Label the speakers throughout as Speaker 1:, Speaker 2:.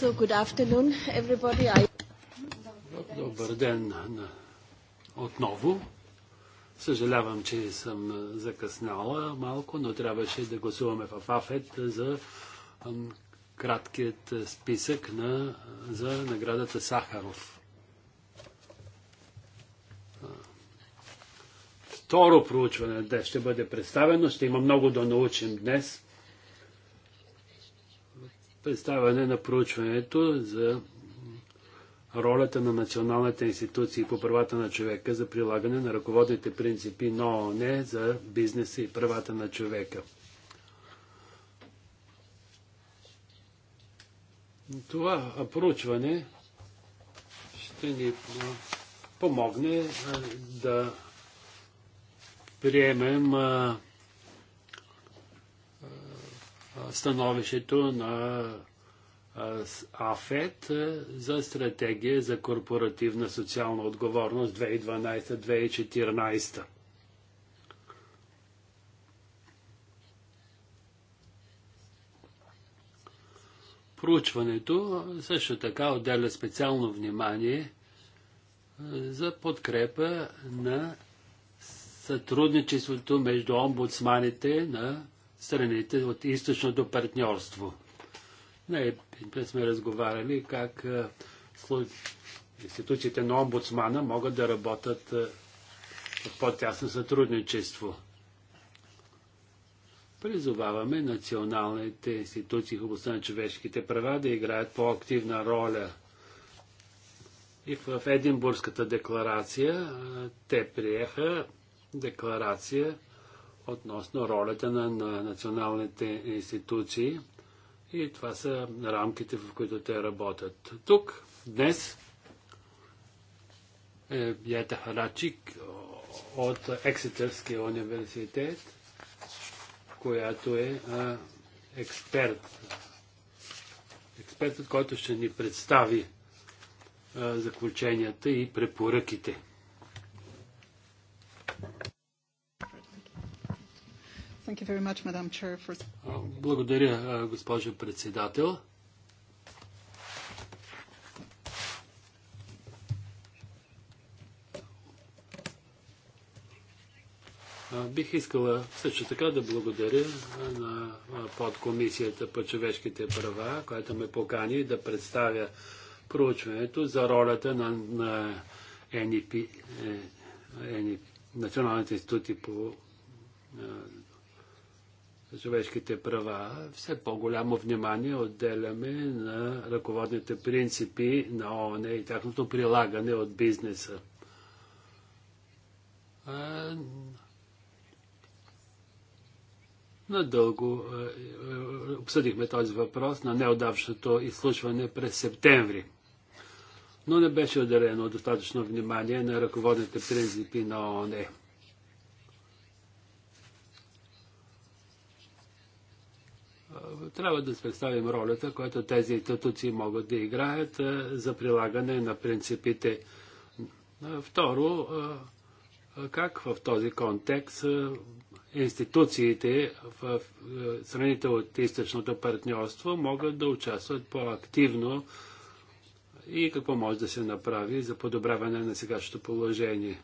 Speaker 1: So good afternoon, everybody. I...
Speaker 2: Добър
Speaker 3: ден отново. Съжалявам, че съм закъсняла малко, но трябваше да гласуваме в АФЕТ за краткият списък на, за наградата Сахаров. Второ проучване днес ще бъде представено. Ще има много да научим днес представяне на проучването за ролята на националните институции по правата на човека за прилагане на ръководните принципи на ООН за бизнеса и правата на човека. Това проучване ще ни помогне да приемем становището на АФЕТ за стратегия за корпоративна социална отговорност 2012-2014. Проучването също така отделя специално внимание за подкрепа на сътрудничеството между омбудсманите на страните от източното партньорство. Не, сме разговаряли как институциите на омбудсмана могат да работят в по-тясно сътрудничество. Призоваваме националните институции в областта на човешките права да играят по-активна роля. И в Единбургската декларация те приеха декларация относно ролята на, на националните институции и това са рамките, в които те работят. Тук, днес, е Бията Харачик от Ексетерския университет, която е а, експерт. Експертът, който ще ни представи а, заключенията и препоръките.
Speaker 4: Thank you very much, Madam Chair, for...
Speaker 3: Благодаря, госпожо председател. Бих искала също така да благодаря на подкомисията по човешките права, която ме покани да представя проучването за ролята на, на НИП, е, ЕНИП, е, е Националните институти по човешките права, все по-голямо внимание отделяме на ръководните принципи на ООН и тяхното прилагане от бизнеса. надълго обсъдихме този въпрос на неодавшото изслушване през септември. Но не беше отделено достатъчно внимание на ръководните принципи на ООН. трябва да представим ролята, която тези институции могат да играят за прилагане на принципите. Второ, как в този контекст институциите в страните от източното партньорство могат да участват по-активно и какво може да се направи за подобряване на сегашното положение.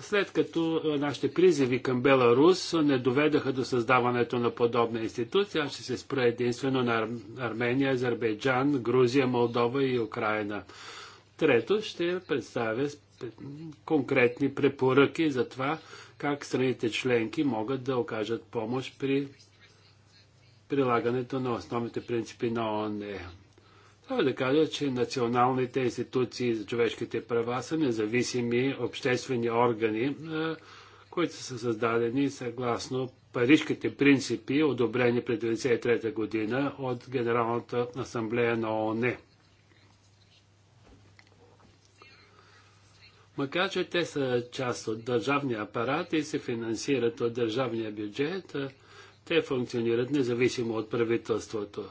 Speaker 3: След като нашите призиви към Беларус не доведаха до създаването на подобна институция, аз ще се спра единствено на Армения, Азербайджан, Грузия, Молдова и Украина. Трето, ще представя конкретни препоръки за това как страните членки могат да окажат помощ при прилагането на основните принципи на ООН. Трябва да кажа, че националните институции за човешките права са независими обществени органи, които са създадени съгласно парижките принципи, одобрени през 1993 година от Генералната асамблея на ООН. Макар, че те са част от държавния апарат и се финансират от държавния бюджет, те функционират независимо от правителството.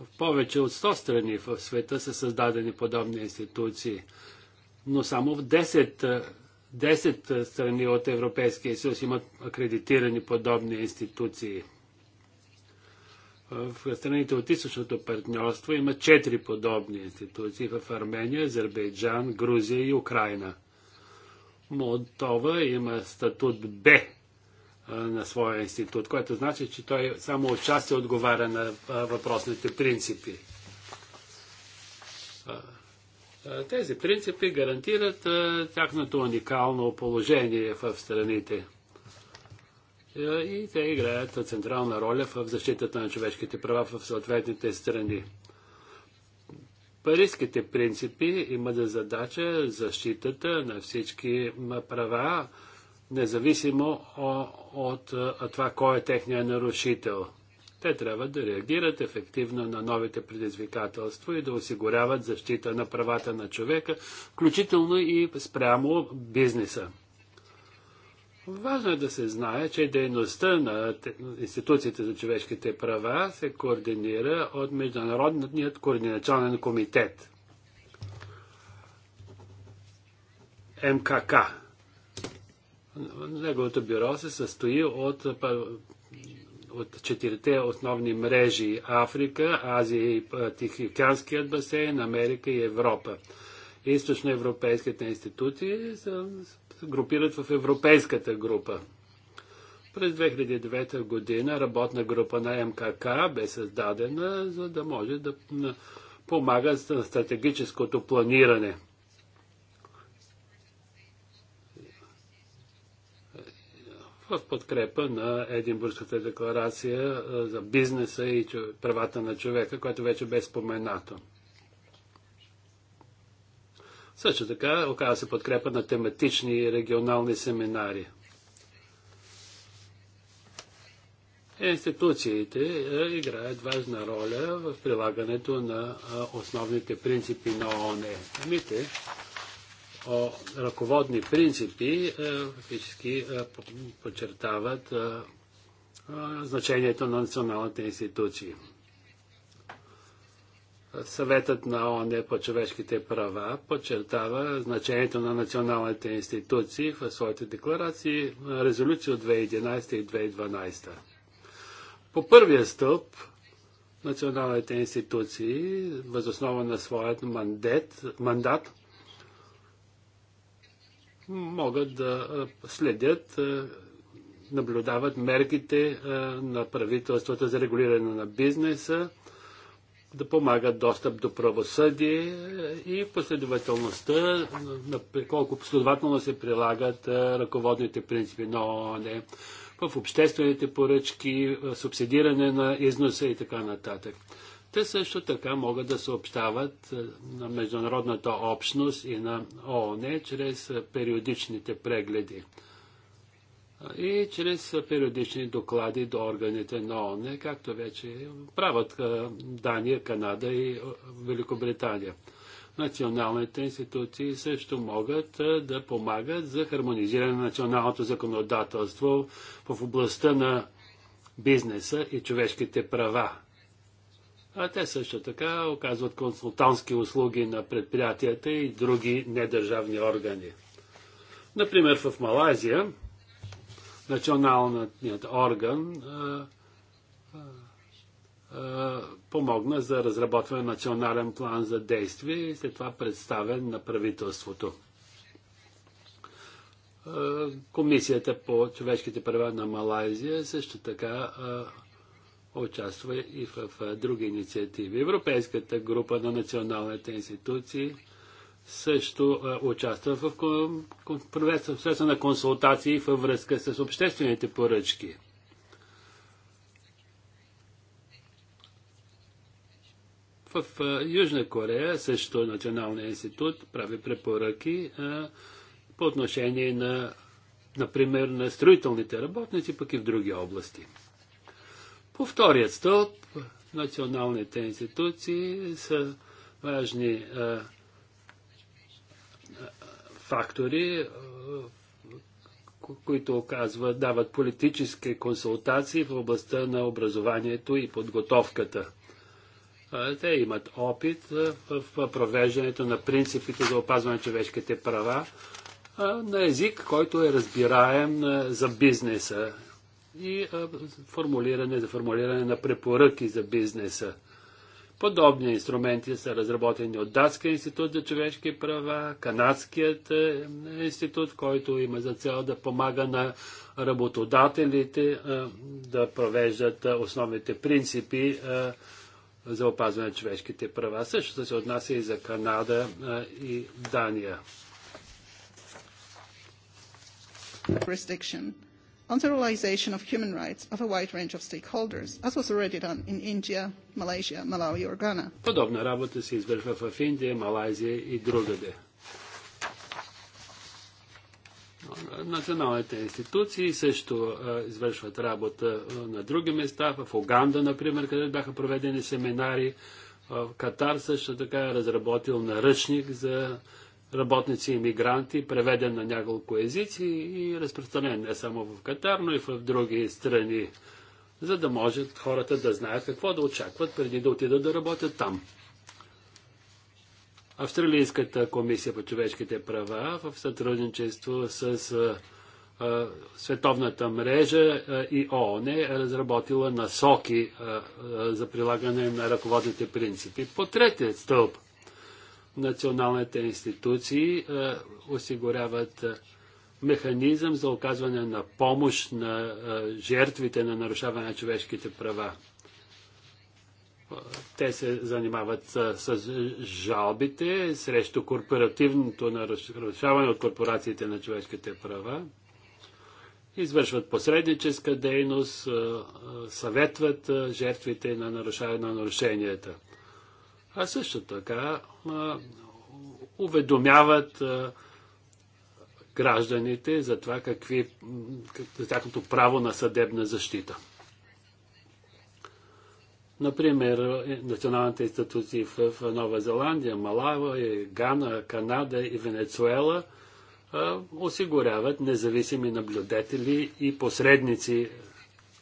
Speaker 3: В повече от 100 страни в света са създадени подобни институции, но само в 10, 10 страни от Европейския съюз имат акредитирани подобни институции. В страните от източното партньорство има 4 подобни институции в Армения, Азербайджан, Грузия и Украина. Молдова има статут Б на своя институт, което значи, че той само отчасти отговаря на въпросните принципи. Тези принципи гарантират тяхното уникално положение в страните. И те играят централна роля в защитата на човешките права в съответните страни. Парижските принципи имат за задача защитата на всички права, независимо от това кой е техния нарушител. Те трябва да реагират ефективно на новите предизвикателства и да осигуряват защита на правата на човека, включително и спрямо бизнеса. Важно е да се знае, че дейността на институциите за човешките права се координира от Международният координационен комитет. МКК Неговото бюро се състои от, от четирите основни мрежи Африка, Азия и Тихоокеанският басейн, Америка и Европа. Източноевропейските институции се групират в Европейската група. През 2009 година работна група на МКК бе създадена, за да може да помага на стратегическото планиране – в подкрепа на Единбургската декларация за бизнеса и правата на човека, което вече бе споменато. Също така оказва се подкрепа на тематични и регионални семинари. Институциите играят важна роля в прилагането на основните принципи на ООН. Самите ръководни принципи е, фактически е, подчертават е, значението на националните институции. Съветът на ООН по човешките права подчертава значението на националните институции в своите декларации, резолюции от 2011 и 2012. По първия стълб националните институции, възоснова на своят мандат, мандат могат да следят, наблюдават мерките на правителствата за регулиране на бизнеса, да помагат достъп до правосъдие и последователността, на колко последователно се прилагат ръководните принципи на ООН в обществените поръчки, субсидиране на износа и така нататък. Те също така могат да съобщават е, на международната общност и на ООН чрез е, периодичните прегледи и чрез е, периодични доклади до органите на ООН, както вече правят Дания, Канада и Великобритания. Националните институции също могат да помагат за хармонизиране на националното законодателство в областта на бизнеса и човешките права а те също така оказват консултантски услуги на предприятията и други недържавни органи. Например, в Малайзия националният орган а, а, а, помогна за разработване на национален план за действие и след това представен на правителството. Комисията по човешките права на Малайзия също така участва и в, в други инициативи. Европейската група на националните институции също а, участва в процеса на консултации във връзка с обществените поръчки. В в Южна Корея също Националния институт прави препоръки а, по отношение на, например, на строителните работници, пък и в други области. По вторият стълб националните институции са важни а, е, е, фактори, е, които оказват, дават политически консултации в областта на образованието и подготовката. Те имат опит в провеждането на принципите за опазване на човешките права на език, който е разбираем за бизнеса и формулиране за формулиране на препоръки за бизнеса. Подобни инструменти са разработени от Датския институт за човешки права, Канадският е, институт, който има за цел да помага на работодателите е, да провеждат е, основните принципи за опазване на човешките права. Същото се отнася и за Канада и Дания
Speaker 4: on the realisation of human rights of a wide range of stakeholders, as was already done in India, Malaysia, Malawi or Ghana.
Speaker 3: Подобна работа се извършва в Индия, Малайзия и другаде. Националните институции също а, извършват работа а, на други места, в Оганда, например, където бяха проведени семинари. А, Катар също така е разработил наръчник за работници и мигранти, преведен на няколко езици и разпространен не само в Катар, но и в други страни, за да може хората да знаят какво да очакват преди да отидат да работят там. Австралийската комисия по човешките права в сътрудничество с а, а, Световната мрежа а, и ООН е разработила насоки за прилагане на ръководните принципи. По третия стълб националните институции е, осигуряват е, механизъм за оказване на помощ на е, жертвите на нарушаване на човешките права. Те се занимават с жалбите срещу корпоративното нарушаване от корпорациите на човешките права. Извършват посредническа дейност, съветват жертвите на нарушаване на нарушенията а също така а, уведомяват а, гражданите за това какви, за тяхното право на съдебна защита. Например, е, националните институции в, в Нова Зеландия, Малава, е, Гана, Канада и Венецуела а, осигуряват независими наблюдатели и посредници,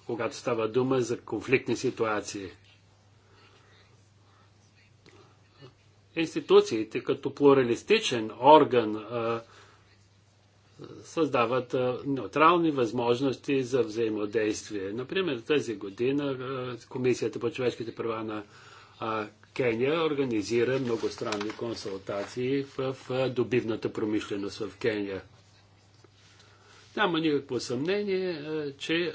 Speaker 3: когато става дума за конфликтни ситуации – институциите като плуралистичен орган а, създават а, неутрални възможности за взаимодействие. Например, тази година а, Комисията по човешките права на Кения организира многостранни консултации в добивната промишленост в Кения. Няма никакво съмнение, че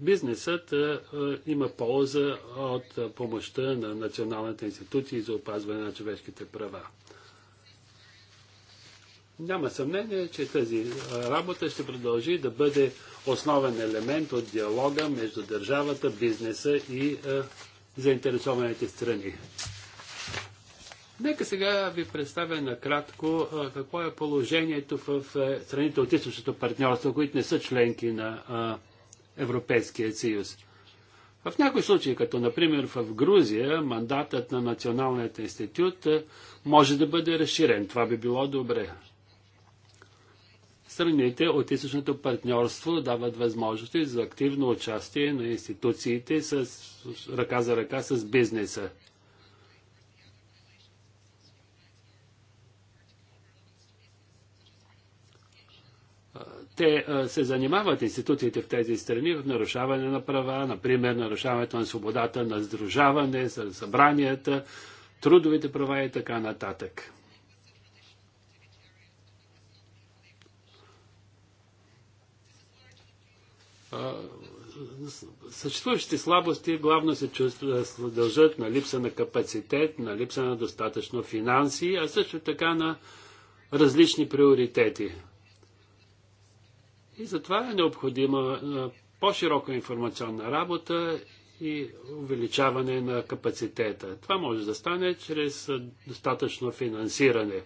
Speaker 3: Бизнесът а, има полза от помощта на националните институции за опазване на човешките права. Няма съмнение, че тази работа ще продължи да бъде основен елемент от диалога между държавата, бизнеса и а, заинтересованите страни. Нека сега ви представя накратко а, какво е положението в а, страните от източното партньорство, които не са членки на Европейския съюз. В някои случаи, като например в Грузия, мандатът на Националният институт може да бъде разширен. Това би било добре. Страните от източното партньорство дават възможности за активно участие на институциите с ръка за ръка с бизнеса. те се занимават институциите в тези страни от нарушаване на права, например нарушаването на свободата на сдружаване, събранията, трудовите права и така нататък. Съществуващите слабости главно се дължат на липса на капацитет, на липса на достатъчно финанси, а също така на различни приоритети. И затова е необходима е, по-широка информационна работа и увеличаване на капацитета. Това може да стане чрез е, достатъчно финансиране.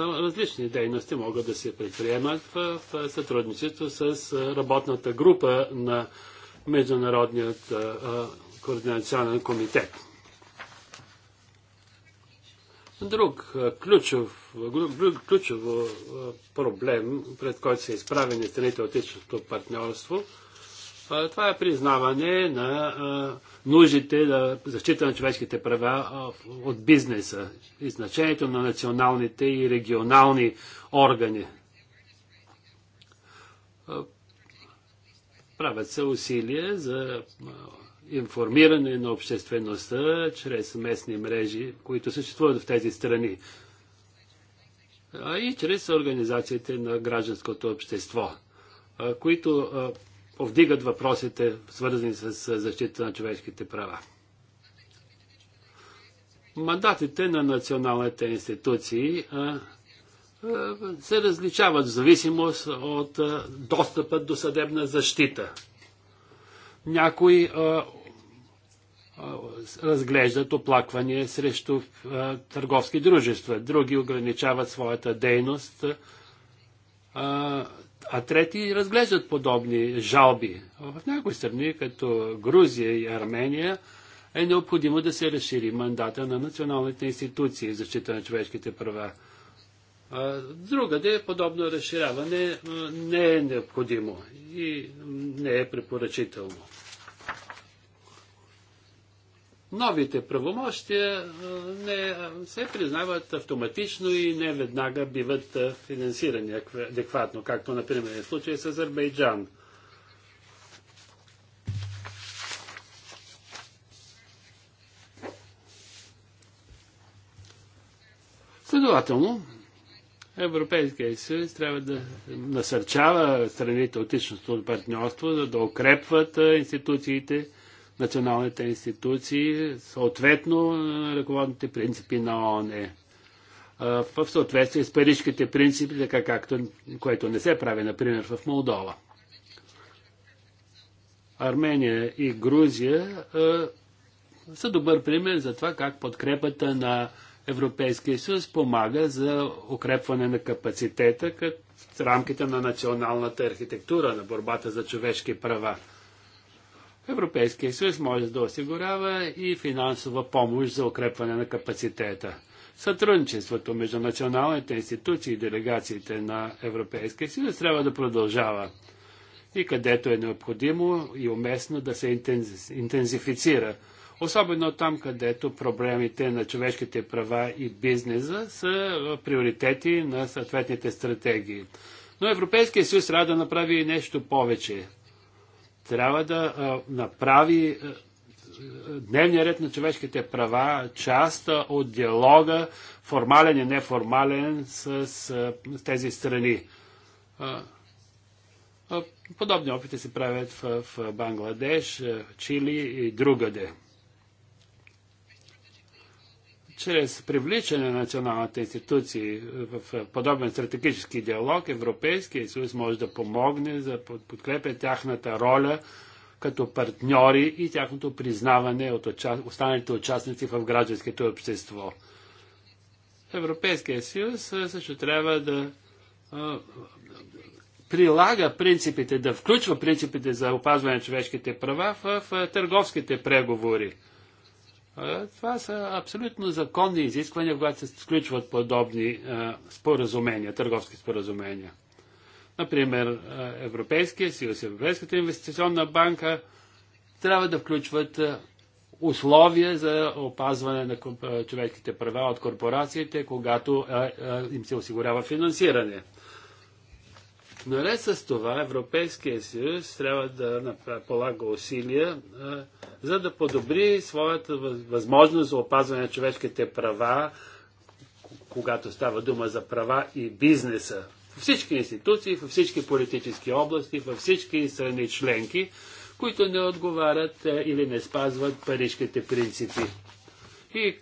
Speaker 3: различни дейности могат да се предприемат в, в сътрудничество с работната група на Международният координационен комитет. Друг ключов, друг ключов проблем, пред който са изправени страните от личното партньорство – това е признаване на нуждите да защита на човешките права от бизнеса и значението на националните и регионални органи. Правят се усилия за информиране на обществеността чрез местни мрежи, които съществуват в тези страни, а и чрез организациите на гражданското общество, които повдигат въпросите, свързани с защита на човешките права. Мандатите на националните институции а, а, се различават в зависимост от а, достъпа до съдебна защита. Някои разглеждат оплаквания срещу а, търговски дружества, други ограничават своята дейност а, а трети разглеждат подобни жалби. В някои страни, като Грузия и Армения, е необходимо да се разшири мандата на националните институции за защита на човешките права. Другаде подобно разширяване не е необходимо и не е препоръчително новите правомощия не се признават автоматично и не веднага биват финансирани адекватно, както например е случай с Азербайджан. Следователно, Европейския съюз трябва да насърчава страните от личностното партньорство, за да укрепват институциите, националните институции, съответно на е, ръководните принципи на ООН е, в съответствие с парижките принципи, така както, което не се прави, например, в Молдова. Армения и Грузия е, са добър пример за това как подкрепата на Европейския съюз помага за укрепване на капацитета в рамките на националната архитектура на борбата за човешки права. Европейския съюз може да осигурява и финансова помощ за укрепване на капацитета. Сътрудничеството между националните институции и делегациите на Европейския съюз трябва да продължава и където е необходимо и уместно да се интензифицира. Особено там, където проблемите на човешките права и бизнеса са приоритети на съответните стратегии. Но Европейския съюз трябва да направи и нещо повече – трябва да направи дневния ред на човешките права част от диалога, формален и неформален, с, с тези страни. Подобни опити се правят в, в Бангладеш, Чили и другаде чрез привличане на националните институции в подобен стратегически диалог, Европейския съюз може да помогне за подкрепя тяхната роля като партньори и тяхното признаване от останалите участници в гражданското общество. Европейския съюз също трябва да прилага принципите, да включва принципите за опазване на човешките права в търговските преговори това са абсолютно законни изисквания, когато се сключват подобни споразумения, търговски споразумения. Например, Европейския съюз, Европейската инвестиционна банка трябва да включват условия за опазване на човешките права от корпорациите, когато им се осигурява финансиране. Наред с това Европейския съюз трябва да полага усилия а, за да подобри своята възможност за опазване на човешките права, когато става дума за права и бизнеса. Във всички институции, във всички политически области, във всички страни членки, които не отговарят а, или не спазват парижките принципи. И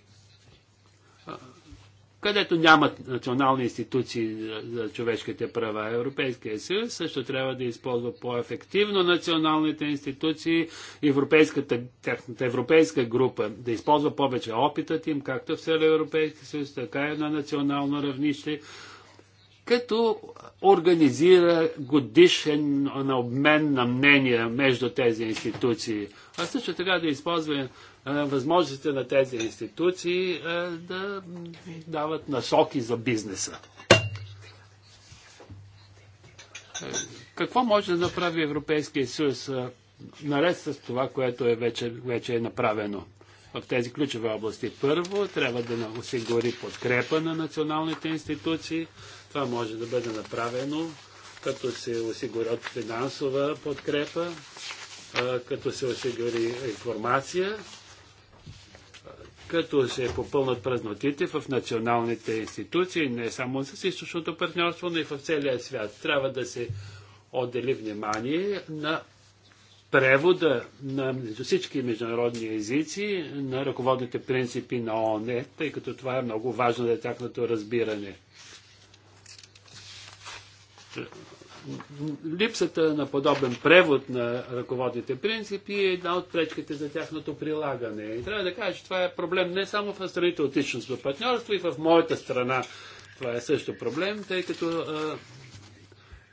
Speaker 3: където нямат национални институции за човешките права. Европейския съюз също трябва да използва по-ефективно националните институции, европейската, тяхната европейска група, да използва повече опитът им, както в целия Европейски съюз, така и на национално равнище, като организира годишен на обмен на мнения между тези институции, а също така да използва възможностите на тези институции да дават насоки за бизнеса. Какво може да направи Европейския съюз наред с това, което е вече, вече е направено в тези ключови области? Първо, трябва да осигури подкрепа на националните институции. Това може да бъде направено, като се осигурят финансова подкрепа, като се осигури информация като се попълнат празнотите в националните институции, не само с източното партньорство, но и в целия свят. Трябва да се отдели внимание на превода на всички международни езици на ръководните принципи на ООН, тъй като това е много важно за тяхното разбиране липсата на подобен превод на ръководните принципи е една от пречките за тяхното прилагане. И трябва да кажа, че това е проблем не само в страните от личностно партньорство и в моята страна това е също проблем, тъй като а,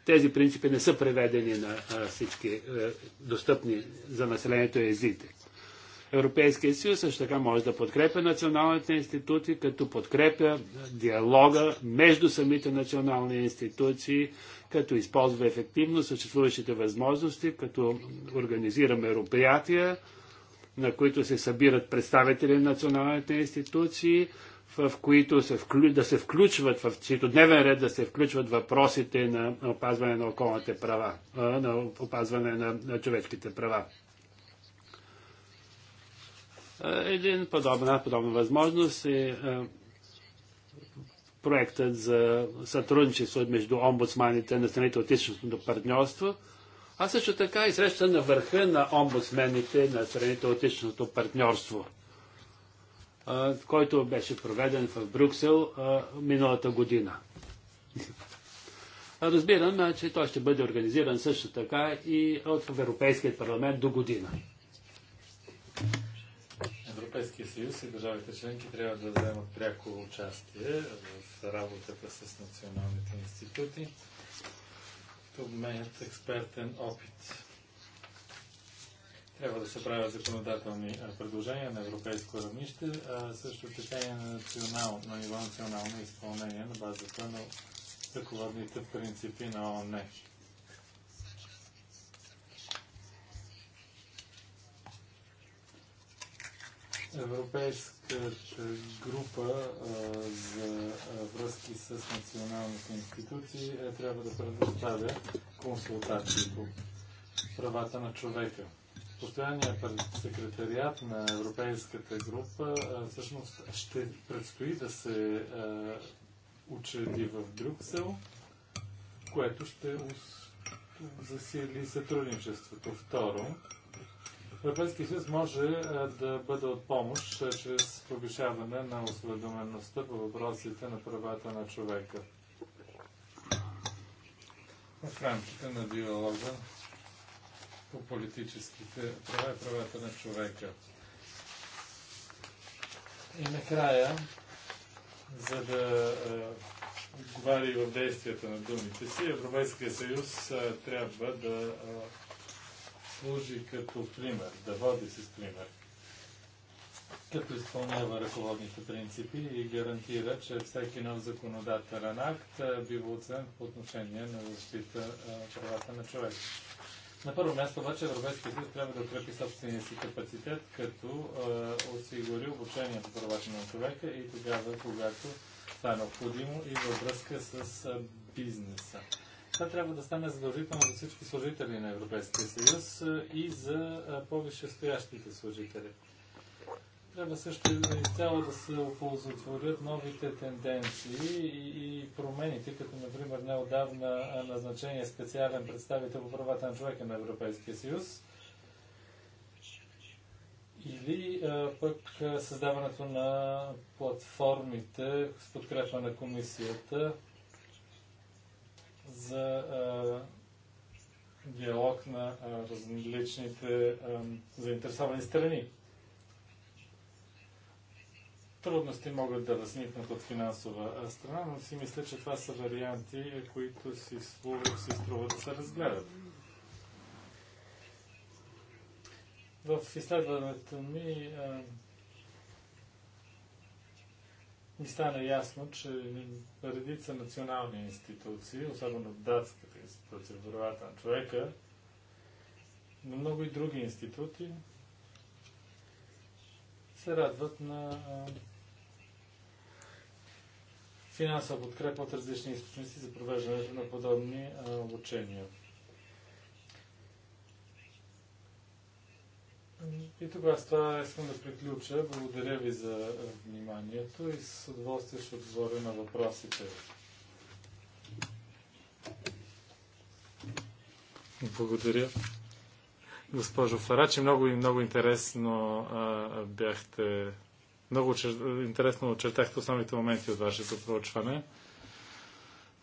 Speaker 3: тези принципи не са преведени на а, всички а, е, достъпни за населението езици. Европейския съюз също така може да подкрепя националните институции, като подкрепя диалога между самите национални институции, като използва ефективно съществуващите възможности, като организира мероприятия, на които се събират представители на националните институции, в които се вклю... да се включват, в чието дневен ред да се включват въпросите на опазване на околните права, на опазване на, на човешките права. Един подобна, подобна възможност е, е проектът за сътрудничество между омбудсманите на страните от източното партньорство, а също така и среща на върха на омбудсмените на страните от източното партньорство, който беше проведен в Брюксел миналата година. Разбирам, че той ще бъде организиран също така и от Европейския парламент до година.
Speaker 2: Европейския съюз и държавите членки трябва да вземат пряко участие в работата с националните институти, да обменят експертен опит. Трябва да се правят законодателни предложения на европейско равнище, а също така и на, национал, на ниво национално изпълнение на базата на ръководните принципи на ООН. Европейската група а, за а, връзки с националните институции е, трябва да предоставя консултации по правата на човека. Постоянният секретариат на Европейската група а, всъщност ще предстои да се учреди в Брюксел, което ще засили сътрудничеството. Второ, Европейския съюз може да бъде от помощ чрез повишаване на осведомеността по въпросите на правата на човека. В рамките на диалога по политическите права и правата на човека. И накрая, за да отговаря и в действията на думите си, Европейския съюз трябва да а, служи като пример, да води с пример, като изпълнява ръководните принципи и гарантира, че всеки нов законодателен акт бива оценен по отношение на защита правата на човека. На първо място обаче Европейския съюз трябва да укрепи собствения си капацитет, като е, осигури обучение по правата на човека и тогава, когато това е необходимо и във връзка с бизнеса. Това трябва да стане задължително за всички служители на Европейския съюз и за по-висшестоящите служители. Трябва също изцяло да се оползотворят новите тенденции и, промените, като например неодавна назначение специален представител по правата на човека на Европейския съюз или а, пък създаването на платформите с подкрепа на комисията за диалог на различните заинтересовани страни. Трудности могат да възникнат от финансова страна, но си мисля, че това са варианти, е, които си, си струват да се разгледат. В изследването ми ми стана ясно, че редица национални институции, особено датската институция в борбата на човека, но много и други институти се радват на финансова подкрепа от различни източници за провеждането на подобни обучения. И тогава с това искам да приключа. Благодаря ви за вниманието и с удоволствие ще отговоря на въпросите. Благодаря. Госпожо Фарачи, много и много интересно а, бяхте. Много чер... интересно очертахте основните моменти от вашето проучване,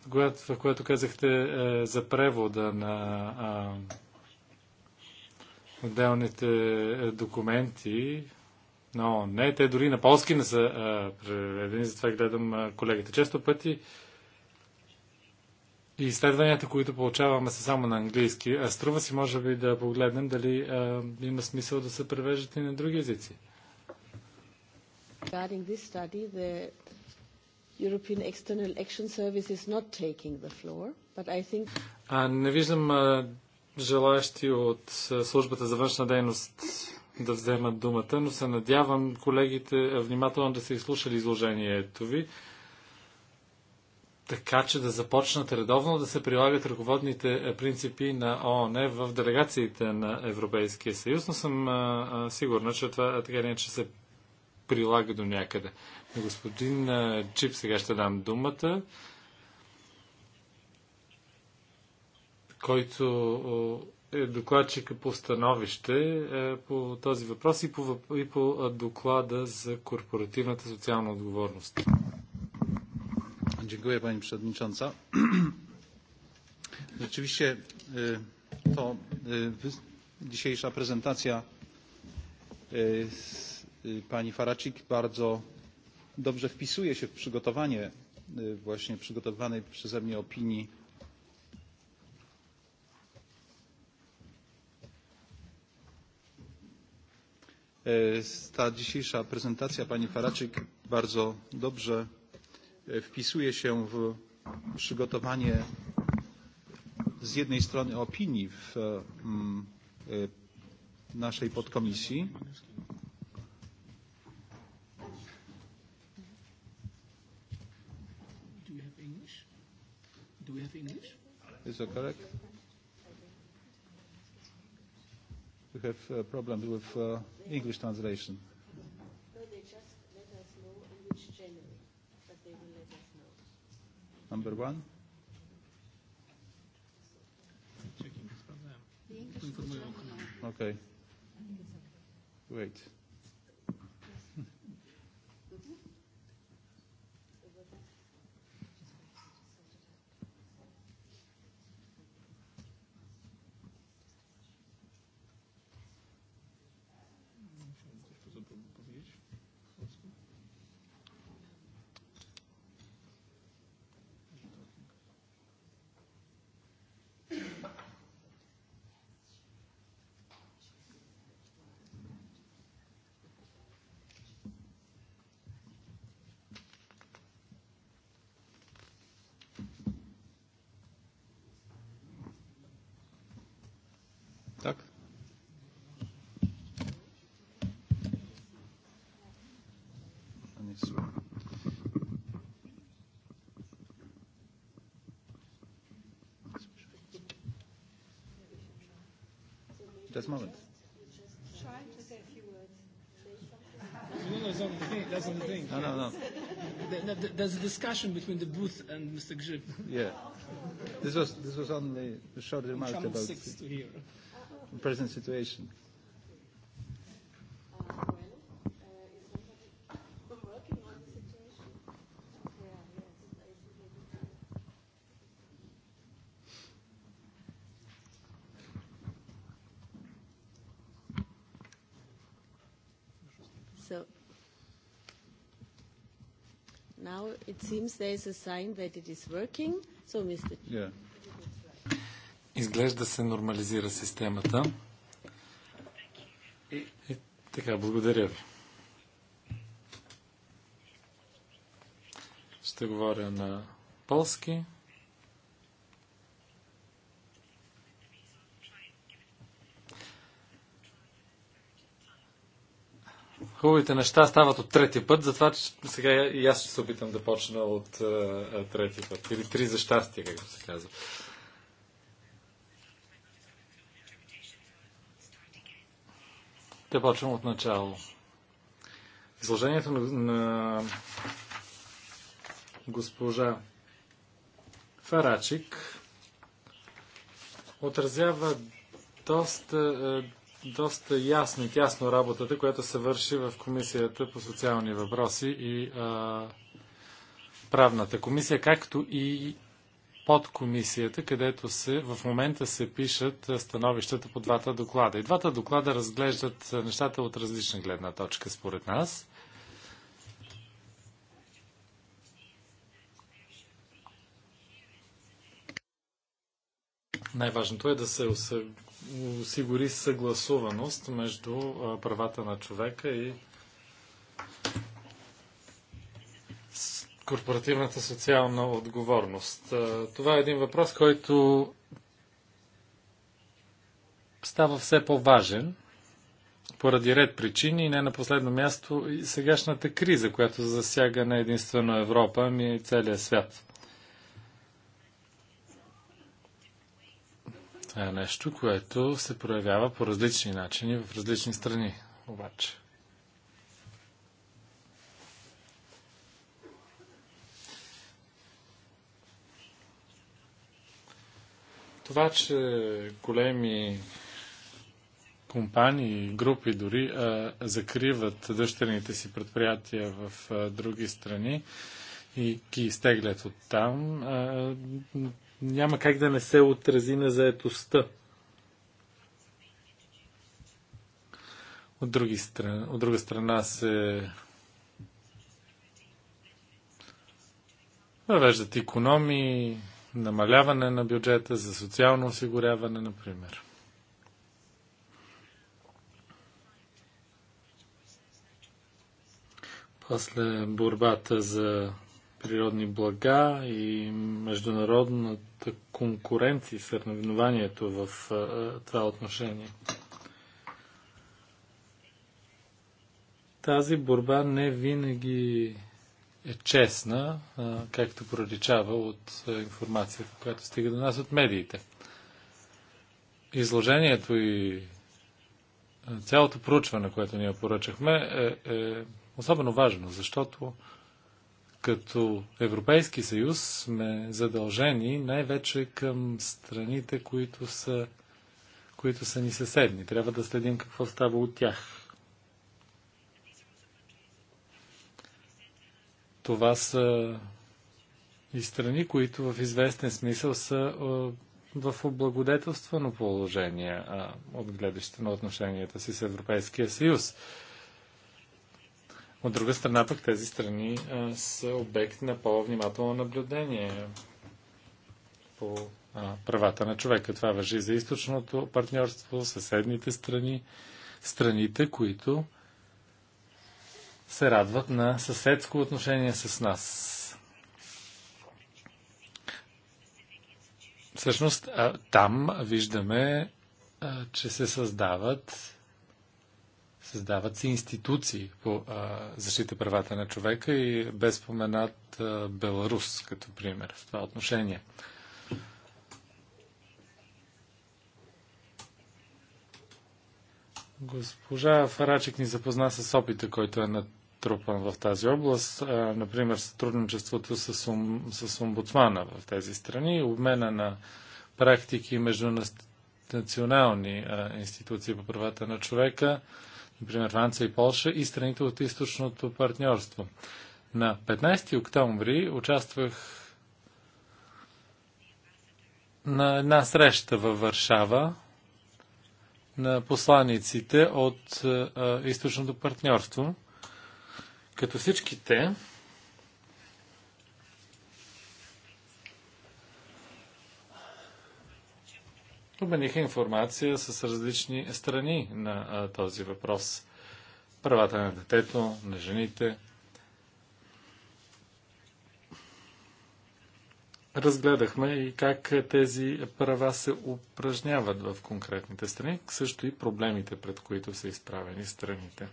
Speaker 2: в което казахте е, за превода на а, отделните е, документи, но не, те дори на полски не са е, преведени, затова гледам е, колегите. Често пъти и изследванията, които получаваме са само на английски. А струва си, може би, да погледнем дали а, има смисъл да се превеждат и на други езици.
Speaker 1: Regarding this study, the European External Action Service is not taking the floor, but I think...
Speaker 2: А, не виждам а, желаящи от е, службата за външна дейност да вземат думата, но се надявам колегите е, внимателно да са изслушали изложението ви, така че да започнат редовно да се прилагат ръководните е, принципи на ООН в делегациите на Европейския съюз, но съм сигурна, че това така не че се прилага до някъде. Господин Чип сега ще дам думата. който е докладчика по становище по този въпрос и по, и по доклада за корпоративната социална
Speaker 4: отговорност. Dziękuję Pani Przewodnicząca. Rzeczywiście to dzisiejsza prezentacja Pani Faracik bardzo dobrze wpisuje się w przygotowanie właśnie przygotowanej przeze mnie opinii Ta dzisiejsza prezentacja pani Faraczyk bardzo dobrze wpisuje się w przygotowanie z jednej strony opinii w naszej podkomisji, Is that correct? have uh, problems with uh, English translation.
Speaker 1: No, they just let us know in which January, but they will let us know.
Speaker 4: Number one. Okay. Wait. this moment.
Speaker 1: No, no, that's not the thing.
Speaker 4: That's not the thing. No, no,
Speaker 3: no. There's a discussion between the booth and Mr. Grzyb. Yeah.
Speaker 4: This was this was only a short remark about the present situation.
Speaker 1: seems there is a sign that it is working. So, Mr.
Speaker 2: Изглежда се нормализира системата. И, и така, благодаря ви. Ще говоря на полски. Хубавите неща стават от трети път, затова че сега и аз ще се опитам да почна от а, е, е, трети път. Или три за щастие, както се казва. Те почвам от начало. Изложението на, на госпожа Фарачик отразява доста е, доста ясно и тясно работата, която се върши в Комисията по социални въпроси и а, правната комисия, както и подкомисията, където се, в момента се пишат становищата по двата доклада. И двата доклада разглеждат нещата от различна гледна точка, според нас. Най-важното е да се осигури съгласуваност между правата на човека и корпоративната социална отговорност. Това е един въпрос, който става все по-важен поради ред причини и не на последно място и сегашната криза, която засяга не единствено Европа, ами и целия свят. Това е нещо, което се проявява по различни начини в различни страни, обаче. Това, че големи компании, групи дори а, закриват дъщерните си предприятия в а, други страни и ги изтеглят от там, а, няма как да не се отрази на заетостта. От, други страна, от друга страна се въвеждат економии, намаляване на бюджета за социално осигуряване, например. После борбата за природни блага и международната конкуренции, съревнованието в това отношение. Тази борба не винаги е честна, както проличава от информацията, която стига до нас от медиите. Изложението и цялото проучване, което ние поръчахме, е, е особено важно, защото като Европейски съюз сме задължени най-вече към страните, които са, които са ни съседни. Трябва да следим какво става от тях. Това са и страни, които в известен смисъл са в облагодетелствено положение от гледаща на отношенията си с Европейския съюз. От друга страна пък тези страни а, са обект на по-внимателно наблюдение по а, правата на човека. Това въжи за източното партньорство, съседните страни, страните, които се радват на съседско отношение с нас. Всъщност, а, там виждаме, а, че се създават Създават се институции по а, защита правата на човека и без споменат а, Беларус като пример в това отношение. Госпожа Фарачик ни запозна с опита, който е натрупан в тази област. А, например, сътрудничеството с, ум, с омбудсмана в тези страни, обмена на практики между национални а, институции по правата на човека например Франция и Польша и страните от източното партньорство. На 15 октомври участвах на една среща във Варшава на посланиците от източното партньорство, като всички те обмениха информация с различни страни на а, този въпрос. Правата на детето, на жените. Разгледахме и как тези права се упражняват в конкретните страни, също и проблемите, пред които са изправени страните.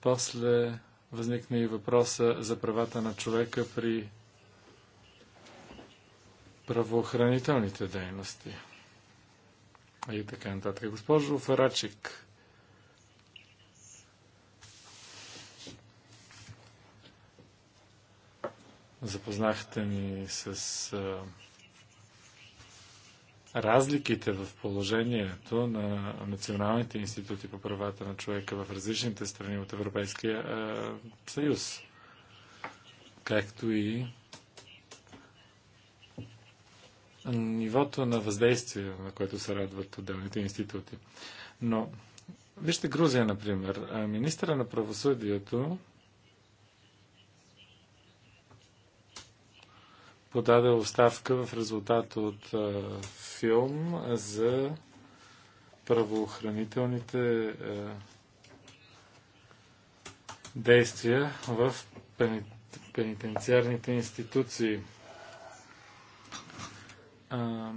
Speaker 2: После възникна и въпроса за правата на човека при правоохранителните дейности. И така нататък. Госпожо Фарачик, запознахте ни с а, разликите в положението на националните институти по правата на човека в различните страни от Европейския а, съюз, както и нивото на въздействие, на което се радват отделните институти. Но, вижте Грузия, например. Министра на правосъдието подаде оставка в резултат от а, филм за правоохранителните а, действия в пенитенциарните институции. А,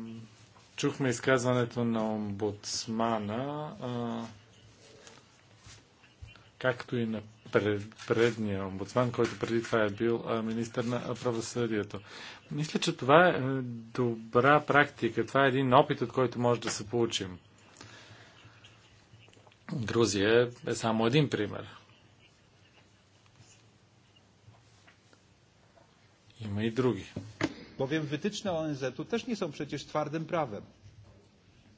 Speaker 2: чухме изказването на омбудсмана, а, както и на пред, предния омбудсман, който преди това е бил а, министър на правосъдието. Мисля, че това е, е добра практика. Това е един опит, от който може да се получим. Грузия е само един пример. Има и други.
Speaker 4: Bowiem wytyczne ONZ-u też nie są przecież twardym prawem.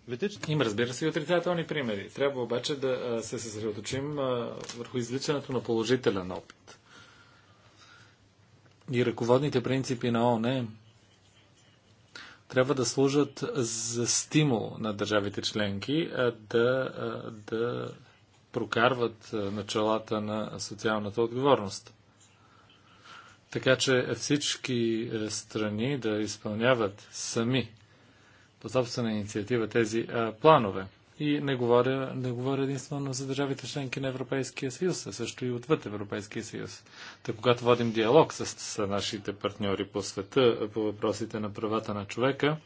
Speaker 2: Wytyczne... Има, разбира се, и отрицателни примери. Трябва обаче да се съсредоточим върху изличането на положителен опит. И ръководните принципи на ООН трябва да служат за стимул на държавите членки да, да прокарват началата на социалната отговорност. Така че всички е, страни да изпълняват сами по собствена инициатива тези а, е, планове. И не говоря, не говоря единствено за държавите членки на Европейския съюз, а също и отвъд Европейския съюз. Та когато водим диалог с, с нашите партньори по света е, по въпросите на правата на човека,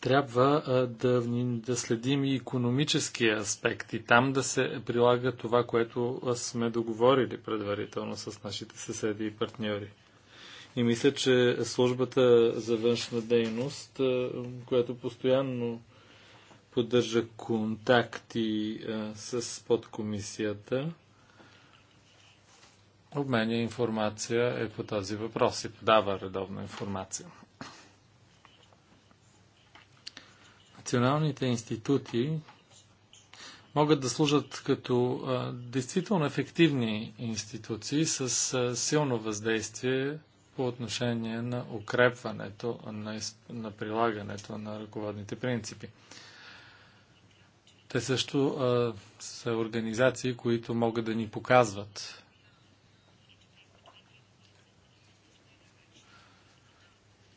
Speaker 2: трябва да, да следим и економическия аспект и там да се прилага това, което сме договорили предварително с нашите съседи и партньори. И мисля, че службата за външна дейност, която постоянно поддържа контакти с подкомисията, обменя информация е по този въпрос и подава редовна информация. националните институти могат да служат като а, действително ефективни институции с а, силно въздействие по отношение на укрепването на, на прилагането на ръководните принципи. Те също а, са организации, които могат да ни показват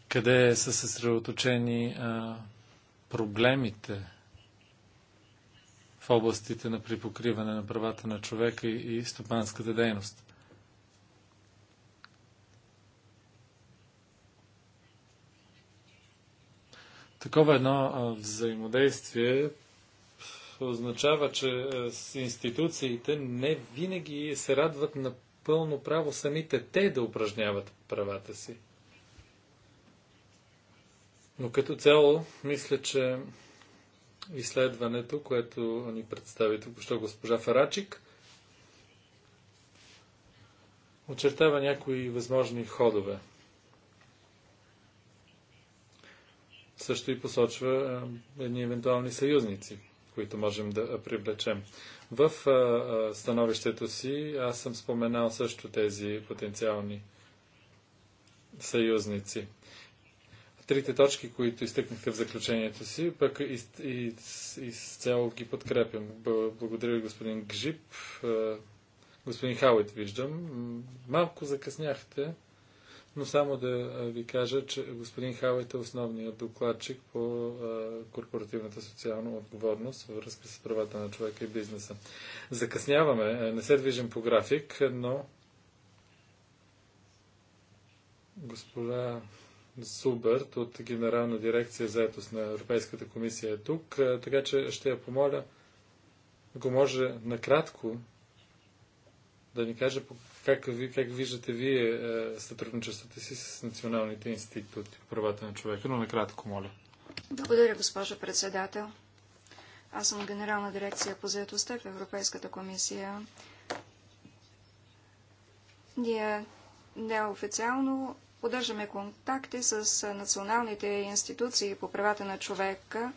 Speaker 2: къде са съсредоточени а, проблемите в областите на припокриване на правата на човека и стопанската дейност. Такова едно взаимодействие означава, че институциите не винаги се радват на пълно право самите те да упражняват правата си. Но като цяло, мисля, че изследването, което ни представи тук, що госпожа Фарачик, очертава някои възможни ходове. Също и посочва едни евентуални съюзници, които можем да привлечем. В становището си аз съм споменал също тези потенциални съюзници трите точки, които изтъкнахте в заключението си, пък и из, изцяло ги подкрепям. Благодаря ви, господин Гжип. Е, господин Хауит, виждам. Малко закъсняхте, но само да е, ви кажа, че господин Хауит е основният докладчик по е, корпоративната социална отговорност във връзка с правата на човека и бизнеса. Закъсняваме, не се движим по график, но госпожа Зубърт от Генерална дирекция заетост на Европейската комисия е тук, така че ще я помоля, ако може накратко да ни каже как, ви как виждате вие е, сътрудничеството си с националните институти по правата на човека, но накратко моля.
Speaker 5: Благодаря, госпожо председател. Аз съм генерална дирекция по заедостта в Европейската комисия. Ние неофициално Поддържаме контакти с националните институции по правата на човека.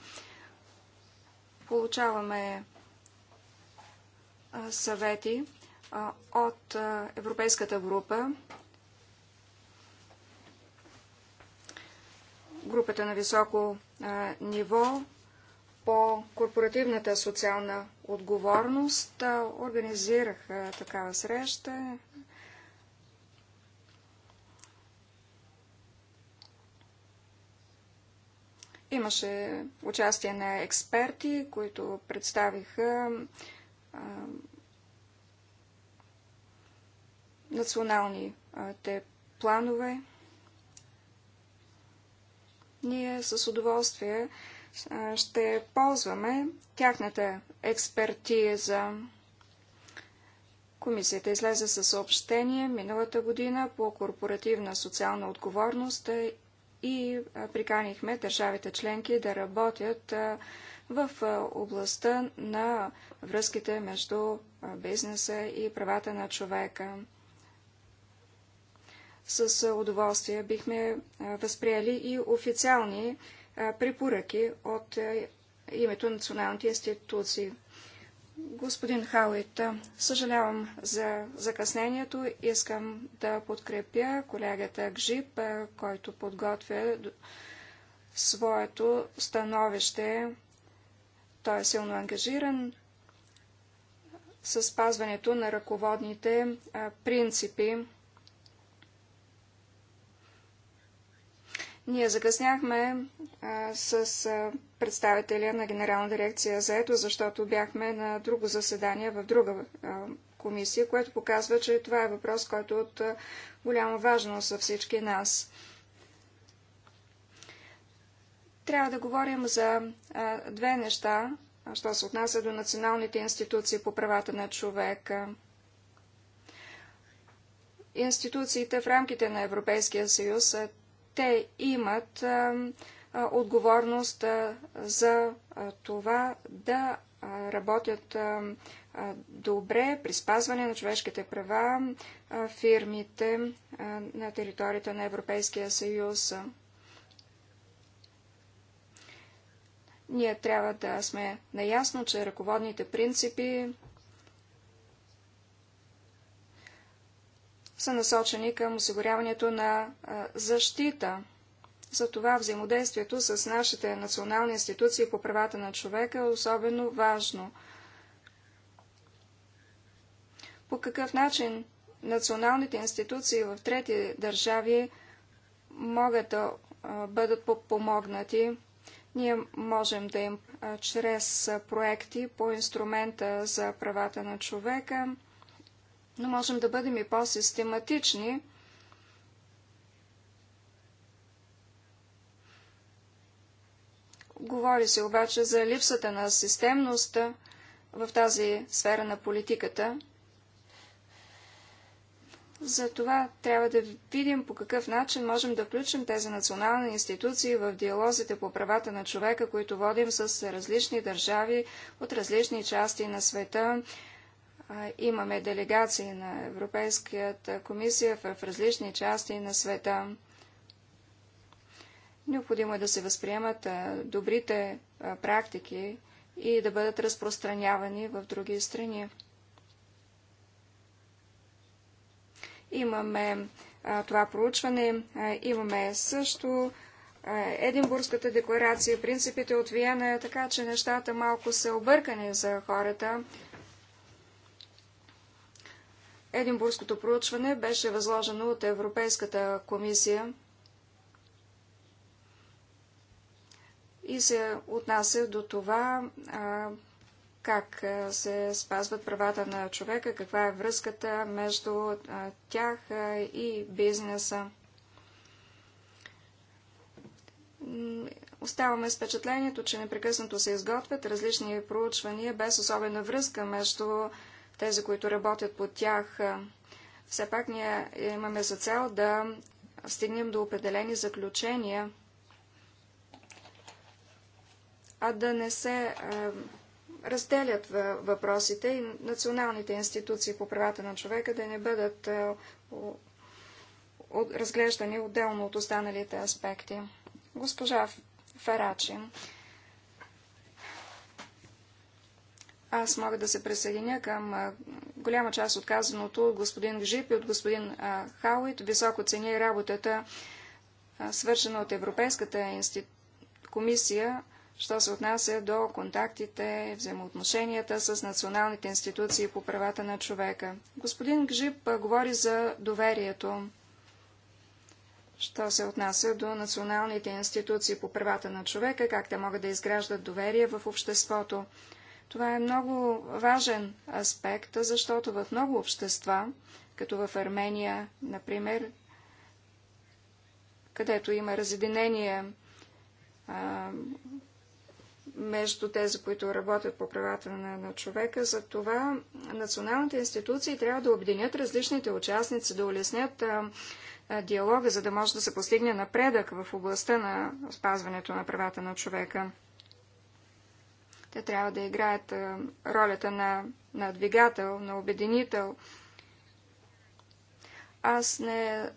Speaker 5: Получаваме съвети от Европейската група, групата на високо ниво по корпоративната социална отговорност. Организираха такава среща Имаше участие на експерти, които представиха а, националните планове. Ние с удоволствие ще ползваме тяхната експертиза. Комисията излезе със съобщение миналата година по корпоративна социална отговорност и приканихме държавите членки да работят в областта на връзките между бизнеса и правата на човека. С удоволствие бихме възприели и официални препоръки от името на националните институции. Господин Хауит, съжалявам за закъснението. Искам да подкрепя колегата Гжип, който подготвя своето становище. Той е силно ангажиран с спазването на ръководните принципи Ние закъсняхме а, с а, представителя на Генерална дирекция за ето, защото бяхме на друго заседание в друга а, комисия, което показва, че това е въпрос, който е от а, голяма важност за всички нас. Трябва да говорим за а, две неща, що се отнася до националните институции по правата на човека институциите в рамките на Европейския съюз са те имат отговорност за това да работят добре при спазване на човешките права фирмите на територията на Европейския съюз. Ние трябва да сме наясно, че ръководните принципи са насочени към осигуряването на защита. Затова взаимодействието с нашите национални институции по правата на човека е особено важно. По какъв начин националните институции в трети държави могат да бъдат помогнати? Ние можем да им чрез проекти по инструмента за правата на човека но можем да бъдем и по-систематични. Говори се обаче за липсата на системността в тази сфера на политиката. Затова трябва да видим по какъв начин можем да включим тези национални институции в диалозите по правата на човека, които водим с различни държави от различни части на света, Имаме делегации на Европейската комисия в различни части на света. Необходимо е да се възприемат добрите практики и да бъдат разпространявани в други страни. Имаме това проучване, имаме също Единбургската декларация, принципите от Виена, така че нещата малко са объркани за хората. Единбургското проучване беше възложено от Европейската комисия и се отнася до това как се спазват правата на човека, каква е връзката между тях и бизнеса. Оставаме с впечатлението, че непрекъснато се изготвят различни проучвания без особена връзка между тези, които работят по тях. Все пак ние имаме за цел да стигнем до определени заключения, а да не се разделят въпросите и националните институции по правата на човека да не бъдат разглеждани отделно от останалите аспекти. Госпожа Ферачин Аз мога да се присъединя към голяма част от казаното от господин Жип и от господин Хауит. Високо цени работата, свършена от Европейската комисия, що се отнася до контактите, взаимоотношенията с националните институции по правата на човека. Господин Гжип говори за доверието, що се отнася до националните институции по правата на човека, как те могат да изграждат доверие в обществото. Това е много важен аспект, защото в много общества, като в Армения, например, където има разединение а, между тези, които работят по правата на, на човека. За това националните институции трябва да обединят различните участници, да улеснят а, а, диалога, за да може да се постигне напредък в областта на спазването на правата на човека. Те трябва да играят ролята на, на двигател, на обединител. Аз не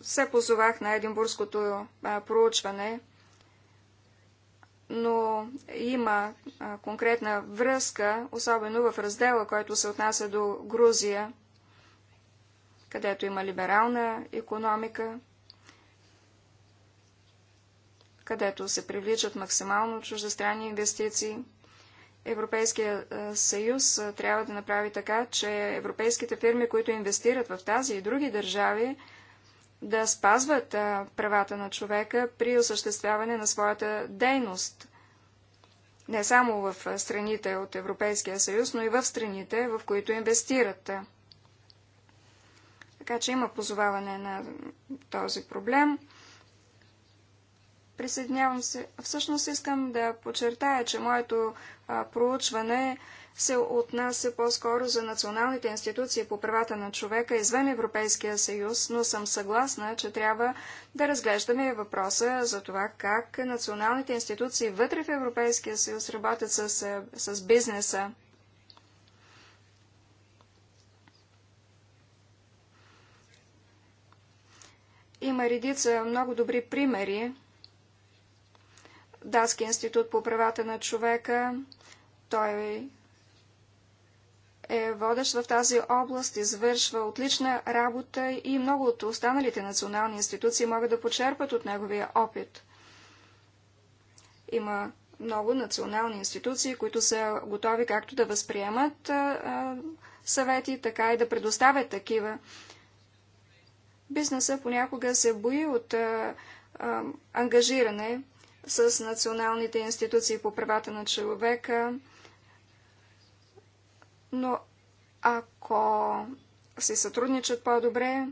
Speaker 5: се позовах на Единбургското проучване, но има конкретна връзка, особено в раздела, който се отнася до Грузия, където има либерална економика където се привличат максимално чуждестранни инвестиции. Европейския съюз трябва да направи така, че европейските фирми, които инвестират в тази и други държави, да спазват правата на човека при осъществяване на своята дейност. Не само в страните от Европейския съюз, но и в страните, в които инвестират. Така че има позоваване на този проблем. Присъединявам се. Всъщност искам да подчертая, че моето а, проучване се отнася по-скоро за националните институции по правата на човека извън Европейския съюз, но съм съгласна, че трябва да разглеждаме въпроса за това как националните институции вътре в Европейския съюз работят с, с бизнеса. Има редица много добри примери Датски институт по правата на човека. Той е водещ в тази област, извършва отлична работа и много от останалите национални институции могат да почерпат от неговия опит. Има много национални институции, които са готови както да възприемат съвети, така и да предоставят такива. Бизнеса понякога се бои от а, ангажиране с националните институции по правата на човека. Но ако се сътрудничат по-добре,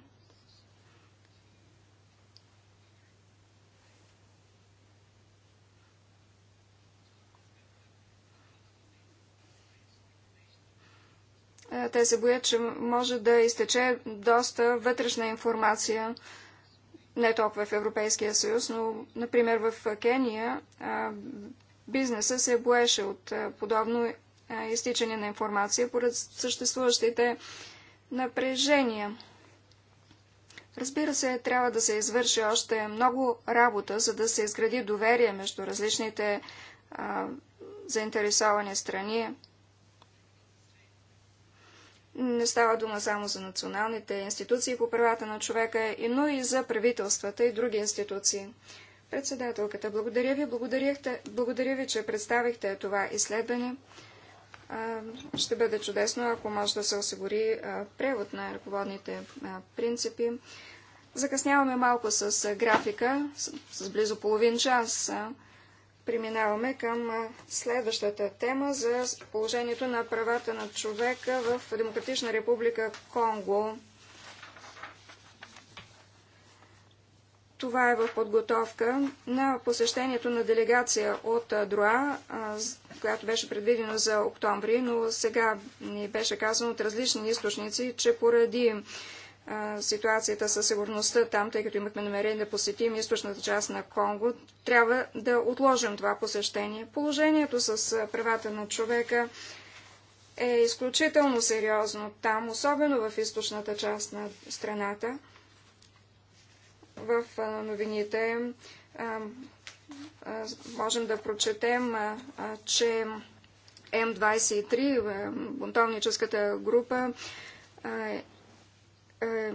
Speaker 5: е, те се боят, че може да изтече доста вътрешна информация не толкова в Европейския съюз, но, например, в Кения бизнеса се боеше от подобно изтичане на информация поред съществуващите напрежения. Разбира се, трябва да се извърши още много работа, за да се изгради доверие между различните а, заинтересовани страни. Не става дума само за националните институции по правата на човека, но и за правителствата и други институции. Председателката, благодаря ви, благодаря ви, че представихте това изследване. Ще бъде чудесно, ако може да се осигури превод на ръководните принципи. Закъсняваме малко с графика, с близо половин час преминаваме към следващата тема за положението на правата на човека в Демократична република Конго. Това е в подготовка на посещението на делегация от Друа, която беше предвидена за октомври, но сега ни беше казано от различни източници, че поради ситуацията със сигурността там, тъй като имахме намерение да посетим източната част на Конго, трябва да отложим това посещение. Положението с правата на човека е изключително сериозно там, особено в източната част на страната. В новините можем да прочетем, че М23, бунтовническата група, е,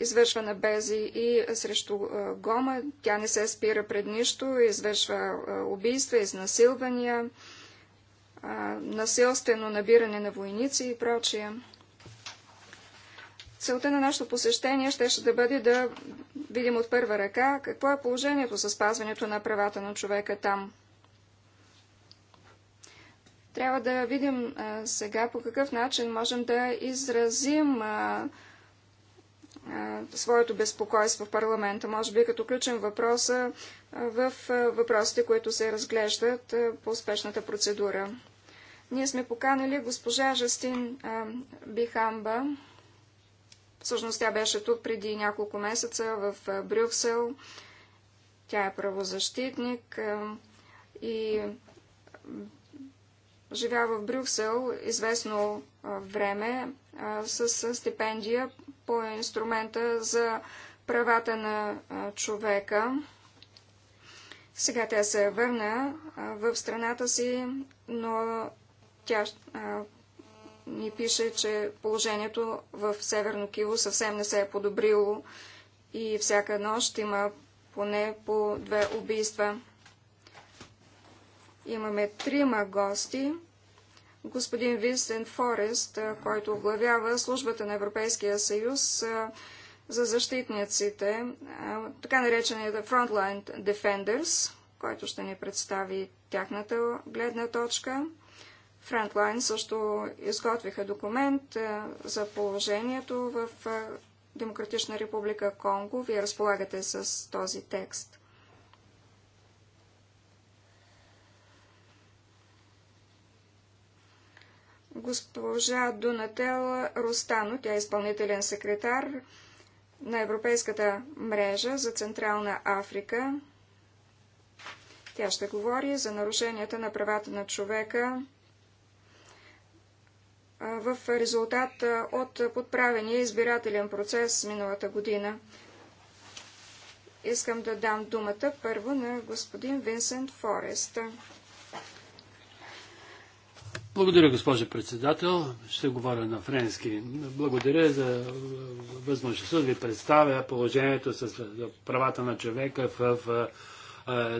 Speaker 5: извършвана бези и срещу е, Гома. Тя не се спира пред нищо, извършва е, убийства, изнасилвания, насилствено набиране на войници и прочие. Целта на нашето посещение ще, ще да бъде да видим от първа ръка какво е положението за спазването на правата на човека там. Трябва да видим а, сега по какъв начин можем да изразим а, а, своето безпокойство в парламента. Може би като ключен въпроса в въпросите, които се разглеждат по успешната процедура. Ние сме поканали госпожа Жастин Бихамба. Всъщност тя беше тук преди няколко месеца в Брюксел. Тя е правозащитник и живя в Брюксел известно време с стипендия по инструмента за правата на човека. Сега тя се върна в страната си, но тя ни пише, че положението в Северно Киво съвсем не се е подобрило и всяка нощ има поне по две убийства. Имаме трима гости. Господин Винстен Форест, който оглавява службата на Европейския съюз за защитниците, така наречените Frontline Defenders, който ще ни представи тяхната гледна точка. Frontline също изготвиха документ за положението в Демократична република Конго. Вие разполагате с този текст. госпожа Донатела Ростано, тя е изпълнителен секретар на Европейската мрежа за Централна Африка. Тя ще говори за нарушенията на правата на човека в резултат от подправения избирателен процес миналата година. Искам да дам думата първо на господин Винсент Форест.
Speaker 3: Благодаря, госпожо председател. Ще говоря на френски. Благодаря за възможността да ви представя положението с правата на човека в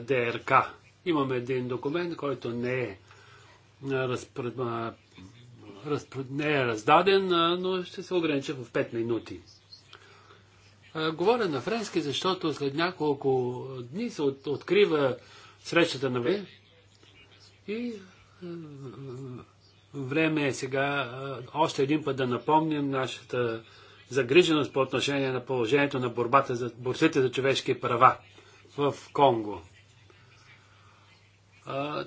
Speaker 3: ДРК. Имаме един документ, който не е, Разпред... не е раздаден, но ще се огранича в 5 минути. Говоря на френски, защото след няколко дни се открива срещата на ВЕ и време е сега още един път да напомним нашата загриженост по отношение на положението на борбата за борците за човешки права в Конго.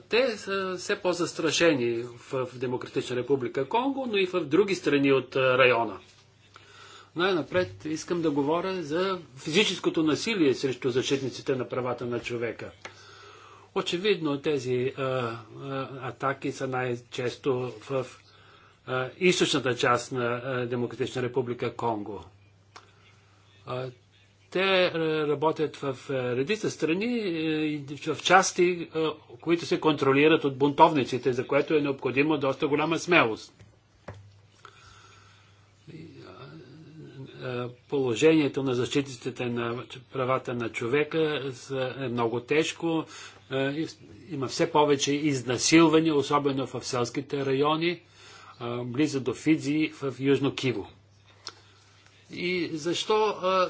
Speaker 3: Те са все по-застрашени в Демократична република Конго, но и в други страни от района. Най-напред искам да говоря за физическото насилие срещу защитниците на правата на човека. Очевидно тези а, а, атаки са най-често в а, източната част на а, Демократична република Конго. А, те работят в редица страни, в части, които се контролират от бунтовниците, за което е необходимо доста голяма смелост. Положението на защитите на правата на човека е много тежко. Е, има все повече изнасилвания, особено в селските райони, е, близо до Фидзи в Южно Киво. И защо е,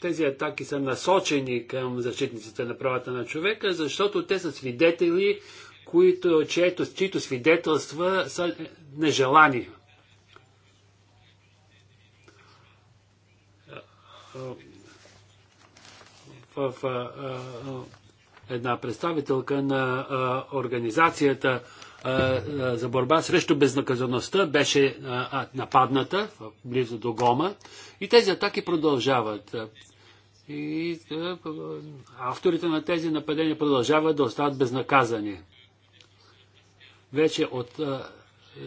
Speaker 3: тези атаки са насочени към защитниците на правата на човека, защото те са свидетели, които, чието, чието свидетелства са нежелани. В, в, в, една представителка на а, организацията а, за борба срещу безнаказаността беше а, нападната близо до Гома и тези атаки продължават. И авторите на тези нападения продължават да остават безнаказани. Вече от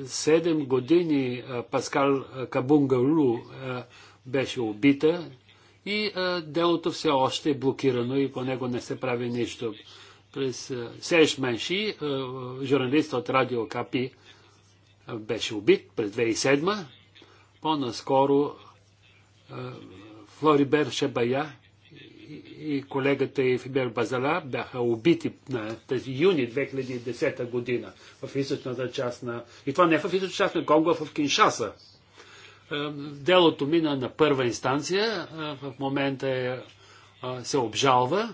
Speaker 3: 7 години Паскал Кабунгалу беше убита и а, делото все още е блокирано и по него не се прави нищо. През Серж Менши, журналист от Радио Капи, беше убит през 2007. По-наскоро Флорибер Шебая и, и колегата Базала бяха убити на тези юни 2010 година в източната част на... И това не е в източната част на е Конго, а в Киншаса. Е, делото мина на първа инстанция, е, в момента е, е се обжалва,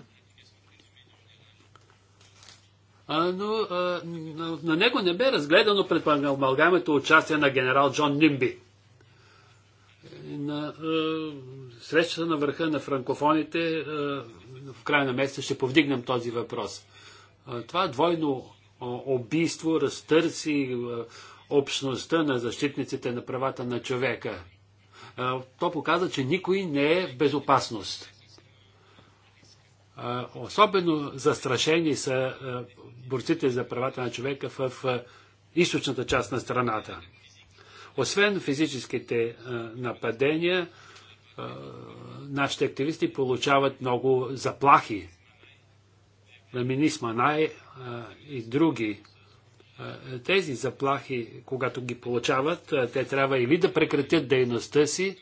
Speaker 3: но на него не бе разгледано пред Малгамето участие на генерал Джон Нимби. На срещата на върха на франкофоните в края на месеца ще повдигнем този въпрос. Това двойно убийство разтърси общността на защитниците на правата на човека. То показва, че никой не е в безопасност. Особено застрашени са борците за правата на човека в източната част на страната. Освен физическите нападения, нашите активисти получават много заплахи. Ламинис Манай и други тези заплахи, когато ги получават, те трябва или да прекратят дейността си,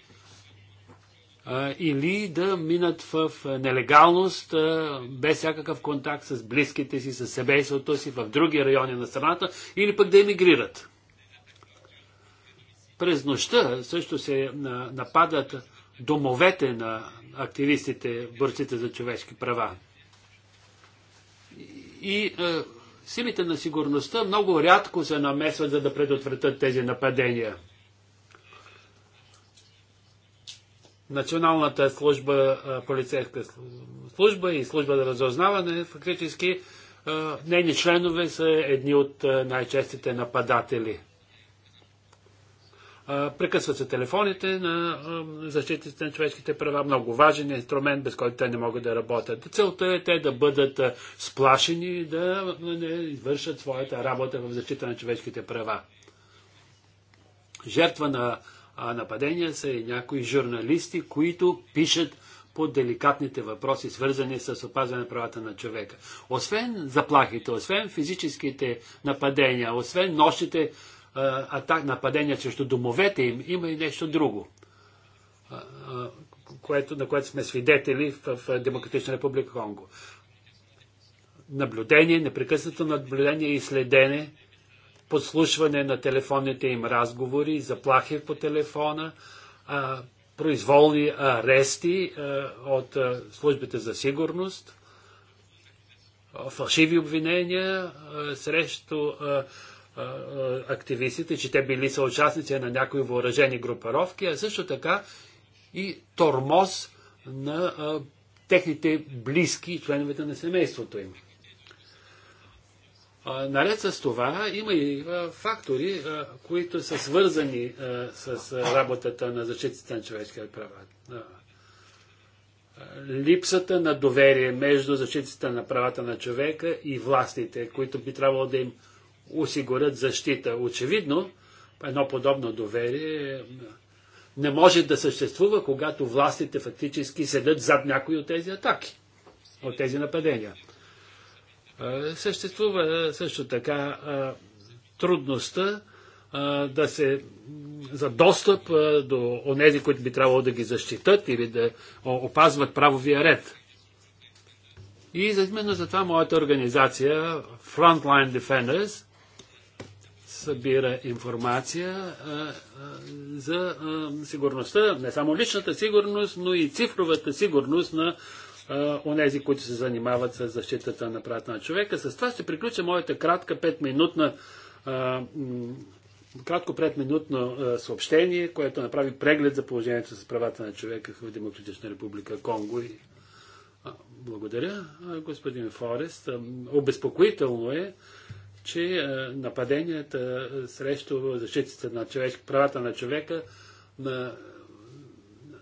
Speaker 3: или да минат в нелегалност, без всякакъв контакт с близките си, с семейството си, в други райони на страната, или пък да емигрират. През нощта също се нападат домовете на активистите, борците за човешки права. И Силите на сигурността много рядко се намесват, за да предотвратят тези нападения. Националната служба, полицейска служба и служба за разузнаване, фактически нейни членове са едни от най-честите нападатели. Прекъсват се телефоните на защитите на човешките права. Много важен инструмент, без който те не могат да работят. Целта е те да бъдат сплашени, да не извършат своята работа в защита на човешките права. Жертва на нападения са и някои журналисти, които пишат по деликатните въпроси, свързани с опазване на правата на човека. Освен заплахите, освен физическите нападения, освен нощите атак, нападения срещу домовете им, има и нещо друго, което, на което сме свидетели в, Демократична република Конго. Наблюдение, непрекъснато наблюдение и следене, подслушване на телефонните им разговори, заплахи по телефона, произволни арести от службите за сигурност, фалшиви обвинения срещу активистите, че те били съучастници на някои въоръжени групировки, а също така и тормоз на а, техните близки, членовете на семейството им. А, наред с това има и а, фактори, а, които са свързани а, с а, работата на защитите на човешките права. Липсата на доверие между защитите на правата на човека и властите, които би трябвало да им осигурят защита. Очевидно, едно подобно доверие не може да съществува, когато властите фактически седят зад някои от тези атаки, от тези нападения. Съществува също така трудността да се за достъп до онези, които би трябвало да ги защитат или да опазват правовия ред. И именно за това моята организация Frontline Defenders събира информация за сигурността, не само личната сигурност, но и цифровата сигурност на онези, които се занимават с защитата на правата на човека. С това ще приключа моята кратка 5-минутна кратко предминутно съобщение, което направи преглед за положението с правата на човека в Демократична република Конго. Благодаря, господин Форест. Обезпокоително е, че е, нападенията е, срещу защитите на човек, правата на човека на, е,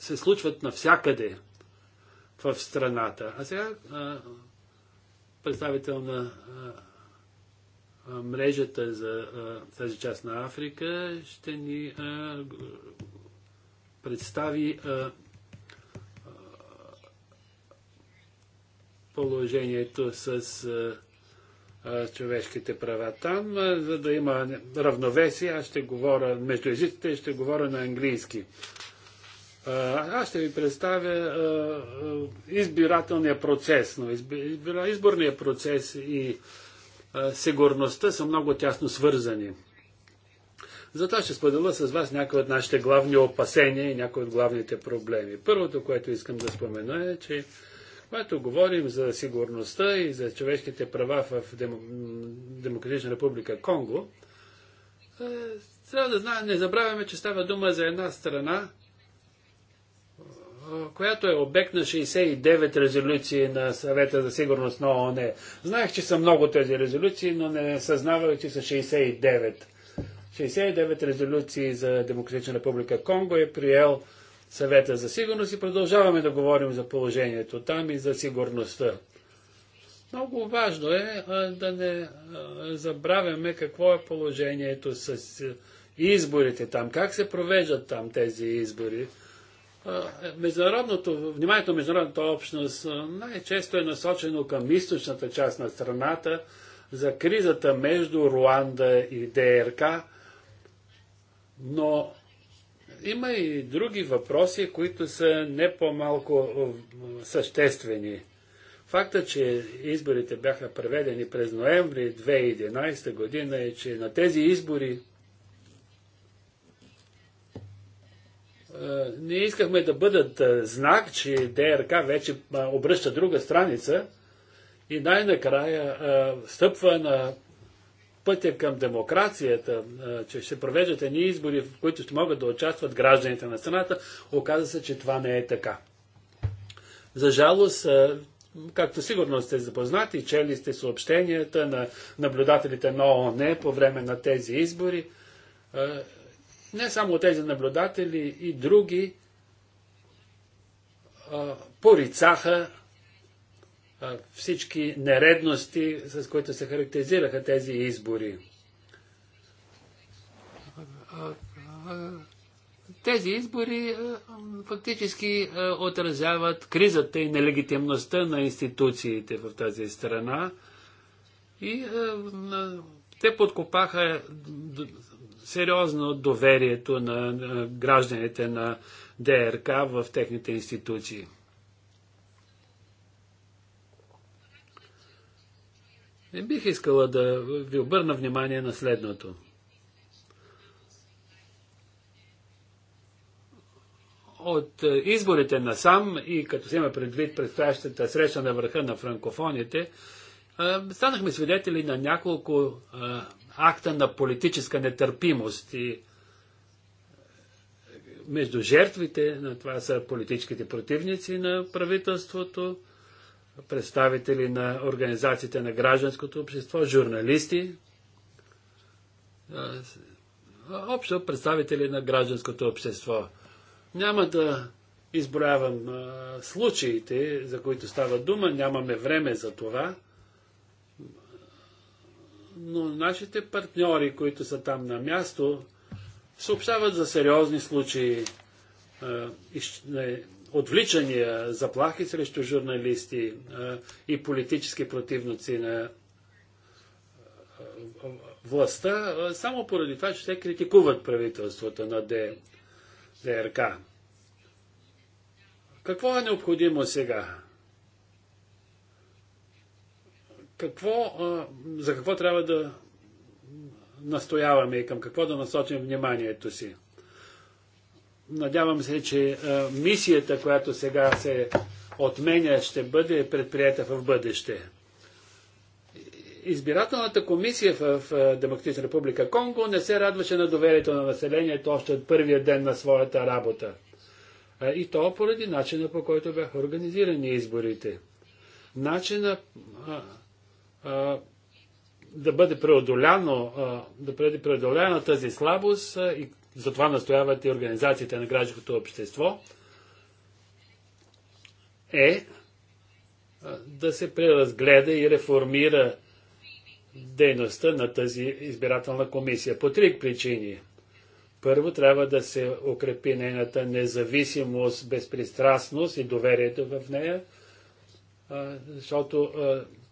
Speaker 3: се случват навсякъде в страната. А сега представител на мрежата за тази част на Африка ще ни представи положението с а, човешките права там, за да има равновесие. Аз ще говоря между езиците и ще говоря на английски. Аз ще ви представя избирателния процес. Но изборния процес и сигурността са много тясно свързани. Затова ще споделя с вас някои от нашите главни опасения и някои от главните проблеми. Първото, което искам да спомена е, че когато говорим за сигурността и за човешките права в Демократична република Конго, е, трябва да знаем, не забравяме, че става дума за една страна, е, която е обект на 69 резолюции на съвета за сигурност на ООН. Знаех, че са много тези резолюции, но не съзнавах, че са 69. 69 резолюции за Демократична република Конго е приел съвета за сигурност и продължаваме да говорим за положението там и за сигурността. Много важно е а, да не а, забравяме какво е положението с а, изборите там, как се провеждат там тези избори. Международното, вниманието на международната общност най-често е насочено към източната част на страната за кризата между Руанда и ДРК, но има и други въпроси, които са не по-малко съществени. Факта, че изборите бяха преведени през ноември 2011 година е, че на тези избори е, ние искахме да бъдат е, знак, че ДРК вече е, обръща друга страница и най-накрая стъпва на пътя към демокрацията, че ще провеждат едни избори, в които ще могат да участват гражданите на страната, оказа се, че това не е така. За жалост, както сигурно сте запознати, чели сте съобщенията на наблюдателите на ООН по време на тези избори, не само тези наблюдатели и други порицаха всички нередности, с които се характеризираха тези избори. Тези избори фактически отразяват кризата и нелегитимността на институциите в тази страна и те подкопаха сериозно доверието на гражданите на ДРК в техните институции. Не бих искала да ви обърна внимание на следното. От е, изборите на сам и като се има предвид предстоящата среща на върха на франкофоните, е, станахме свидетели на няколко е, акта на политическа нетърпимост и между жертвите на това са политическите противници на правителството, представители на организациите на гражданското общество, журналисти, общо представители на гражданското общество. Няма да изброявам случаите, за които става дума, нямаме време за това, но нашите партньори, които са там на място, съобщават за сериозни случаи отвличания, заплахи срещу журналисти и политически противници на властта, само поради това, че те критикуват правителството на ДРК. Какво е необходимо сега? Какво, за какво трябва да настояваме и към какво да насочим вниманието си? Надявам се, че мисията, която сега се отменя, ще бъде предприята в бъдеще. Избирателната комисия в Демократична република Конго не се радваше на доверието на населението още от първия ден на своята работа. И то поради начина по който бяха организирани изборите. Начина а, а, да бъде преодоляно, а, да бъде преодоляна тази слабост и затова настояват и организациите на гражданското общество е да се преразгледа и реформира дейността на тази избирателна комисия по три причини. Първо, трябва да се укрепи нейната независимост, безпристрастност и доверието в нея, защото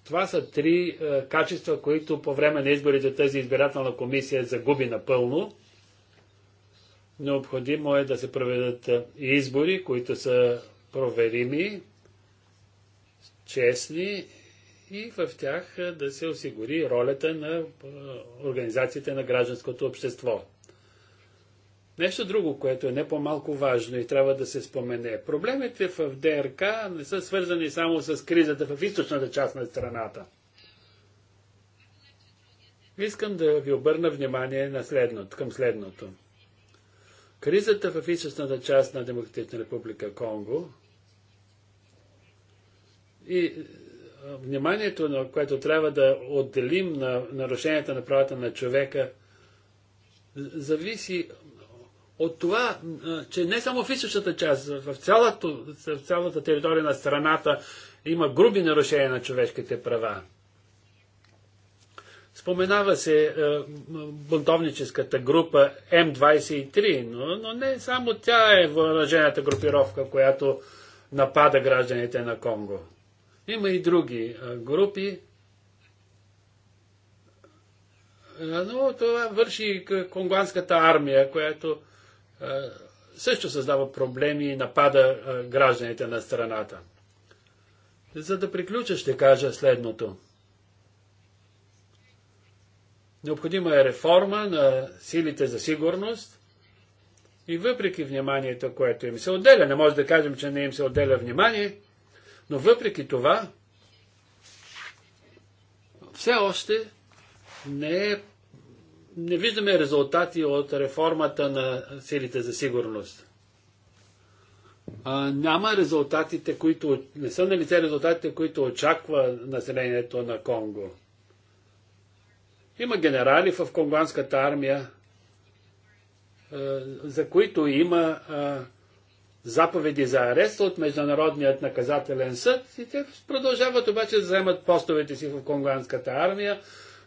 Speaker 3: това са три качества, които по време на изборите тази избирателна комисия загуби напълно. Необходимо е да се проведат избори, които са проверими, честни и в тях да се осигури ролята на организациите на гражданското общество. Нещо друго, което е не по-малко важно и трябва да се спомене. Проблемите в ДРК не са свързани само с кризата в източната част на страната. Искам да ви обърна внимание на следното, към следното. Кризата в източната част на Демократична република Конго и е, вниманието, на което трябва да отделим на нарушенията на правата на човека, зависи от това, е, че не само в източната част, в цялата, в цялата територия на страната има груби нарушения на човешките права. Споменава се е, бунтовническата група М23, но, но не само тя е въоръжената групировка, която напада гражданите на Конго. Има и други е, групи. Е, но това върши конгуанската армия, която е, също създава проблеми и напада е, гражданите на страната. За да приключа, ще кажа следното. Необходима е реформа на силите за сигурност и въпреки вниманието, което им се отделя, не може да кажем, че не им се отделя внимание, но въпреки това, все още не, е, не виждаме резултати от реформата на силите за сигурност. А, няма резултатите, които не са на лице резултатите, които очаква населението на Конго. Има генерали в конгуанската армия, е, за които има е, заповеди за арест от Международният наказателен съд и те продължават обаче да вземат постовете си в конгуанската армия,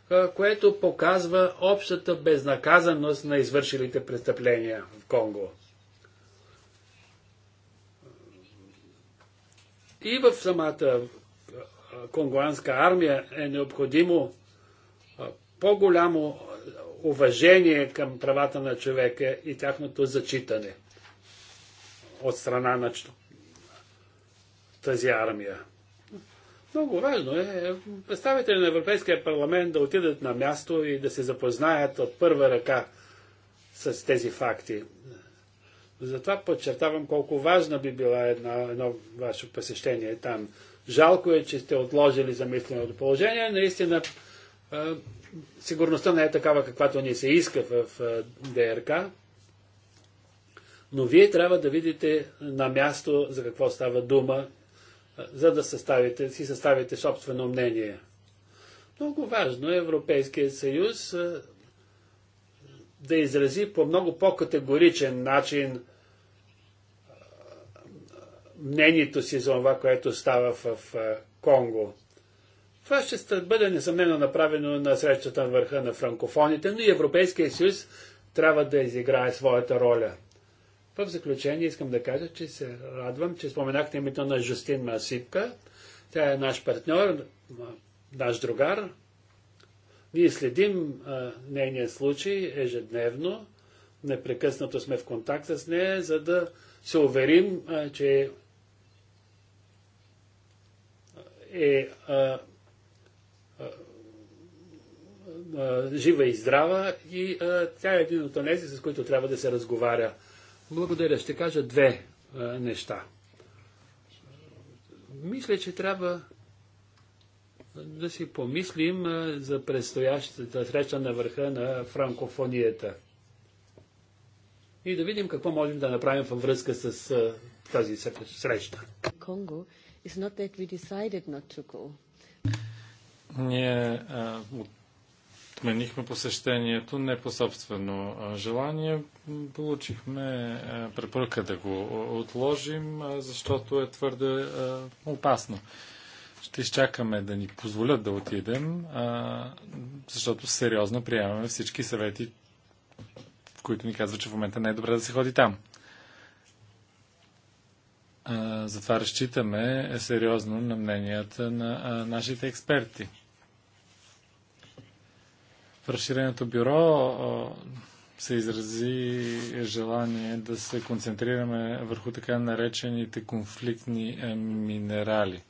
Speaker 3: е, което показва общата безнаказаност на извършилите престъпления в Конго. И в самата конгуанска армия е необходимо по-голямо уважение към правата на човека и тяхното зачитане от страна на тази армия. Много важно е представители на Европейския парламент да отидат на място и да се запознаят от първа ръка с тези факти. Затова подчертавам колко важна би била една, едно ваше посещение там. Жалко е, че сте отложили замисленото положение. Наистина сигурността не е такава, каквато ни се иска в ДРК, но вие трябва да видите на място за какво става дума, за да съставите, си съставите собствено мнение. Много важно е Европейският съюз да изрази по много по-категоричен начин мнението си за това, което става в Конго. Това ще бъде несъмнено направено на срещата на върха на франкофоните, но и Европейския съюз трябва да изиграе своята роля. В заключение искам да кажа, че се радвам, че споменахте името на Жустин Масипка. Тя е наш партньор, наш другар. Ние следим а, нейния случай ежедневно. Непрекъснато сме в контакт с нея, за да се уверим, а, че е а, жива и здрава и тя е един от тези, с които трябва да се разговаря. Благодаря. Ще кажа две неща. Мисля, че трябва да си помислим за предстоящата среща на върха на франкофонията. И да видим какво можем да направим във връзка с тази среща.
Speaker 1: Конго is not that we decided not to go.
Speaker 2: Ние а, отменихме посещението не по собствено желание. Получихме препоръка да го отложим, защото е твърде опасно. Ще изчакаме да ни позволят да отидем, защото сериозно приемаме всички съвети, които ни казват, че в момента не е добре да се ходи там. Затова разчитаме сериозно на мненията на нашите експерти. В разширеното бюро се изрази желание да се концентрираме върху така наречените конфликтни минерали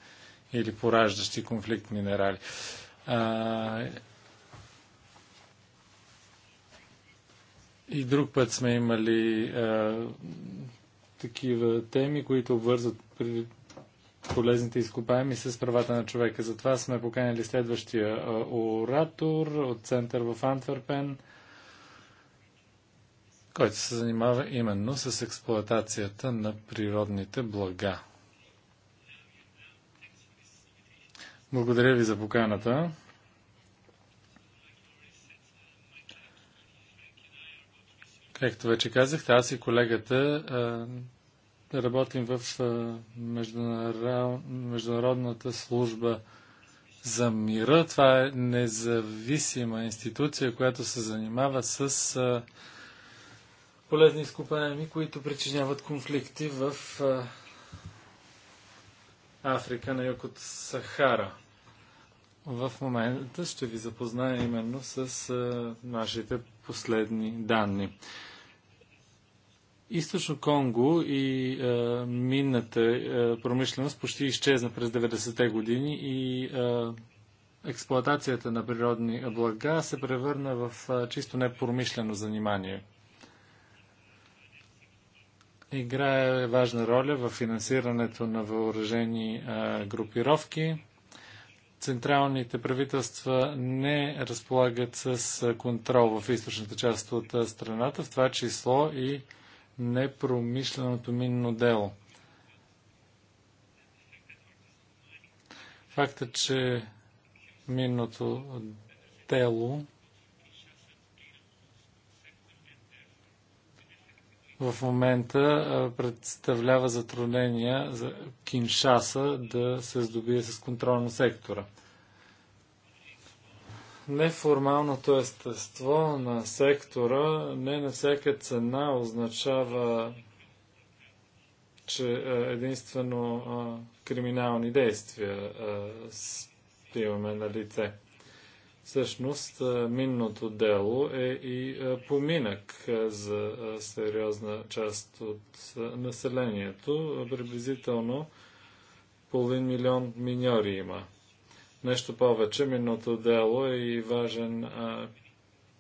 Speaker 2: или пораждащи конфликт минерали. А, и друг път сме имали а, такива теми, които обвързват при, полезните изкопаеми с правата на човека. Затова сме поканили следващия оратор от център в Антверпен, който се занимава именно с експлоатацията на природните блага. Благодаря ви за поканата. Както вече казахте, аз и колегата да работим в Международната служба за мира. Това е независима институция, която се занимава с полезни изкупаеми, които причиняват конфликти в Африка на юг от Сахара. В момента ще ви запозная именно с нашите последни данни. Източно Конго и е, минната е, промишленост почти изчезна през 90-те години и е, експлоатацията на природни блага се превърна в е, чисто непромишлено занимание. Играе важна роля в финансирането на въоръжени е, групировки. Централните правителства не разполагат с е, контрол в източната част от е, страната, в това число и непромишленото минно дело. Факта, че минното дело в момента представлява затруднения за Киншаса да се здобие с контрол на сектора неформалното е естество на сектора не на всяка цена означава, че е, единствено криминални действия имаме на лице. Всъщност, минното дело е и поминък за сериозна част от населението. Приблизително половин милион миньори има Нещо повече, миното дело е и важен а,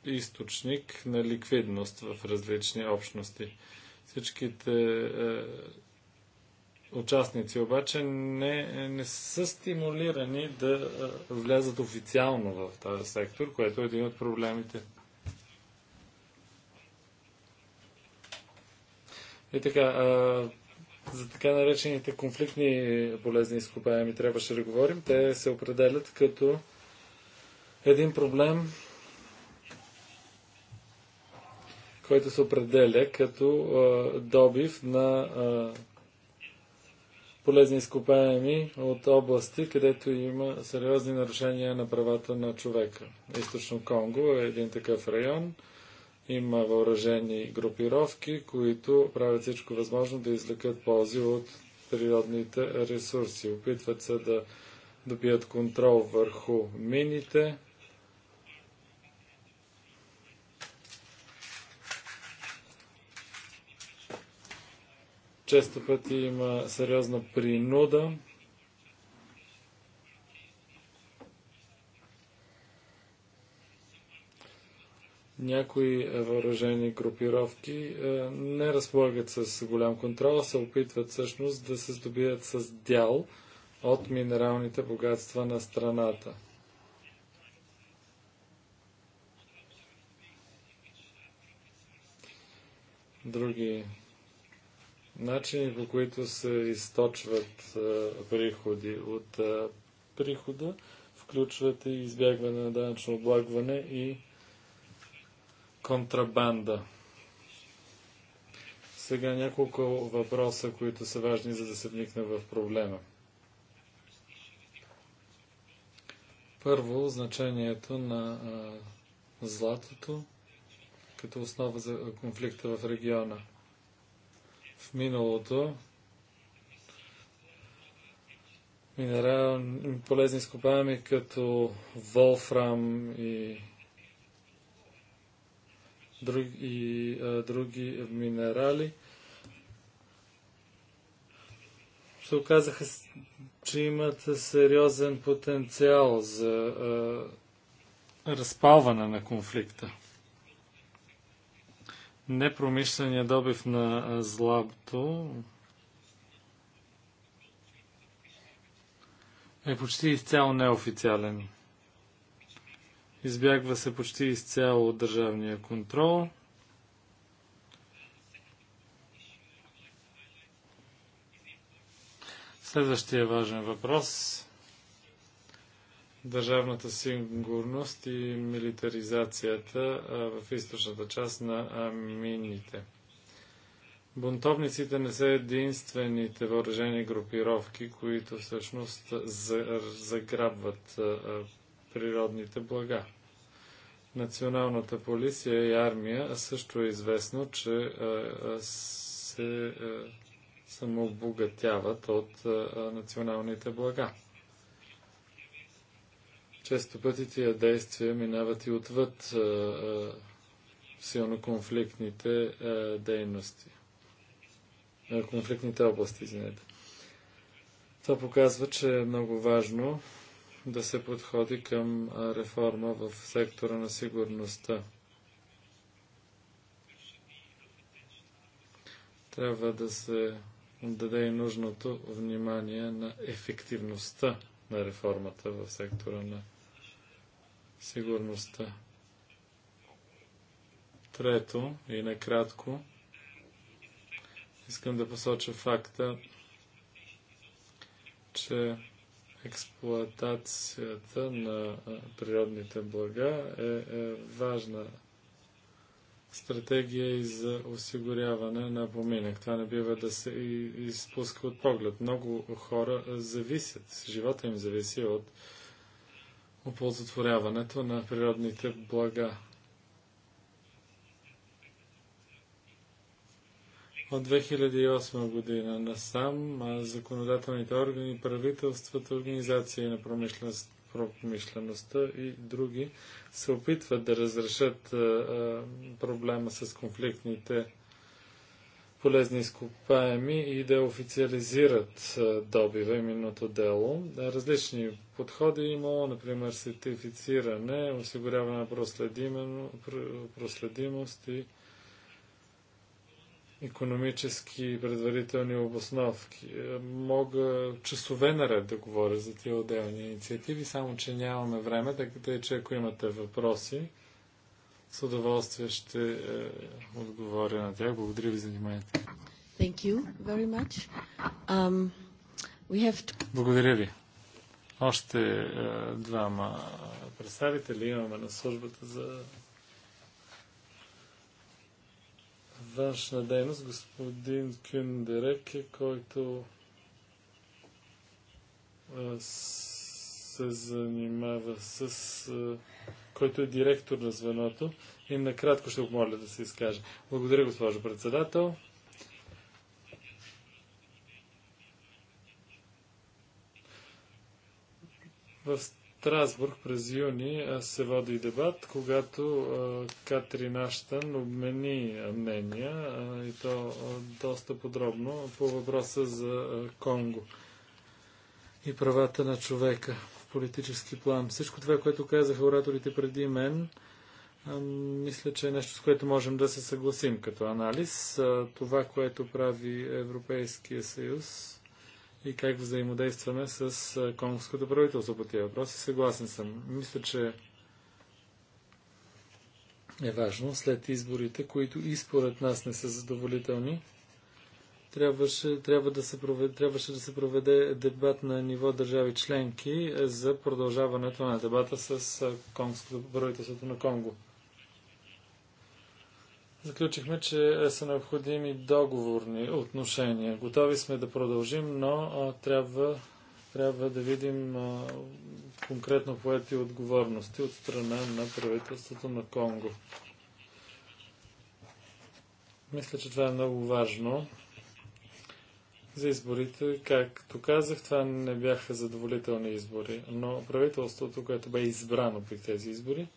Speaker 2: източник на ликвидност в различни общности. Всичките а, участници обаче не, не са стимулирани да влязат официално в този сектор, което е един от проблемите. И така, а, за така наречените конфликтни болезни изкопаеми трябваше да говорим. Те се определят като един проблем, който се определя като а, добив на а, полезни изкопаеми от области, където има сериозни нарушения на правата на човека. Източно Конго е един такъв район. Има въоръжени групировки, които правят всичко възможно да извлекат ползи от природните ресурси. Опитват се да добият контрол върху мините. Често пъти има сериозна принуда някои е, въоръжени групировки е, не разполагат с голям контрол, а се опитват всъщност да се здобият с дял от минералните богатства на страната. Други начини, по които се източват е, приходи от прихода, включват и избягване на данъчно облагване и контрабанда. Сега няколко въпроса, които са важни, за да се вникне в проблема. Първо, значението на а, златото като основа за конфликта в региона. В миналото минерал, полезни изкопаеми като волфрам и друг, и а, други минерали, се оказаха, че имат сериозен потенциал за а, разпалване на конфликта. Непромишления добив на злато е почти изцяло неофициален. Избягва се почти изцяло от държавния контрол. Следващия важен въпрос държавната сигурност и милитаризацията в източната част на амините. Бунтовниците не са единствените въоръжени групировки, които всъщност заграбват природните блага. Националната полиция и армия също е известно, че е, е, се е, самообогатяват от националните блага. Често пъти тия действия минават и отвъд силно конфликтните дейности. Конфликтните области, извинете. Това показва, че е много важно да се подходи към реформа в сектора на сигурността. Трябва да се даде и нужното внимание на ефективността на реформата в сектора на сигурността. Трето и накратко, искам да посоча факта, че експлоатацията на природните блага е, е важна стратегия и за осигуряване на поминък. Това не бива да се изпуска от поглед. Много хора зависят, живота им зависи от оползотворяването на природните блага От 2008 година насам законодателните органи, правителствата, организации на промишленост, промишлеността и други се опитват да разрешат а, а, проблема с конфликтните полезни изкопаеми и да официализират добива и минното дело. Различни подходи е има, например сертифициране, осигуряване на проследимост и економически предварителни обосновки. Е, мога часове наред да говоря за тия отделни инициативи, само че нямаме време, така че ако имате въпроси, с удоволствие ще е, отговоря на тях. Благодаря ви за вниманието. Um, to... Благодаря ви. Още е, двама представители имаме на службата за външна дейност, господин Кюндереке, който се занимава с... който е директор на звеното. И накратко ще го моля да се изкаже. Благодаря, госпожо председател. В Страсбург през юни се води дебат, когато Катрин Аштън обмени мнения и то доста подробно по въпроса за Конго и правата на човека в политически план. Всичко това, което казаха ораторите преди мен, мисля, че е нещо, с което можем да се съгласим като анализ. Това, което прави Европейския съюз и как взаимодействаме с конското правителство по тези въпроси. Съгласен съм. Мисля, че е важно след изборите, които и според нас не са задоволителни, трябваше, трябва да се проведе, трябваше да се проведе дебат на ниво държави членки за продължаването на дебата с конското правителството на Конго заключихме, че е, са необходими договорни отношения. Готови сме да продължим, но а, трябва, трябва да видим а, конкретно поети отговорности от страна на правителството на Конго. Мисля, че това е много важно за изборите. Както казах, това не бяха задоволителни избори, но правителството, което бе избрано при тези избори,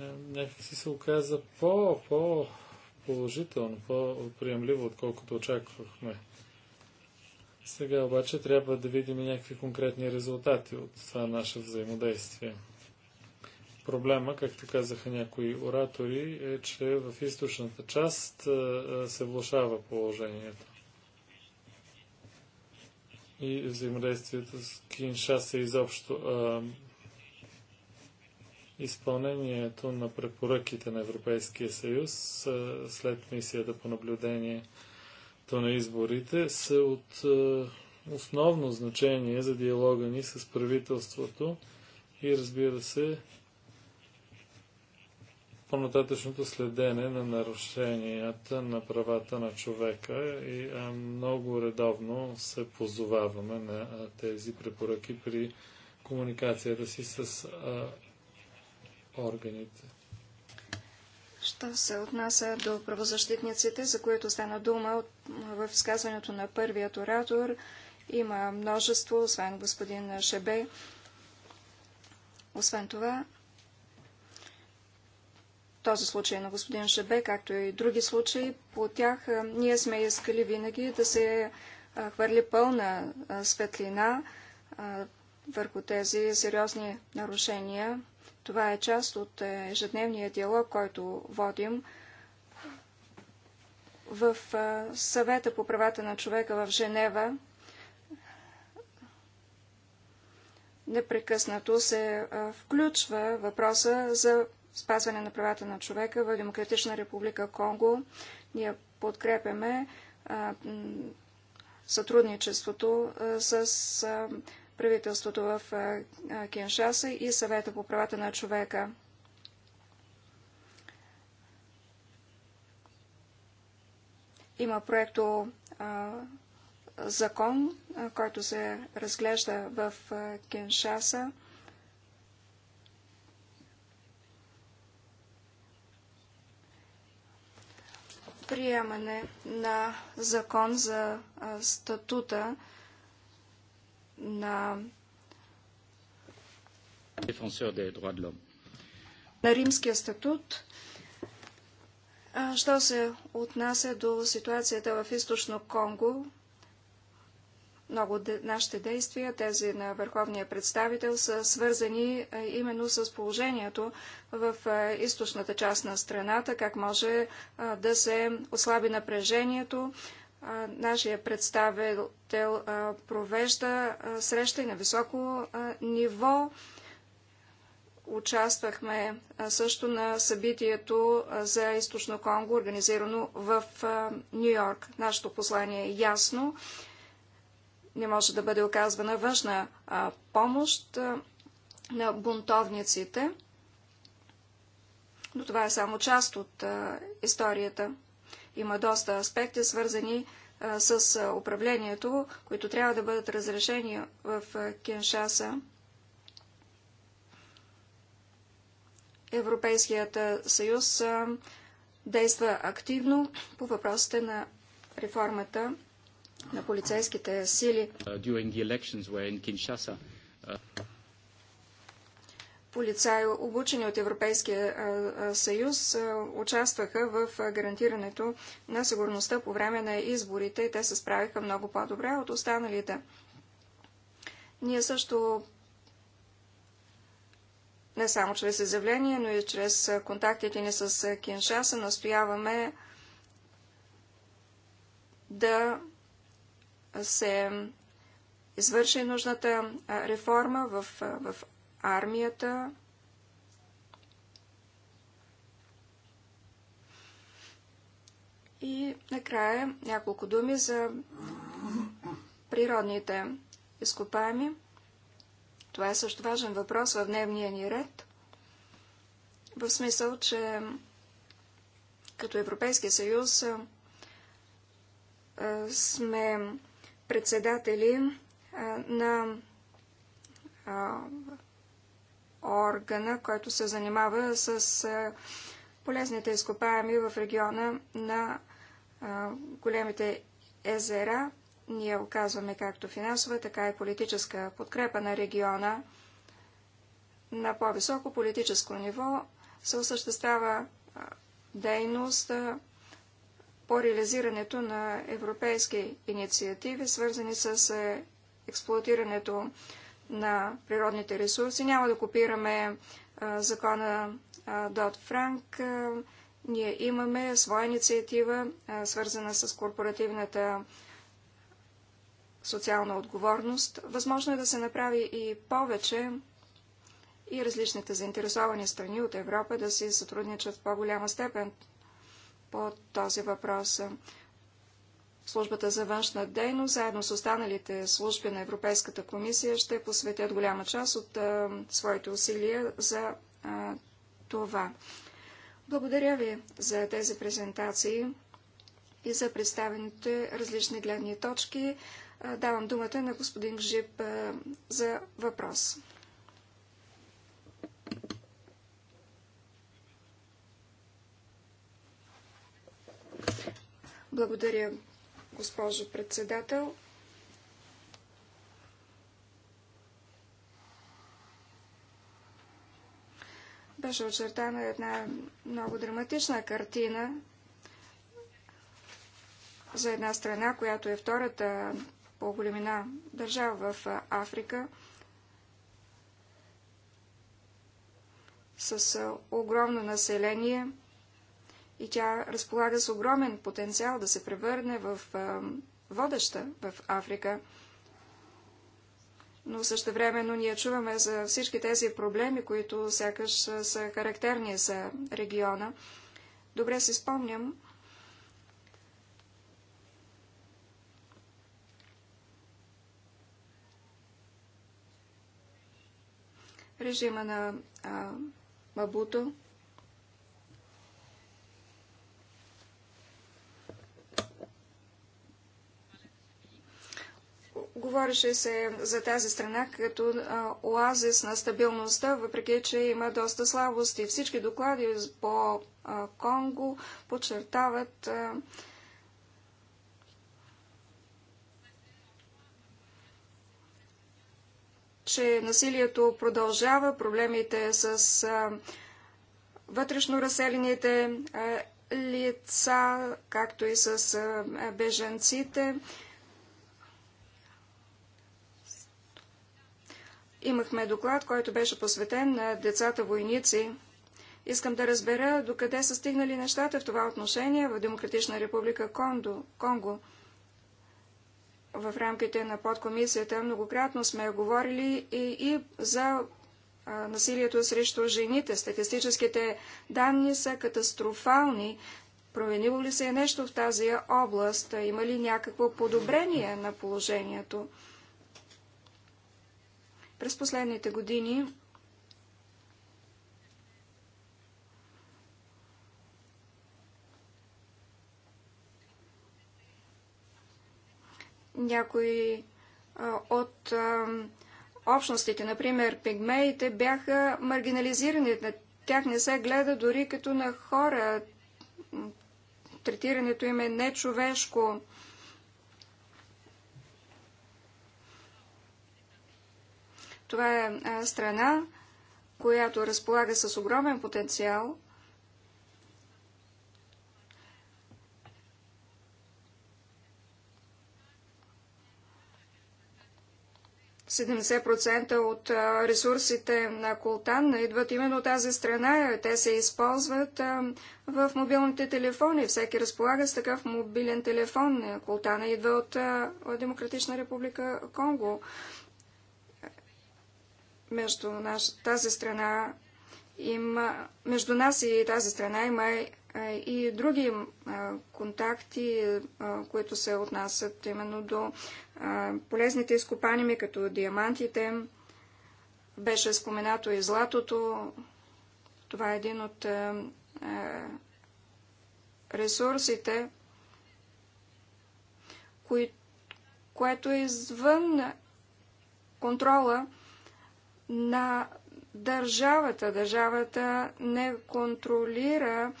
Speaker 2: е, Някак си се оказа по, положително, по-приемливо, отколкото очаквахме. Сега обаче трябва да видим някакви конкретни резултати от това наше взаимодействие. Проблема, както казаха някои оратори, е, че в източната част е, е, се влушава положението. И взаимодействието с Киншаса изобщо изпълнението на препоръките на Европейския съюз след мисията по наблюдението на изборите са от основно значение за диалога ни с правителството и разбира се по-нататъчното следене на нарушенията на правата на човека и много редовно се позоваваме на тези препоръки при комуникацията си с органите.
Speaker 5: Що се отнася до правозащитниците, за които стана дума в изказването на първият оратор, има множество, освен господин Шебе. Освен това, този случай на господин Шебе, както и други случаи, по тях ние сме искали винаги да се хвърли пълна светлина върху тези сериозни нарушения това е част от е, ежедневния диалог, който водим в е, съвета по правата на човека в Женева. Непрекъснато се е, включва въпроса за спазване на правата на човека в Демократична република Конго. Ние подкрепяме сътрудничеството с правителството в Киншаса и съвета по правата на човека. Има проекто закон, който се разглежда в Киншаса. Приемане на закон за статута на на римския статут. Що се отнася до ситуацията в източно Конго, много нашите действия, тези на върховния представител, са свързани именно с положението в източната част на страната, как може да се ослаби напрежението, нашия представител провежда среща и на високо ниво. Участвахме също на събитието за Източно Конго, организирано в Нью Йорк. Нашето послание е ясно. Не може да бъде оказвана външна помощ на бунтовниците. Но това е само част от историята. Има доста аспекти, свързани с управлението, които трябва да бъдат разрешени в Киншаса. Европейският съюз действа активно по въпросите на реформата на полицейските сили. Uh, полицаи, обучени от Европейския съюз, участваха в гарантирането на сигурността по време на изборите и те се справиха много по-добре от останалите. Ние също не само чрез изявление, но и чрез контактите ни с Киншаса настояваме да се извърши нужната реформа в, в армията. И накрая няколко думи за природните изкопаеми. Това е също важен въпрос в дневния ни ред. В смисъл, че като Европейския съюз сме председатели на органа, който се занимава с полезните изкопаеми в региона на големите езера. Ние оказваме както финансова, така и политическа подкрепа на региона. На по-високо политическо ниво се осъществява дейност по реализирането на европейски инициативи, свързани с експлуатирането на природните ресурси. Няма да копираме а, закона Дот Франк. ние имаме своя инициатива, а, свързана с корпоративната социална отговорност. Възможно е да се направи и повече и различните заинтересовани страни от Европа да си сътрудничат в по-голяма степен по този въпрос службата за външна дейност, заедно с останалите служби на Европейската комисия, ще посветят голяма част от а, своите усилия за а, това. Благодаря ви за тези презентации и за представените различни гледни точки. А, давам думата на господин Гжип за въпрос. Благодаря, госпожо председател. Беше очертана една много драматична картина за една страна, която е втората по големина държава в Африка, с огромно население – и тя разполага с огромен потенциал да се превърне в водеща в Африка. Но същевременно ние чуваме за всички тези проблеми, които сякаш са характерни за региона. Добре си спомням, режима на а, Мабуто. Говореше се за тази страна като оазис на стабилността, въпреки че има доста слабости. Всички доклади по Конго подчертават че насилието продължава, проблемите с а, вътрешно разселените а, лица, както и с а, беженците, Имахме доклад, който беше посветен на децата войници. Искам да разбера докъде са стигнали нещата в това отношение в Демократична република Кондо, Конго. В рамките на подкомисията многократно сме говорили и, и за а, насилието срещу жените. Статистическите данни са катастрофални. Променило ли се е нещо в тази област? Има ли някакво подобрение на положението? През последните години някои от общностите, например пигмеите, бяха маргинализирани. На тях не се гледа дори като на хора. Третирането им е нечовешко. Това е страна, която разполага с огромен потенциал. процента от ресурсите на Култан идват именно от тази страна. Те се използват в мобилните телефони. Всеки разполага с такъв мобилен телефон. Култана идва от Демократична република Конго между наш, тази страна има, между нас и тази страна има е, и други контакти, е, които се отнасят именно до полезните изкопаними, като диамантите. Беше споменато и златото. Това е един от е, ресурсите, кои, което е извън контрола на държавата. Държавата не контролира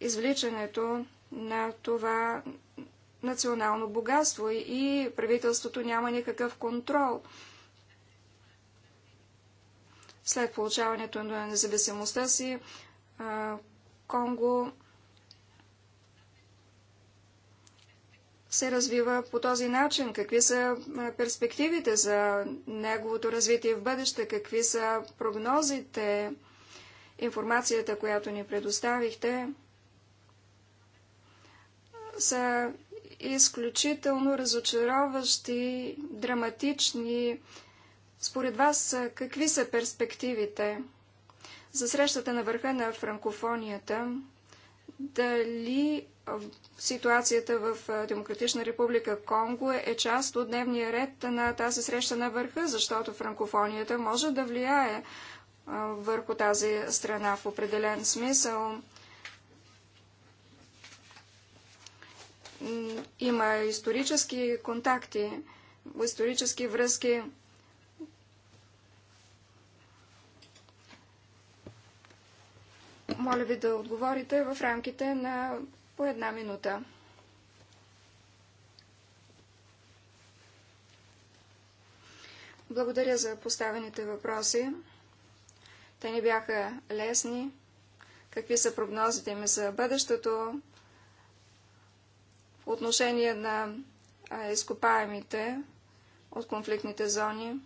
Speaker 5: извличането на това национално богатство и правителството няма никакъв контрол. След получаването на независимостта си, Конго се развива по този начин? Какви са перспективите за неговото развитие в бъдеще? Какви са прогнозите, информацията, която ни предоставихте? са изключително разочароващи, драматични. Според вас, какви са перспективите за срещата на върха на франкофонията? Дали ситуацията в Демократична република Конго е част от дневния ред на тази среща на върха, защото франкофонията може да влияе върху тази страна в определен смисъл. Има исторически контакти, исторически връзки. Моля ви да отговорите в рамките на по една минута. Благодаря за поставените въпроси. Те не бяха лесни. Какви са прогнозите ми за бъдещето? в отношение на изкопаемите от конфликтните зони.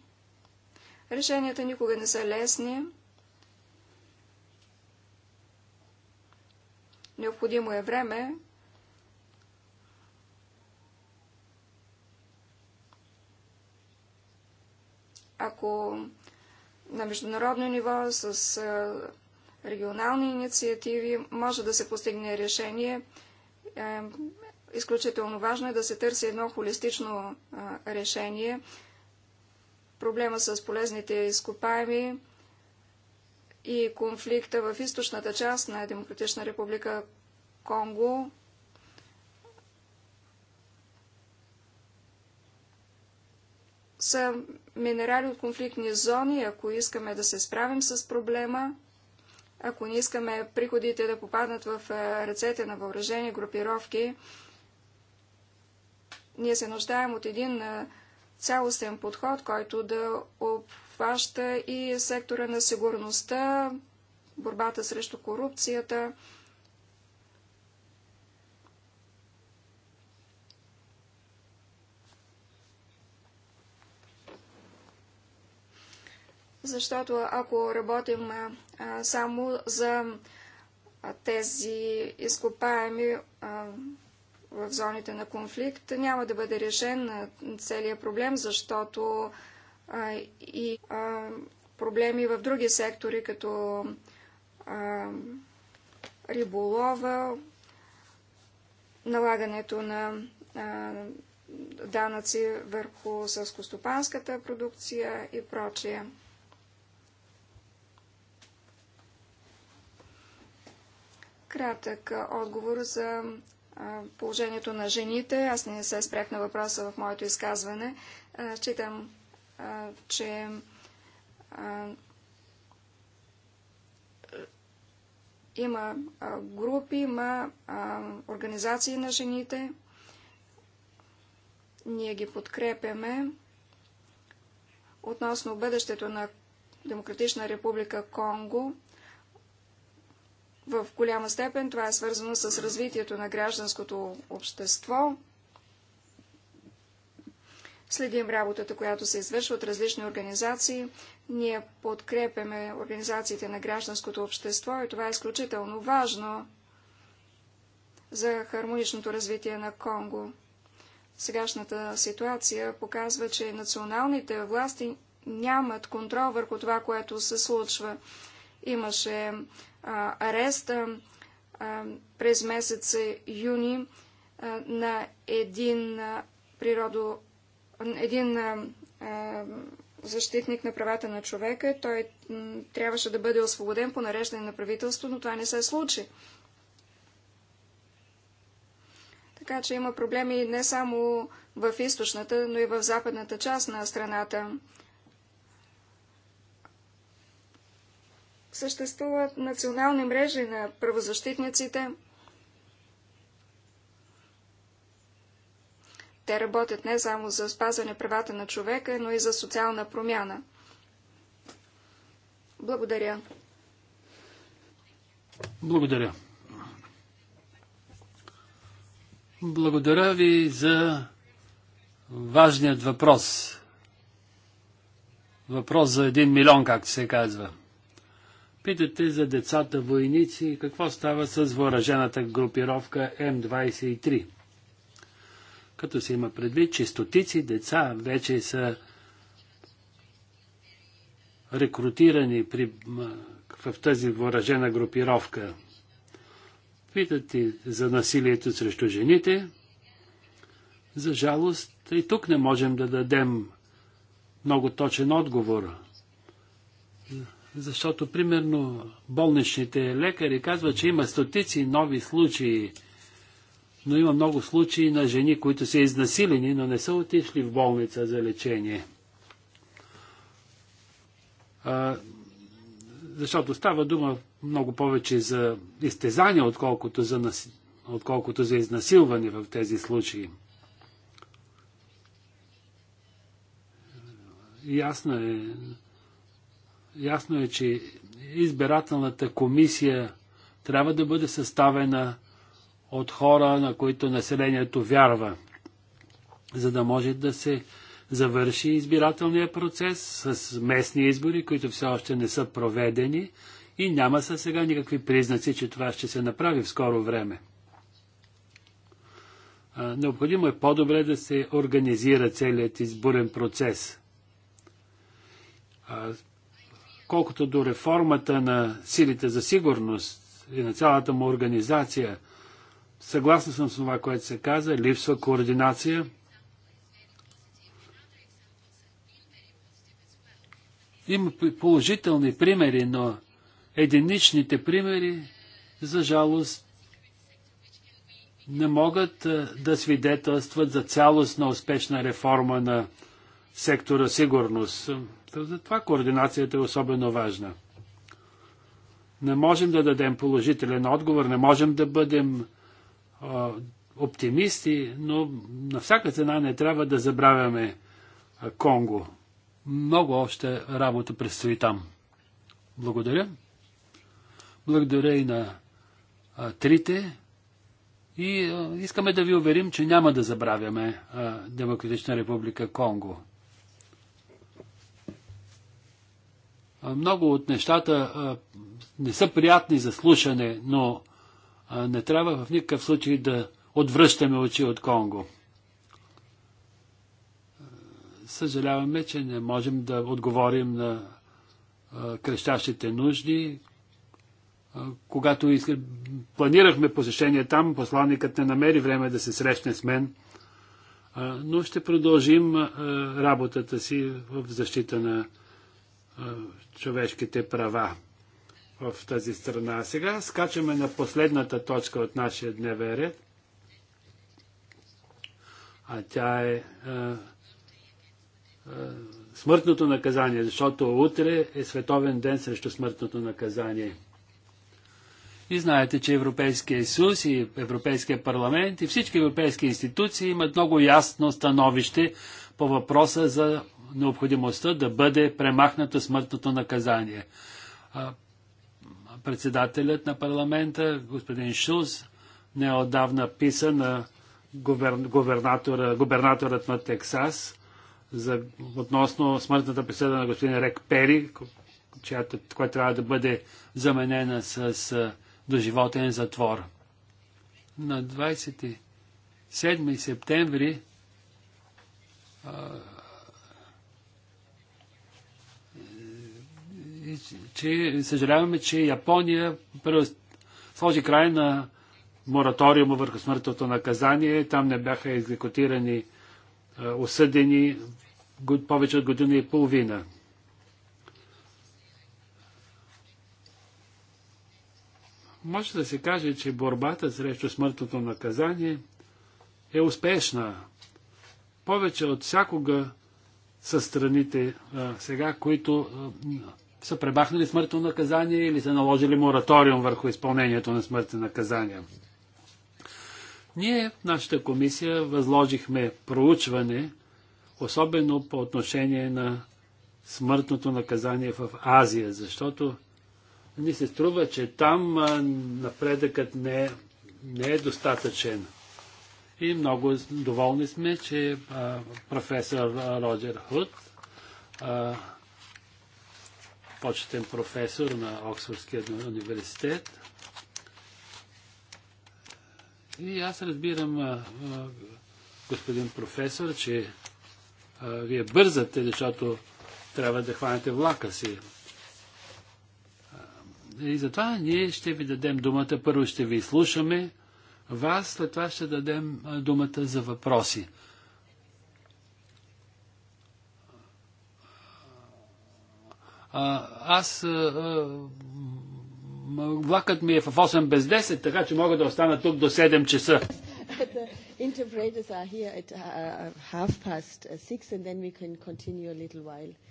Speaker 5: Решенията никога не са лесни. Необходимо е време ако на международно ниво с регионални инициативи може да се постигне решение, е, изключително важно е да се търси едно холистично решение. Проблема с полезните изкопаеми и конфликта в източната част на Демократична република Конго. са минерали от конфликтни зони, ако искаме да се справим с проблема, ако не искаме приходите да попаднат в е, ръцете на въоръжени групировки, ние се нуждаем от един е, цялостен подход, който да обхваща и сектора на сигурността, борбата срещу корупцията. Защото ако работим само за тези изкопаеми в зоните на конфликт, няма да бъде решен целият проблем, защото а, и а, проблеми в други сектори, като а, риболова, налагането на а, данъци върху съскостопанската продукция и прочие. Кратък отговор за положението на жените. Аз не се спрях на въпроса в моето изказване. Читам, че има групи, има организации на жените. Ние ги подкрепяме относно бъдещето на Демократична република Конго. В голяма степен това е свързано с развитието на гражданското общество. Следим работата, която се извършва от различни организации. Ние подкрепяме организациите на гражданското общество и това е изключително важно за хармоничното развитие на Конго. Сегашната ситуация показва, че националните власти нямат контрол върху това, което се случва. Имаше Ареста през месец юни на един природо... един защитник на правата на човека. Той трябваше да бъде освободен по нареждане на правителство, но това не се случи. Така че има проблеми не само в източната, но и в западната част на страната. Съществуват национални мрежи на правозащитниците. Те работят не само за спазване правата на човека, но и за социална промяна. Благодаря.
Speaker 3: Благодаря. Благодаря ви за важният въпрос. Въпрос за един милион, както се казва. Питате за децата войници и какво става с въоръжената групировка М23. Като се има предвид, че стотици деца вече са рекрутирани при, в тази въоръжена групировка. Питате за насилието срещу жените. За жалост, и тук не можем да дадем много точен отговор защото, примерно, болничните лекари казват, че има стотици нови случаи, но има много случаи на жени, които са изнасилени, но не са отишли в болница за лечение. А, защото става дума много повече за изтезания, отколкото за, нас... отколкото за изнасилване в тези случаи. Ясно е, Ясно е, че избирателната комисия трябва да бъде съставена от хора, на които населението вярва, за да може да се завърши избирателния процес с местни избори, които все още не са проведени и няма са сега никакви признаци, че това ще се направи в скоро време. Необходимо е по-добре да се организира целият изборен процес. Колкото до реформата на силите за сигурност и на цялата му организация, съгласна съм с това, което се каза, липсва координация. Има положителни примери, но единичните примери, за жалост, не могат да свидетелстват за цялостна успешна реформа на сектора сигурност. Затова координацията е особено важна. Не можем да дадем положителен отговор, не можем да бъдем а, оптимисти, но на всяка цена не трябва да забравяме а, Конго. Много още работа предстои там. Благодаря. Благодаря и на а, трите. И а, искаме да ви уверим, че няма да забравяме а, Демократична република Конго. Много от нещата не са приятни за слушане, но не трябва в никакъв случай да отвръщаме очи от Конго. Съжаляваме, че не можем да отговорим на крещящите нужди. Когато планирахме посещение там, посланникът не намери време да се срещне с мен, но ще продължим работата си в защита на човешките права в тази страна. Сега скачаме на последната точка от нашия дневен ред. А тя е а, а, смъртното наказание, защото утре е световен ден срещу смъртното наказание. И знаете, че Европейския съюз и Европейския парламент и всички европейски институции имат много ясно становище по въпроса за необходимостта да бъде премахната смъртното наказание. Председателят на парламента, господин Шулс, неодавна писа на губернатора, губернаторът на Тексас за, относно смъртната присъда на господин Рек Пери, която, която трябва да бъде заменена с, с доживотен затвор. На 27 септември и че съжаляваме, че Япония сложи край на мораториума върху смъртното наказание. Там не бяха екзекутирани, осъдени повече от година и половина. Може да се каже, че борбата срещу смъртното наказание е успешна. Повече от всякога са страните а, сега, които а, са премахнали смъртно наказание или са наложили мораториум върху изпълнението на смъртни наказания. Ние, нашата комисия, възложихме проучване, особено по отношение на смъртното наказание в Азия, защото ни се струва, че там напредъкът не е, не е достатъчен. И много доволни сме, че а, професор Роджер Худ а, почетен професор на Оксфордския университет. И аз разбирам, господин професор, че вие бързате, защото трябва да хванете влака си. И затова ние ще ви дадем думата. Първо ще ви слушаме вас, след това ще дадем думата за въпроси. аз влакът ми е в 8 без 10, така че мога да остана тук до 7 часа.
Speaker 1: Uh, uh,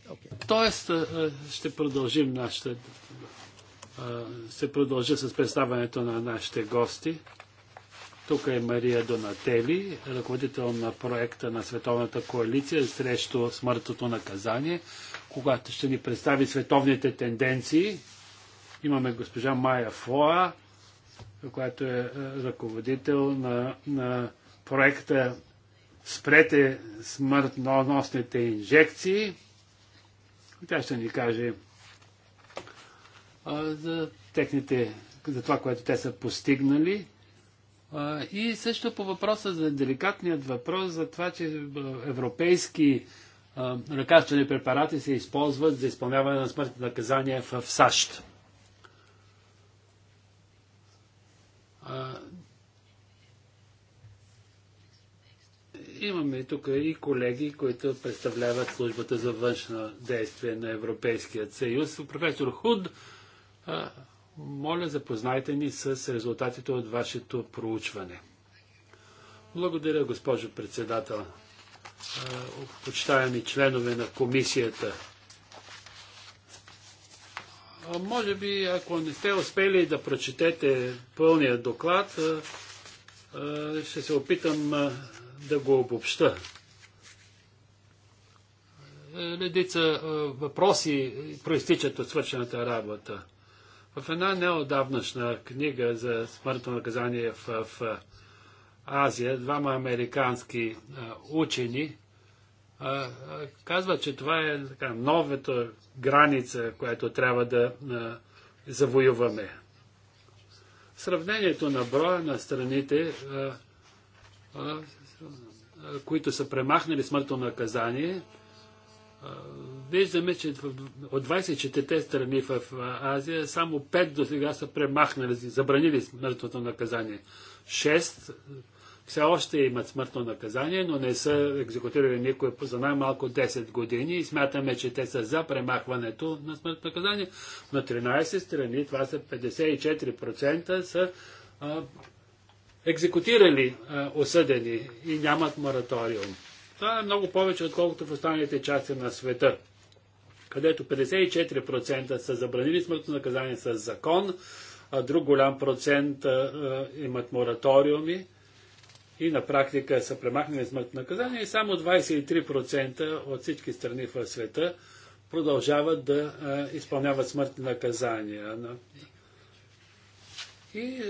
Speaker 3: uh, Тоест, ще продължим нашата... Се продължа с представянето на нашите гости. Тук е Мария Донатели, ръководител на проекта на Световната коалиция срещу смъртното наказание когато ще ни представи световните тенденции. Имаме госпожа Майя Фоа, която е, е ръководител на, на проекта Спрете смъртноносните инжекции. Тя ще ни каже а, за техните, за това, което те са постигнали. А, и също по въпроса за деликатният въпрос за това, че европейски лекарствени препарати се използват за изпълняване на смъртни наказания в САЩ. имаме тук и колеги, които представляват службата за външно действие на Европейския съюз. Професор Худ, моля запознайте ни с резултатите от вашето проучване. Благодаря, госпожо председател почитаеми членове на комисията. А може би, ако не сте успели да прочетете пълния доклад, ще се опитам да го обобща. Редица въпроси проистичат от свършената работа. В една неодавнашна книга за смъртно наказание в, в Азия, двама американски а, учени, а, казват, че това е така, новата граница, която трябва да а, завоюваме. Сравнението на броя на страните, а, а, които са премахнали смъртно наказание, виждаме, че от 24-те страни в Азия само 5 до сега са премахнали, забранили смъртното наказание. 6 все още имат смъртно наказание, но не са екзекутирали никой за най-малко 10 години и смятаме, че те са за премахването на смъртно наказание. На 13 страни, това са 54% са а, екзекутирали а, осъдени и нямат мораториум. Това е много повече, отколкото в останалите части на света, където 54% са забранили смъртно наказание с закон, а друг голям процент а, а, имат мораториуми и на практика са премахнали смъртно наказание и само 23% от всички страни в света продължават да изпълняват смъртни наказания. И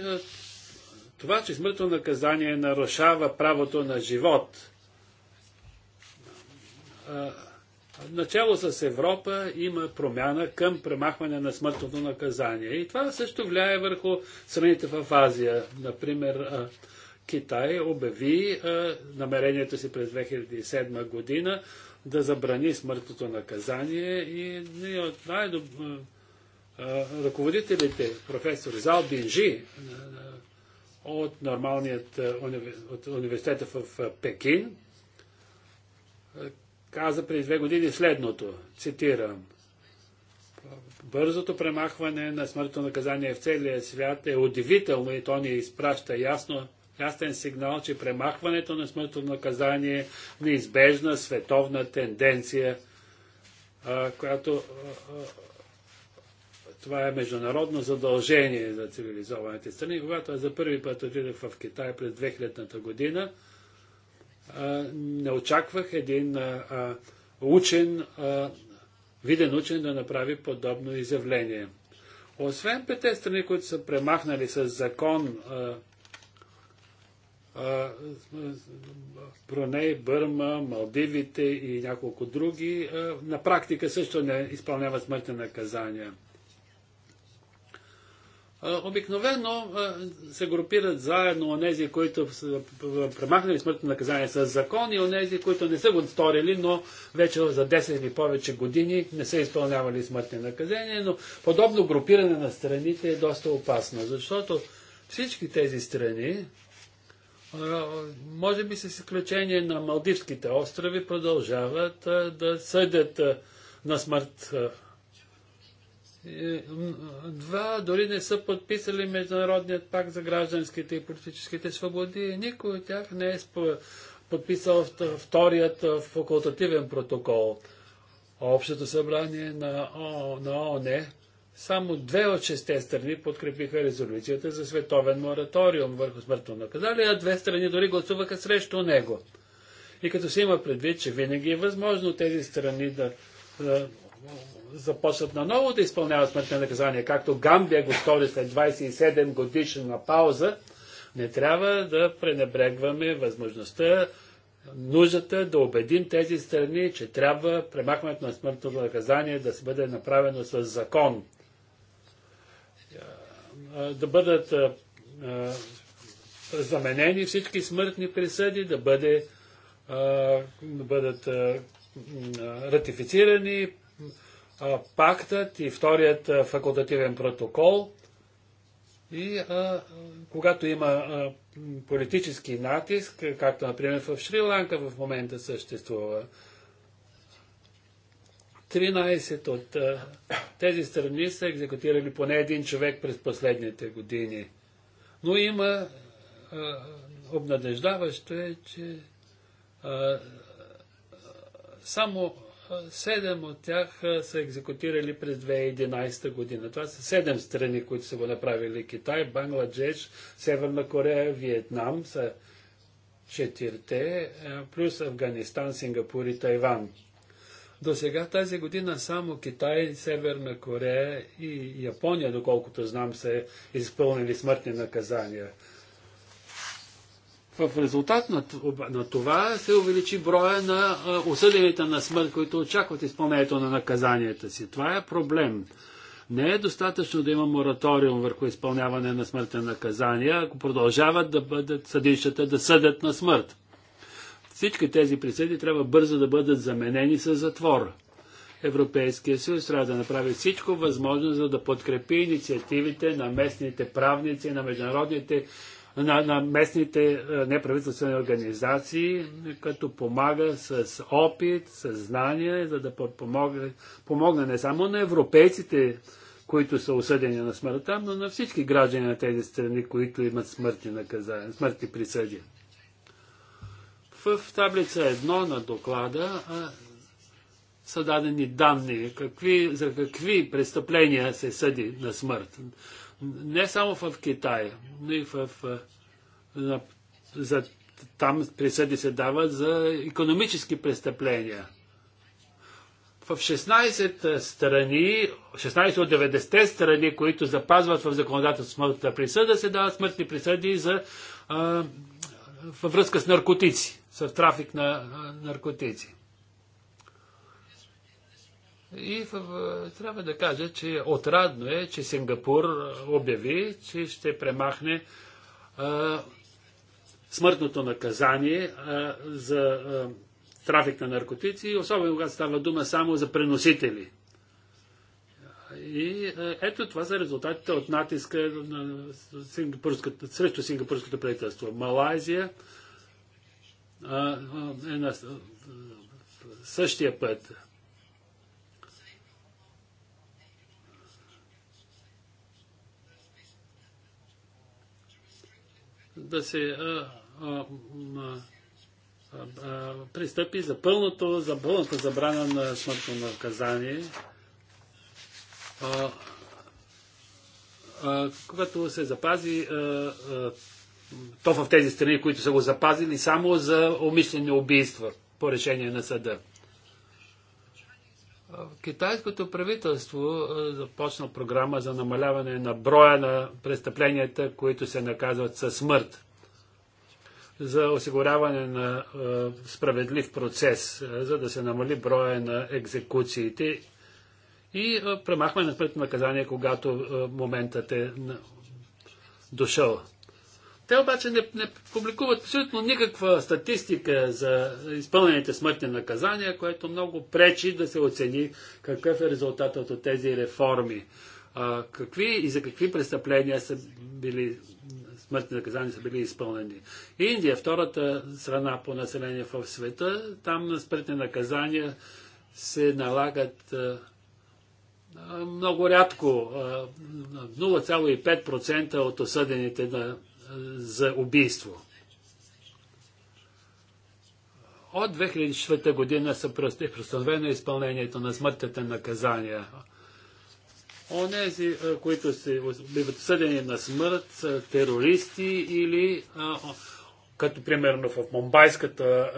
Speaker 3: това, че смъртно наказание нарушава правото на живот, начало с Европа има промяна към премахване на смъртното наказание. И това също влияе върху страните в Азия. Например, Китай обяви а, е, намерението си през 2007 година да забрани смъртното наказание и, от най е, е, ръководителите, професор Зал Бинжи от нормалният от университета в Пекин, каза преди две години следното, цитирам, Бързото премахване на смъртно наказание в целия свят е удивително и то ни изпраща ясно ясен сигнал, че премахването на смъртното наказание е неизбежна световна тенденция, а, която а, а, това е международно задължение за цивилизованите страни. Когато за първи път отидох в Китай през 2000-та година, не очаквах един учен, виден учен да направи подобно изявление. Освен пете страни, които са премахнали с закон Бруней, Бърма, Малдивите и няколко други, на практика също не изпълняват смъртни наказания. Обикновено се групират заедно онези, които са премахнали смъртно наказание с закон и онези, които не са го сторили, но вече за 10 или повече години не са изпълнявали смъртни наказания. Но подобно групиране на страните е доста опасно, защото всички тези страни може би с изключение на Малдивските острови, продължават да съдят на смърт. два дори не са подписали Международният пакт за гражданските и политическите свободи. Никой от тях не е подписал вторият факултативен протокол. Общото събрание на, на ООН само две от шесте страни подкрепиха резолюцията за световен мораториум върху смъртно наказание, а две страни дори гласуваха срещу него. И като се има предвид, че винаги е възможно тези страни да, да е, започнат наново да изпълняват смъртни наказания, както Гамбия го стори след 27 годишна пауза, не трябва да пренебрегваме възможността, нуждата да убедим тези страни, че трябва премахването на смъртното наказание да се бъде направено с закон да бъдат заменени всички смъртни присъди, да, бъде, да бъдат ратифицирани пактът и вторият факултативен протокол. И а, когато има а, политически натиск, както например в Шри-Ланка в момента съществува, 13 от тези страни са екзекутирали поне един човек през последните години. Но има обнадеждаващо е, че само 7 от тях са екзекутирали през 2011 година. Това са 7 страни, които са го направили. Китай, Бангладжеш, Северна Корея, Виетнам са четирте, плюс Афганистан, Сингапур и Тайван. До сега тази година само Китай, Северна Корея и Япония, доколкото знам, са изпълнили смъртни наказания. В резултат на, това се увеличи броя на осъдените на смърт, които очакват изпълнението на наказанията си. Това е проблем. Не е достатъчно да има мораториум върху изпълняване на смъртни наказания, ако продължават да бъдат съдищата да съдят на смърт. Всички тези присъди трябва бързо да бъдат заменени с затвор. Европейския съюз трябва да направи всичко възможно, за да подкрепи инициативите на местните правници, на международните, на, на местните е, неправителствени организации, като помага с опит, с знания, за да помогне, помогне не само на европейците, които са осъдени на смъртта, но на всички граждани на тези страни, които имат смъртни наказания, смъртни присъди. В таблица 1 на доклада а, са дадени данни какви, за какви престъпления се съди на смърт. Не само в Китай, но и в, на, за, там присъди се дават за економически престъпления. В 16 страни, 16 от 90 страни, които запазват в законодателството смъртната присъда, се дават смъртни присъди за, а, във връзка с наркотици с трафик на наркотици. И в, трябва да кажа, че отрадно е, че Сингапур обяви, че ще премахне а, смъртното наказание а, за а, трафик на наркотици, особено когато става дума само за преносители. И ето това са резултатите от натиска на сингапурската, срещу сингапурското правителство. Малайзия е същия път. Да се а, а, а, пристъпи за, пълното, за пълната забрана на смъртно наказание когато се запази то в тези страни, които са го запазили само за умишлени убийства по решение на съда. Китайското правителство започна програма за намаляване на броя на престъпленията, които се наказват със смърт, за осигуряване на справедлив процес, за да се намали броя на екзекуциите и премахване на смъртно наказание, когато моментът е дошъл. Те обаче не, не публикуват абсолютно никаква статистика за изпълнените смъртни наказания, което много пречи да се оцени какъв е резултатът от тези реформи. А, какви и за какви престъпления са били смъртни наказания са били изпълнени. Индия, втората страна по население в света, там смъртни наказания се налагат много рядко, 0,5% от осъдените на за убийство. От 2004 година са преустановено изпълнението на смъртните наказания. Онези, които се биват съдени на смърт, са терористи или като примерно в Момбайската,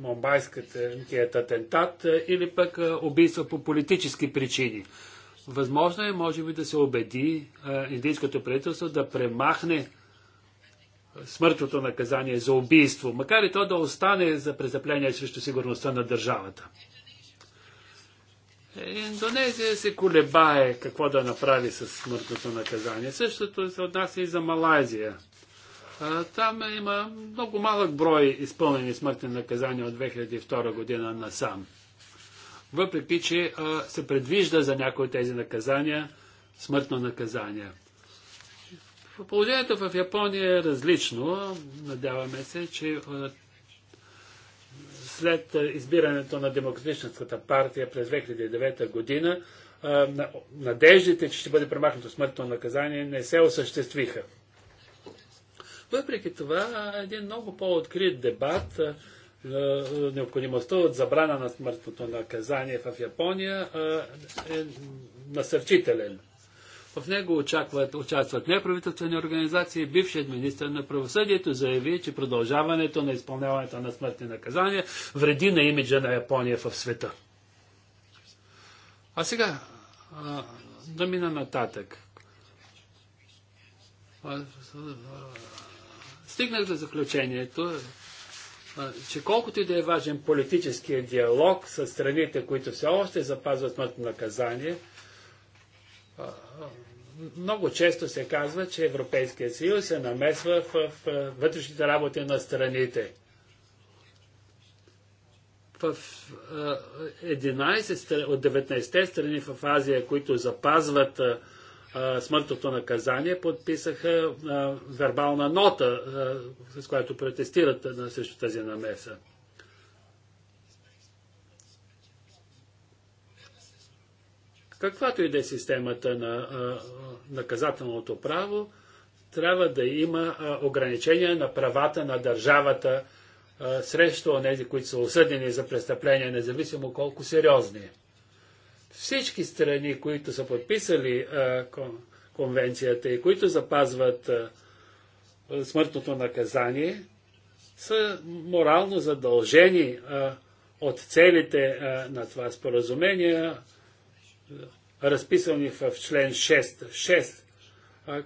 Speaker 3: Момбайската атентат или пък убийства по политически причини. Възможно е, може би, да се убеди индийското правителство да премахне смъртното наказание за убийство, макар и то да остане за престъпление срещу сигурността на държавата. Е, Индонезия се колебае какво да направи с смъртното наказание. Същото се отнася и за Малайзия. Там има много малък брой изпълнени смъртни наказания от 2002 година насам. Въпреки, че се предвижда за някои от тези наказания смъртно наказание. Положението в Япония е различно. Надяваме се, че е, след е, избирането на Демократичната партия през 2009 година, е, надеждите, че ще бъде премахнато смъртно наказание, не се осъществиха. Въпреки това, един много по-открит дебат необходимостта от забрана на смъртното наказание в Япония е насърчителен. В него очакват, участват неправителствени организации. Бившият министр на правосъдието заяви, че продължаването на изпълняването на смъртни наказания вреди на имиджа на Япония в света. А сега а, да мина нататък. Стигнах до заключението, че колкото и да е важен политическия диалог с страните, които все още запазват смъртно наказание, много често се казва, че Европейския съюз се намесва в, вътрешните работи на страните. В 11 е, от 19-те страни в Азия, които запазват е, е, смъртното наказание, подписаха вербална нота, с която протестират срещу тази намеса. Каквато и да е системата на наказателното право, трябва да има ограничения на правата на държавата срещу онези, които са осъдени за престъпления, независимо колко сериозни. Всички страни, които са подписали конвенцията и които запазват смъртното наказание, са морално задължени от целите на това споразумение разписани в член 6, 6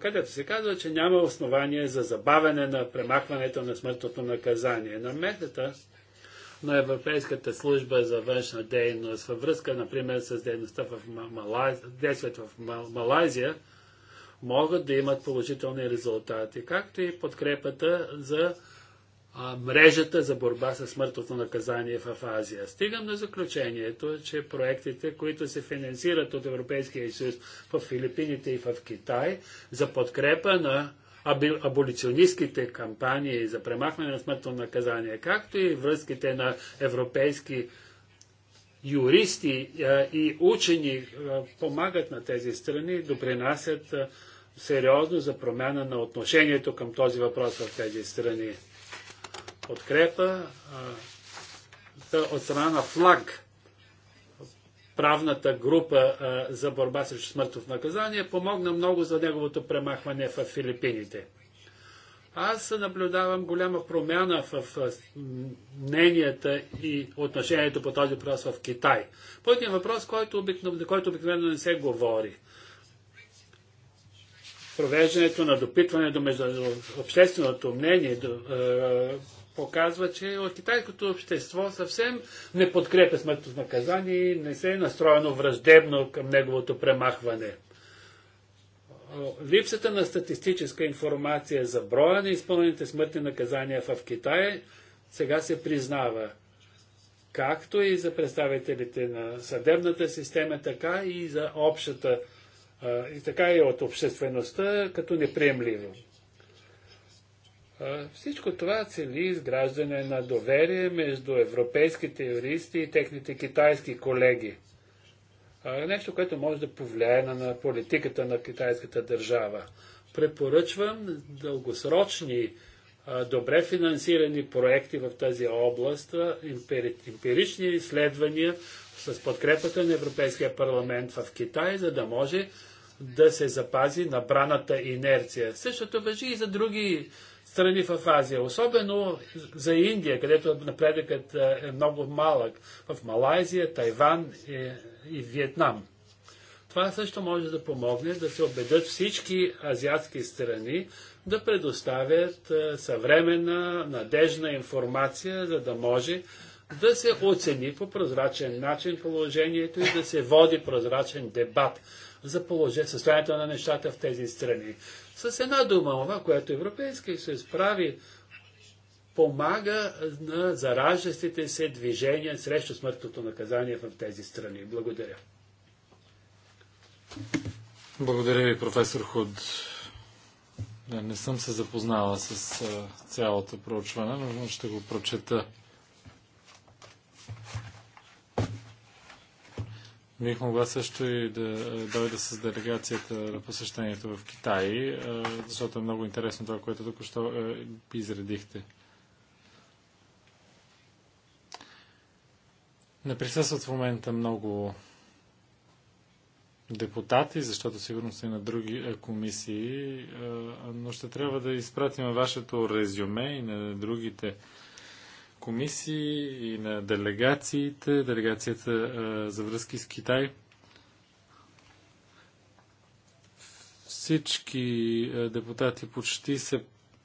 Speaker 3: където се казва, че няма основание за забавяне на премахването на смъртното наказание. На Намесата на Европейската служба за външна дейност във връзка, например, с дейността в Малайзия, в Малайзия, могат да имат положителни резултати, както и подкрепата за а, мрежата за борба с смъртното наказание в Азия. Стигам на заключението, че проектите, които се финансират от Европейския съюз в Филипините и в Китай за подкрепа на аболиционистските кампании за премахване на смъртно наказание, както и връзките на европейски юристи и учени помагат на тези страни, допринасят сериозно за промяна на отношението към този въпрос в тези страни подкрепа а, от страна на флаг правната група а, за борба срещу смъртов наказание помогна много за неговото премахване в Филипините. Аз наблюдавам голяма промяна в, мненията и отношението по този въпрос в Китай. Първият въпрос, който, обикновено, който обикновено не се говори. Провеждането на допитване до между... общественото мнение, до, е, показва, че от китайското общество съвсем не подкрепя смъртното наказание и не се е настроено враждебно към неговото премахване. Липсата на статистическа информация за броя на изпълнените смъртни наказания в Китай сега се признава, както и за представителите на съдебната система, така и за общата, и така и от обществеността, като неприемливо. Всичко това цели изграждане на доверие между европейските юристи и техните китайски колеги. Нещо, което може да повлияе на политиката на китайската държава. Препоръчвам дългосрочни, добре финансирани проекти в тази област, емпирични изследвания с подкрепата на Европейския парламент в Китай, за да може да се запази набраната инерция. Същото въжи и за други страни в Азия, особено за Индия, където напредъкът е, е много малък, в Малайзия, Тайван и, и Виетнам. Това също може да помогне да се убедят всички азиатски страни да предоставят е, съвременна, надежна информация, за да може да се оцени по прозрачен начин положението и да се води прозрачен дебат за положение, състоянието на нещата в тези страни. С една дума, това, което Европейски съюз прави, помага на зараждащите се движения срещу смъртното наказание в тези страни. Благодаря.
Speaker 2: Благодаря ви, професор Худ. Не, не съм се запознала с цялото проучване, но ще го прочета. Бих могла също и да дойда с делегацията на посещението в Китай, защото е много интересно това, което току-що е, изредихте. Не присъстват в момента много депутати, защото сигурно са и на други е, комисии, но ще трябва да изпратим вашето резюме и на другите комисии и на делегациите, делегацията а, за връзки с Китай. Всички а, депутати почти са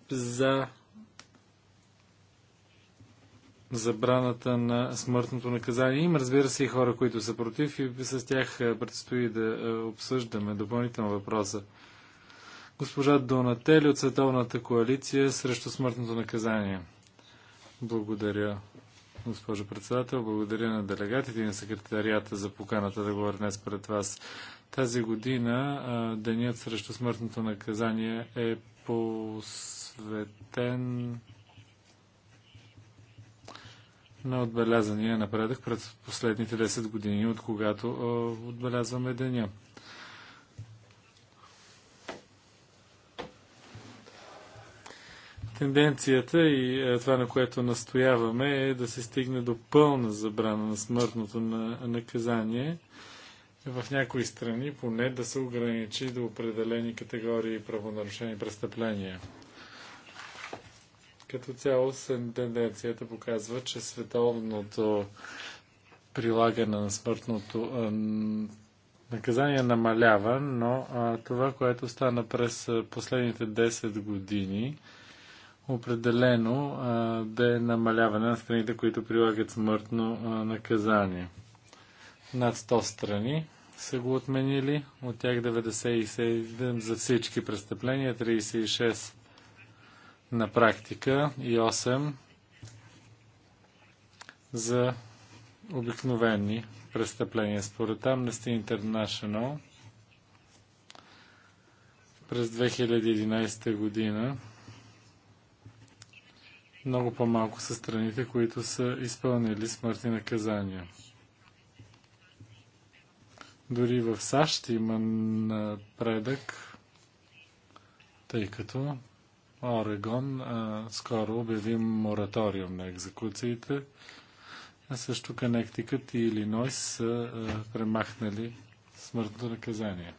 Speaker 2: за забраната на смъртното наказание. Има, разбира се, и хора, които са против и с тях предстои да обсъждаме допълнително въпроса. Госпожа Донатели от Световната коалиция срещу смъртното наказание. Благодаря, госпожо председател. Благодаря на делегатите и на секретарията за поканата да говоря днес пред вас. Тази година денят срещу смъртното наказание е посветен на отбелязания напредък пред последните 10 години, от когато отбелязваме деня. Тенденцията и е, това, на което настояваме, е да се стигне до пълна забрана на смъртното наказание в някои страни, поне да се ограничи до определени категории правонарушени престъпления. Като цяло тенденцията показва, че световното прилагане на смъртното е, наказание намалява, но е, това, което стана през последните 10 години, определено а, е намаляване на страните, които прилагат смъртно а, наказание. Над 100 страни са го отменили, от тях 97 за всички престъпления, 36 на практика и 8 за обикновени престъпления. Според Amnesty International през 2011 година много по-малко са страните, които са изпълнили смъртни наказания. Дори в САЩ има напредък, тъй като Орегон а, скоро обяви мораториум на екзекуциите, а също Канектикът и Илинойс са а, премахнали смъртно наказание.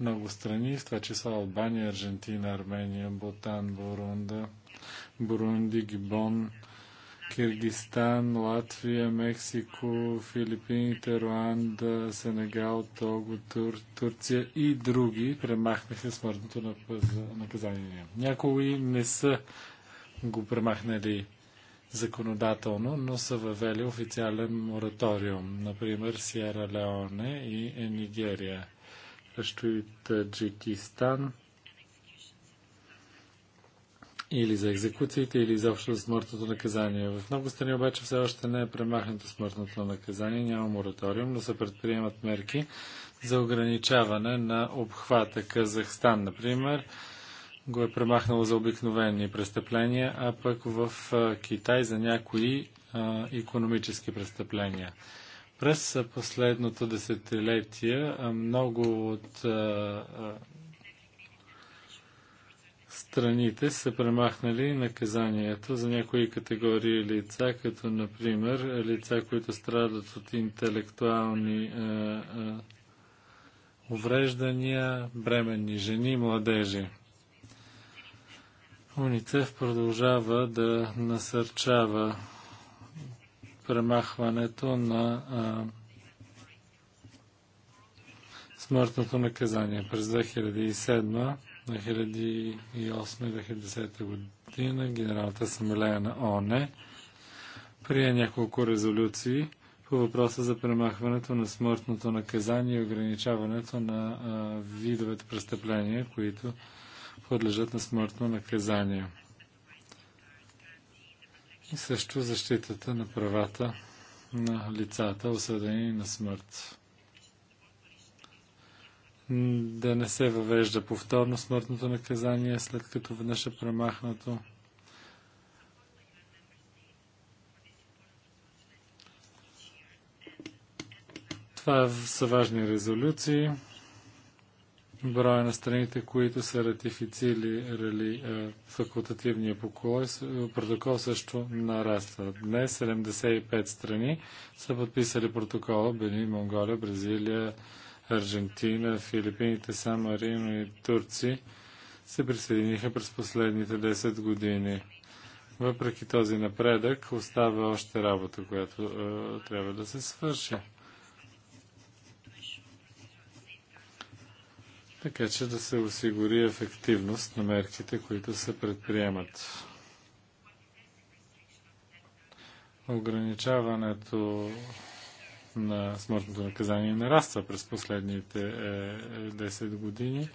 Speaker 2: Много страни, в това число Албания, Аржентина, Армения, Бутан, Бурунда – Бурунди, Гибон, Киргистан, Латвия, Мексико, Филипините, Руанда, Сенегал, Того, Тур, Турция и други премахнаха смъртното наказание. Някои не са го премахнали законодателно, но са въвели официален мораториум, например Сиера Леоне и Нигерия, също и Таджикистан – или за екзекуциите, или изобщо за смъртното наказание. В много страни обаче все още не е премахнато смъртното наказание, няма мораториум, но се предприемат мерки за ограничаване на обхвата. Казахстан, например, го е премахнало за обикновени престъпления, а пък в Китай за някои а, економически престъпления. През последното десетилетие много от а, страните са премахнали наказанието за някои категории лица, като например лица, които страдат от интелектуални а, е, а, е, увреждания, бременни жени, младежи. УНИЦЕФ продължава да насърчава премахването на а, е, смъртното наказание. През 2007 2008-2010 година Генералната асамблея на ОНЕ прие няколко резолюции по въпроса за премахването на смъртното наказание и ограничаването на а, видовете престъпления, които подлежат на смъртно наказание. И също защитата на правата на лицата, осъдени на смърт да не се въвежда повторно смъртното наказание, след като веднъж е премахнато. Това са важни резолюции. Броя на страните, които са ратифицили рели, е, факултативния е, протокол също нараства. Днес 75 страни са подписали протокола Бени, Монголия, Бразилия, Аржентина, Филипините, Сан Марино и Турци се присъединиха през последните 10 години. Въпреки този напредък, остава още работа, която е, трябва да се свърши. Така че да се осигури ефективност на мерките, които се предприемат. Ограничаването на смъртното наказание нараства през последните 10 е, е, години,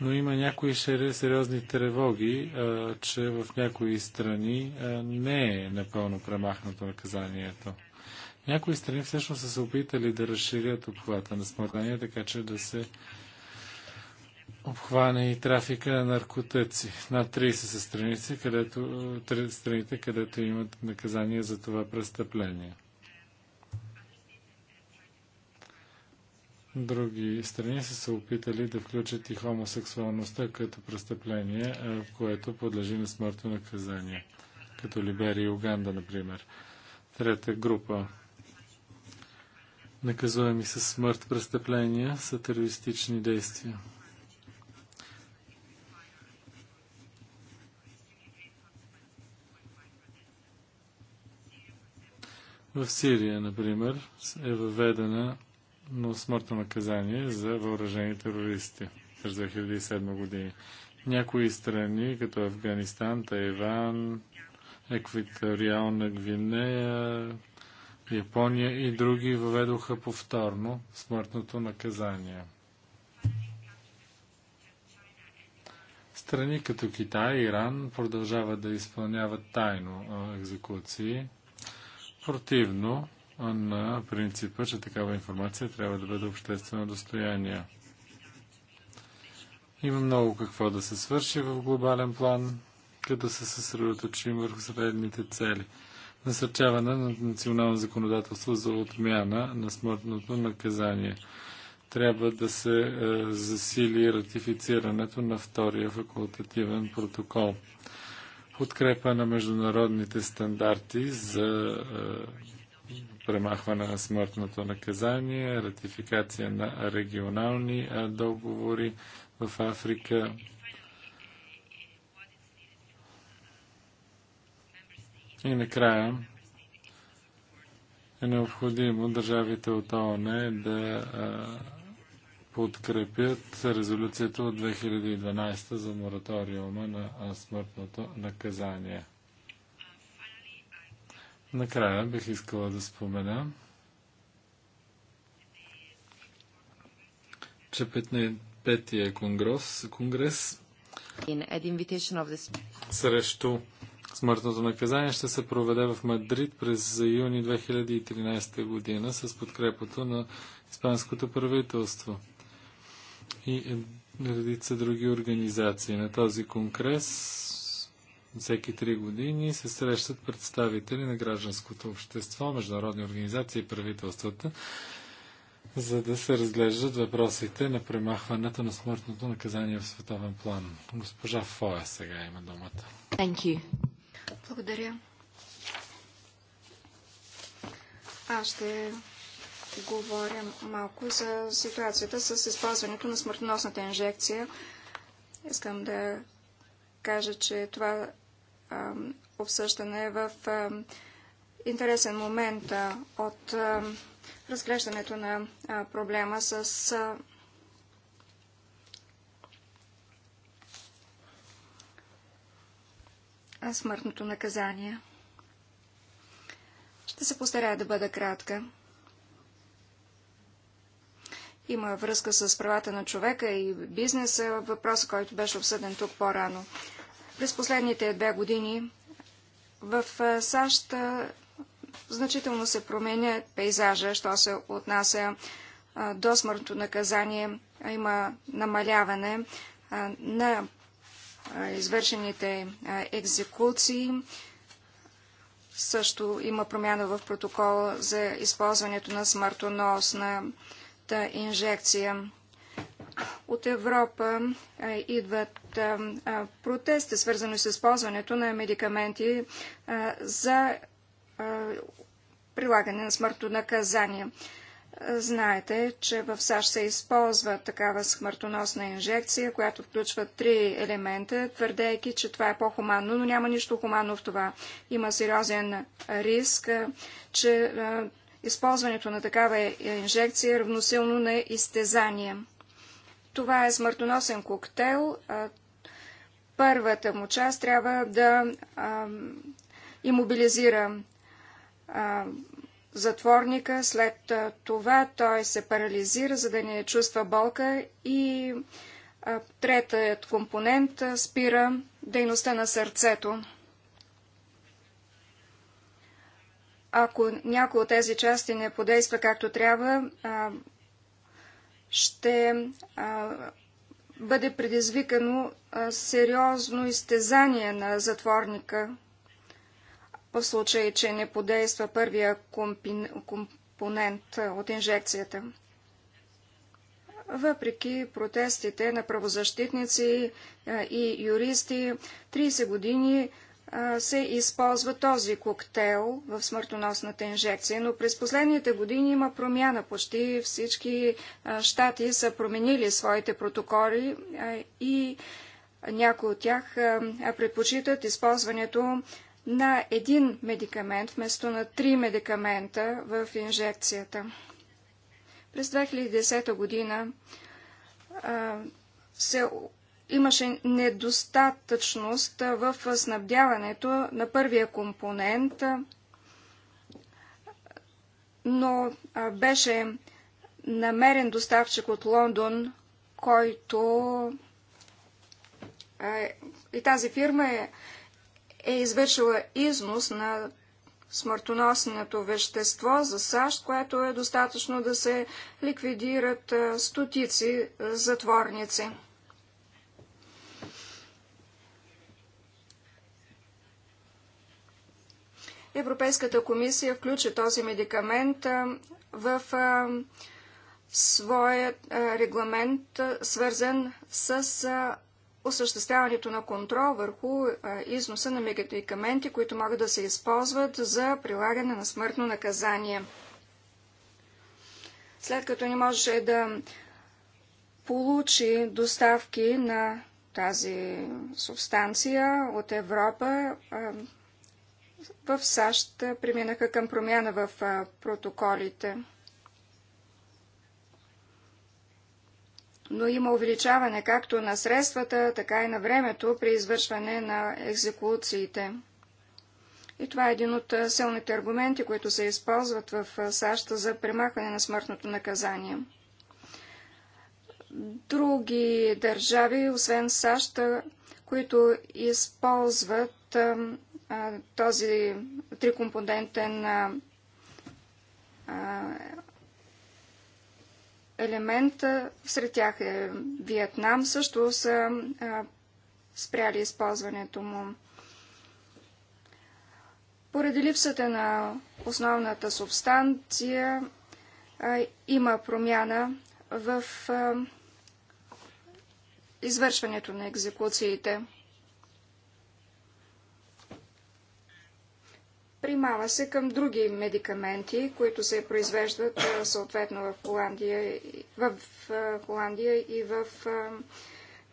Speaker 2: но има някои сериозни тревоги, е, че в някои страни не е напълно премахнато наказанието. Някои страни всъщност са се опитали да разширят обхвата на смъртание, така че да се обхване и трафика на наркотици. Над 30 са страници, където, страните, където имат наказание за това престъпление. Други страни са се опитали да включат и хомосексуалността като престъпление, което подлежи на смъртно наказание, като Либерия и Уганда, например. Трета група наказуеми със смърт престъпления са терористични действия. В Сирия, например, е въведена но смъртно наказание за въоръжени терористи през 2007 години. Някои страни, като Афганистан, Тайван, Екваториална Гвинея, Япония и други въведоха повторно смъртното наказание. Страни като Китай и Иран продължават да изпълняват тайно екзекуции. Противно на принципа, че такава информация трябва да бъде обществено достояние. Има много какво да се свърши в глобален план, като се съсредоточим върху средните цели. Насърчаване на национално законодателство за отмяна на смъртното наказание. Трябва да се е, засили ратифицирането на втория факултативен протокол. Подкрепа на международните стандарти за е, премахване на смъртното наказание, ратификация на регионални договори в Африка. И накрая е необходимо държавите от ООН да подкрепят резолюцията от 2012 за мораториума на смъртното наказание. Накрая бих искала да спомена, че 5-тия конгрес, конгрес срещу смъртното наказание ще се проведе в Мадрид през юни 2013 година с подкрепата на испанското правителство и редица други организации. На този конгрес всеки три години се срещат представители на гражданското общество, международни организации и правителствата, за да се разглеждат въпросите на премахването на смъртното наказание в световен план. Госпожа Фоя сега има думата.
Speaker 5: Thank you. Благодаря. Аз ще говоря малко за ситуацията с използването на смъртоносната инжекция. Искам да кажа, че това обсъждане в интересен момент от разглеждането на проблема с смъртното наказание. Ще се постарая да бъда кратка. Има връзка с правата на човека и бизнеса, въпроса, който беше обсъден тук по-рано. През последните две години в САЩ значително се променя пейзажа, що се отнася до смъртното наказание. Има намаляване на извършените екзекуции. Също има промяна в протокола за използването на смъртоносната инжекция. От Европа идват протести, свързани с използването на медикаменти за прилагане на смъртно наказание. Знаете, че в САЩ се използва такава смъртоносна инжекция, която включва три елемента, твърдейки, че това е по-хуманно, но няма нищо хуманно в това. Има сериозен риск, че използването на такава е, е инжекция е равносилно на изтезание. Това е смъртоносен коктейл. Първата му част трябва да имобилизира затворника. След това той се парализира, за да не чувства болка и третият компонент спира дейността на сърцето. Ако някой от тези части не подейства както трябва, ще а, бъде предизвикано а, сериозно изтезание на затворника, в случай, че не подейства първия компин... компонент от инжекцията. Въпреки протестите на правозащитници а, и юристи, 30 години се използва този коктейл в смъртоносната инжекция, но през последните години има промяна. Почти всички щати са променили своите протоколи и някои от тях предпочитат използването на един медикамент вместо на три медикамента в инжекцията. През 2010 година се имаше недостатъчност в снабдяването на първия компонент, но беше намерен доставчик от Лондон, който и тази фирма е, е извършила износ на смъртоносното вещество за САЩ, което е достатъчно да се ликвидират стотици затворници. Европейската комисия включи този медикамент в своят регламент, свързан с осъществяването на контрол върху износа на медикаменти, които могат да се използват за прилагане на смъртно наказание. След като не можеше да получи доставки на тази субстанция от Европа, в САЩ преминаха към промяна в протоколите. Но има увеличаване както на средствата, така и на времето при извършване на екзекуциите. И това е един от силните аргументи, които се използват в САЩ за премахване на смъртното наказание. Други държави, освен САЩ, които използват този трикомпонентен елемент. Сред тях е Виетнам. Също са спряли използването му. Поради липсата на основната субстанция има промяна в извършването на екзекуциите. примава се към други медикаменти, които се произвеждат съответно в Холандия, в Холандия и в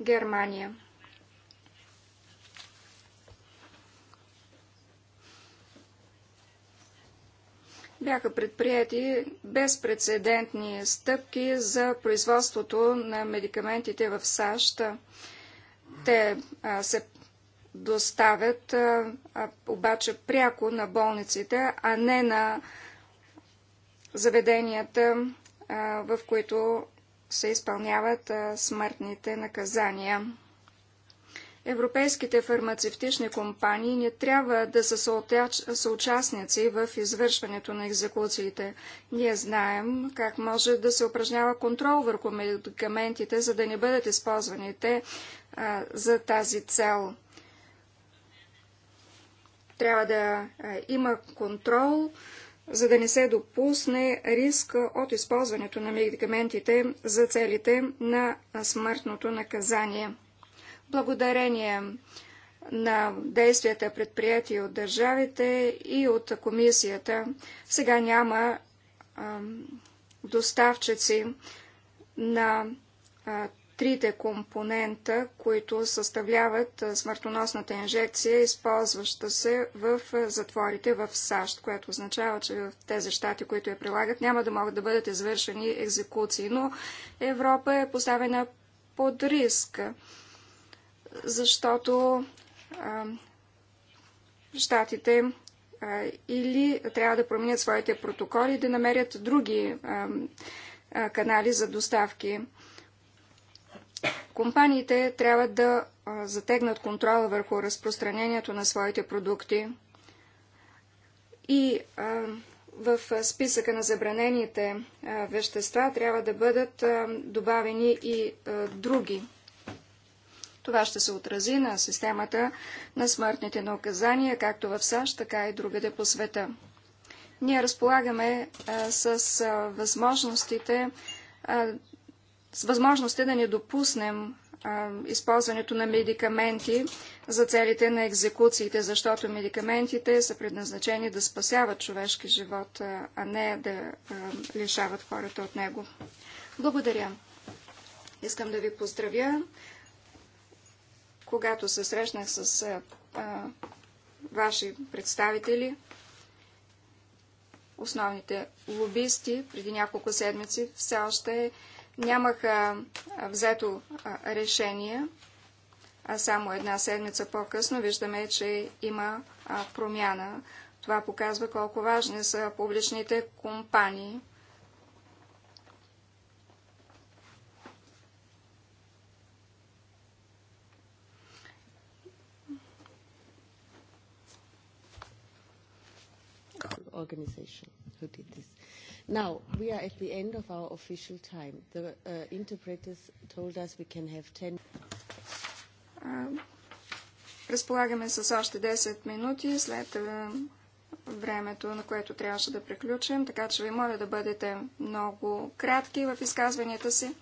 Speaker 5: Германия. бяха предприяти безпредседентни стъпки за производството на медикаментите в САЩ. Те се доставят обаче пряко на болниците, а не на заведенията, в които се изпълняват смъртните наказания. Европейските фармацевтични компании не трябва да са съучастници в извършването на екзекуциите. Ние знаем как може да се упражнява контрол върху медикаментите, за да не бъдат използвани те за тази цел. Трябва да има контрол, за да не се допусне риск от използването на медикаментите за целите на смъртното наказание. Благодарение на действията предприяти от държавите и от комисията. Сега няма доставчици на трите компонента, които съставляват смъртоносната инжекция, използваща се в затворите в САЩ, което означава, че в тези щати, които я прилагат, няма да могат да бъдат извършени екзекуции. Но Европа е поставена под риск, защото а, щатите а, или трябва да променят своите протоколи, да намерят други а, канали за доставки Компаниите трябва да затегнат контрола върху разпространението на своите продукти и в списъка на забранените вещества трябва да бъдат добавени и други. Това ще се отрази на системата на смъртните наказания, както в САЩ, така и другаде по света. Ние разполагаме с възможностите с възможности да не допуснем а, използването на медикаменти за целите на екзекуциите, защото медикаментите са предназначени да спасяват човешки живот, а не да а, лишават хората от него. Благодаря. Искам да ви поздравя. Когато се срещнах с а, а, ваши представители, основните лобисти преди няколко седмици, все още е нямаха взето решение, а само една седмица по-късно виждаме, че има промяна. Това показва колко важни са публичните компании.
Speaker 1: organization who did this. Now, we are at the end of our official time. The uh, interpreters told us we can have 10...
Speaker 5: Um, разполагаме с още 10 минути след е, времето, на което трябваше да приключим, така че ви моля да бъдете много кратки в изказванията си.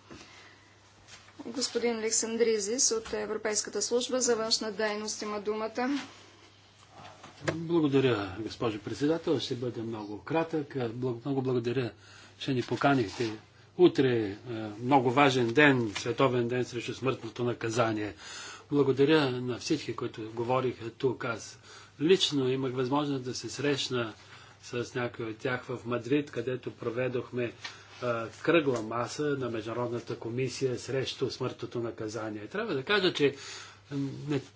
Speaker 5: Господин Александризис от Европейската служба за външна дейност има думата.
Speaker 3: Благодаря, госпожо председател. Ще бъда много кратък. Много благодаря, че ни поканихте. Утре е много важен ден, световен ден срещу смъртното наказание. Благодаря на всички, които говориха тук. Аз лично имах възможност да се срещна с някои от тях в Мадрид, където проведохме е, кръгла маса на Международната комисия срещу смъртното наказание. Трябва да кажа, че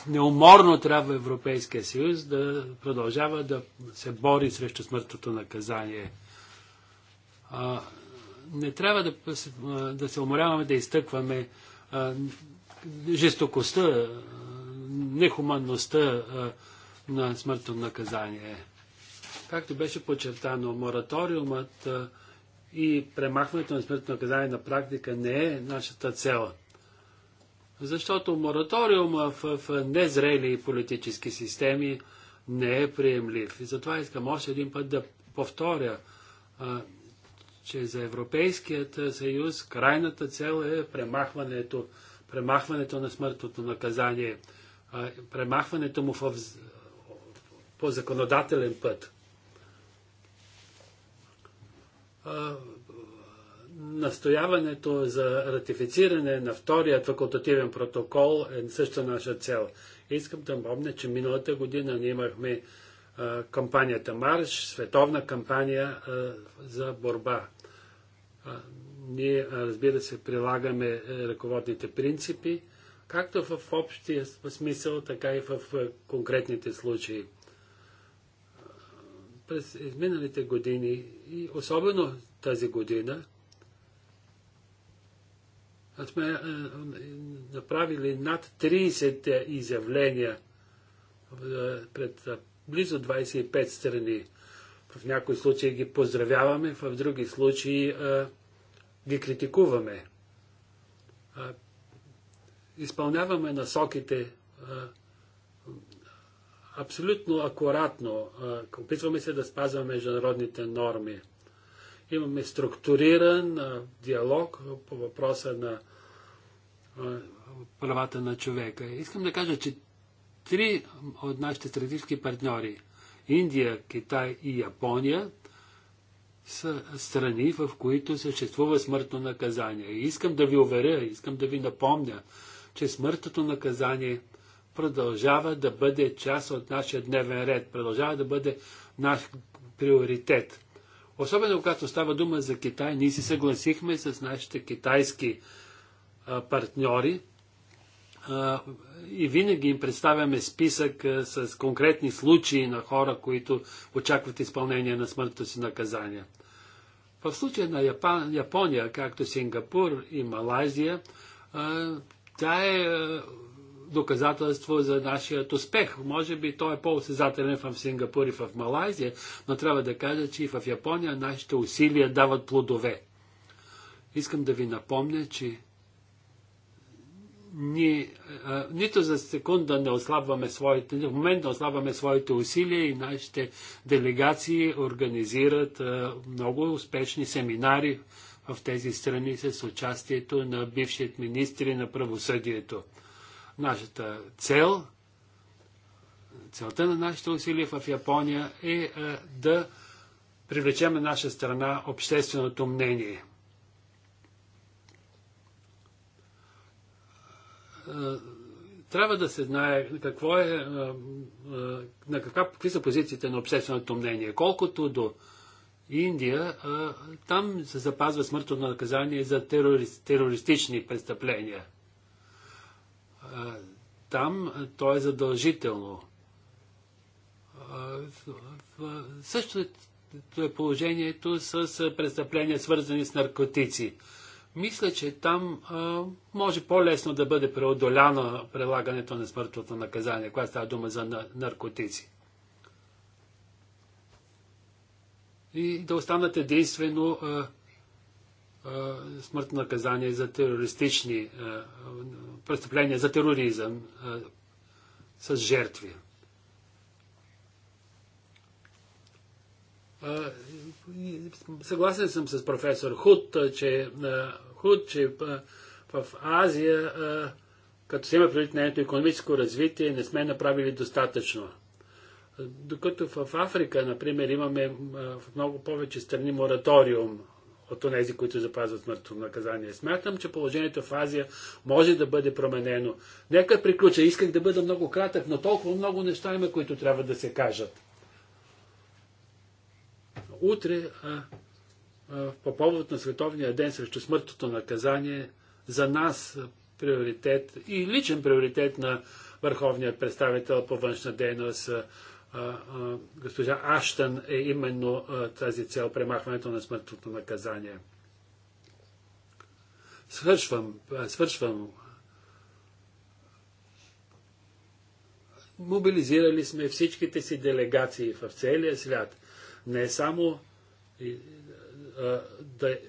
Speaker 3: неуморно трябва Европейския съюз да продължава да се бори срещу смъртното наказание. А, не трябва да, да се уморяваме да изтъкваме а, жестокостта, нехуманността а, на смъртното наказание. Както беше подчертано, мораториумът а, и премахването на смъртното наказание на практика не е нашата цел. Защото мораториума в, в незрели политически системи не е приемлив. И затова искам още един път да повторя, а, че за Европейският съюз крайната цел е премахването, премахването на смъртното наказание, а, премахването му в, по законодателен път. А, настояването за ратифициране на втория факултативен протокол е също наша цел. Искам да помня, че миналата година ние имахме кампанията Марш, световна кампания за борба. ние, разбира се, прилагаме е, ръководните принципи, както в общия смисъл, така и в конкретните случаи. През изминалите години и особено тази година, сме е, е, направили над 30 е, изявления пред близо 25 страни. В някои случаи ги поздравяваме, в други случаи ги критикуваме. изпълняваме насоките абсолютно акуратно. опитваме се да спазваме международните норми. Имаме структуриран диалог по въпроса на правата на човека. Искам да кажа, че три от нашите стратегически партньори Индия, Китай и Япония са страни, в които съществува смъртно наказание. И искам да ви уверя, искам да ви напомня, че смъртното наказание продължава да бъде част от нашия дневен ред, продължава да бъде наш приоритет. Особено когато става дума за Китай, ние се съгласихме с нашите китайски а, партньори а, и винаги им представяме списък а, с конкретни случаи на хора, които очакват изпълнение на смъртното си наказание. В случая на Япон, Япония, както Сингапур и Малайзия, тя е доказателство за нашия успех. Може би той е по-осезателен в Сингапур и в Малайзия, но трябва да кажа, че и в Япония нашите усилия дават плодове. Искам да ви напомня, че ни, а, нито за секунда не ослабваме своите, в момент не ослабваме своите усилия и нашите делегации организират а, много успешни семинари в тези страни с участието на бившият министри на правосъдието. Нашата цел, целта на нашите усилия в Япония е, е да привлечем на наша страна общественото мнение. Е, трябва да се знае какво е, е, на каква, какви са позициите на общественото мнение. Колкото до Индия, там се запазва смъртно наказание за терорист, терористични престъпления – там то е задължително. Същото е положението с престъпления, свързани с наркотици. Мисля, че там а, може по-лесно да бъде преодоляно прилагането на смъртното наказание, когато става дума за на наркотици. И да останат единствено смъртно наказание за терористични престъпления, за тероризъм с жертви. Съгласен съм с професор Худ, че, Худ, че в Азия, като се има предвид нейното економическо развитие, не сме направили достатъчно. Докато в Африка, например, имаме в много повече страни мораториум от тези, които запазват смъртно наказание. Смятам, че положението в Азия може да бъде променено. Нека приключа. Исках да бъда много кратък, но толкова много неща има, които трябва да се кажат. Утре, а, а, по повод на Световния ден срещу смъртното наказание, за нас приоритет и личен приоритет на върховният представител по външна дейност госпожа Аштън е именно тази цел премахването на смъртното наказание. Свършвам, свършвам. Мобилизирали сме всичките си делегации в целия свят. Не само да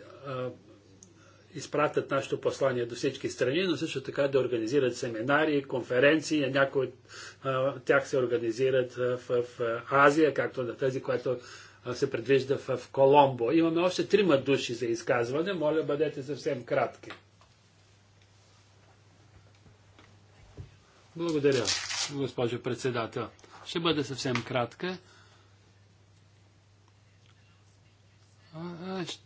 Speaker 3: изпратят нашето послание до всички страни, но също така да организират семинари, конференции. Някои от тях се организират в, в Азия, както на тази, която се предвижда в, в Коломбо. Имаме още трима души за изказване. Моля, бъдете съвсем кратки. Благодаря, госпожо председател. Ще бъде съвсем кратка. Ще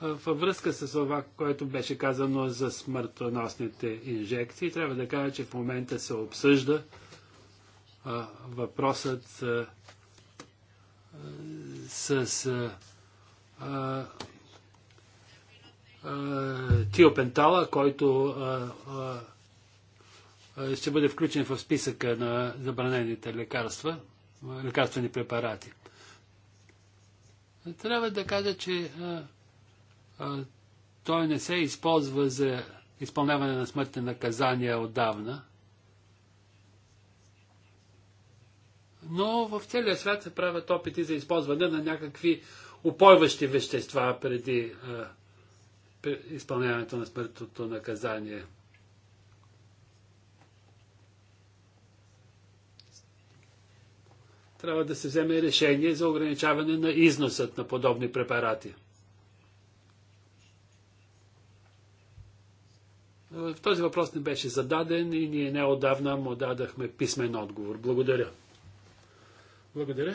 Speaker 3: във връзка с това, което беше казано за смъртоносните инжекции, трябва да кажа, че в момента се обсъжда въпросът с тиопентала, който ще бъде включен в списъка на забранените лекарства, лекарствени препарати. Трябва да кажа, че той не се използва за изпълняване на смъртни наказания отдавна. Но в целия свят се правят опити за използване на някакви упойващи вещества преди а, изпълняването на смъртното наказание. Трябва да се вземе решение за ограничаване на износът на подобни препарати. Този въпрос не беше зададен и ние отдавна му дадахме писмен отговор. Благодаря. Благодаря.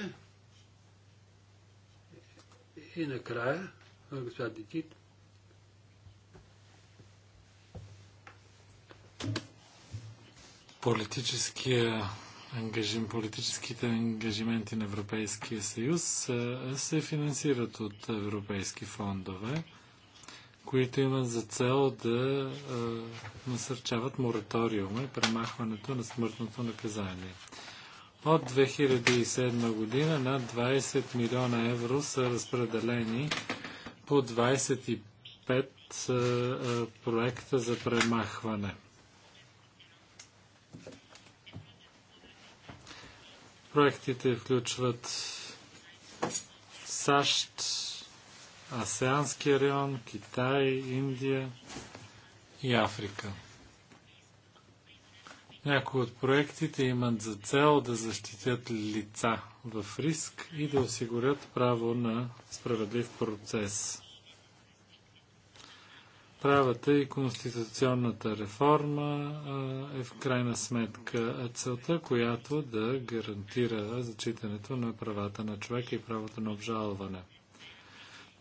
Speaker 3: И накрая, господин Дикит.
Speaker 2: Политическия ангажим, политическите ангажименти на Европейския съюз се финансират от европейски фондове които имат за цел да а, насърчават мораториума и премахването на смъртното наказание. От 2007 година над 20 милиона евро са разпределени по 25 а, а, проекта за премахване. Проектите включват САЩ, Асеанския район, Китай, Индия и Африка. Някои от проектите имат за цел да защитят лица в риск и да осигурят право на справедлив процес. Правата и конституционната реформа а, е в крайна сметка целта, която да гарантира зачитането на правата на човека и правото на обжалване.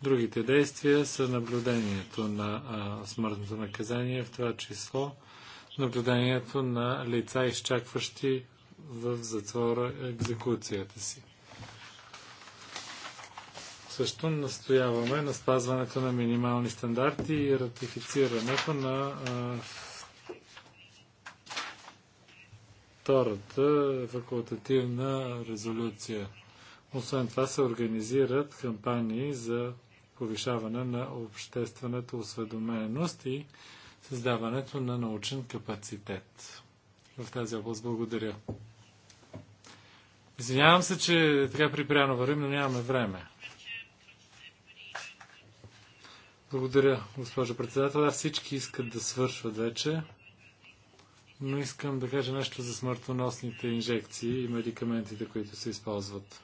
Speaker 2: Другите действия са наблюдението на а, смъртното наказание, в това число наблюдението на лица, изчакващи в затвора екзекуцията си. Също настояваме на спазването на минимални стандарти и ратифицирането на а, втората факултативна резолюция. Освен това се организират кампании за повишаване на обществената осведоменост и създаването на научен капацитет в тази област. Благодаря. Извинявам се, че така припряно вървим, но нямаме време. Благодаря, госпожо председател. Да, всички искат да свършват вече, но искам да кажа нещо за смъртоносните инжекции и медикаментите, които се използват.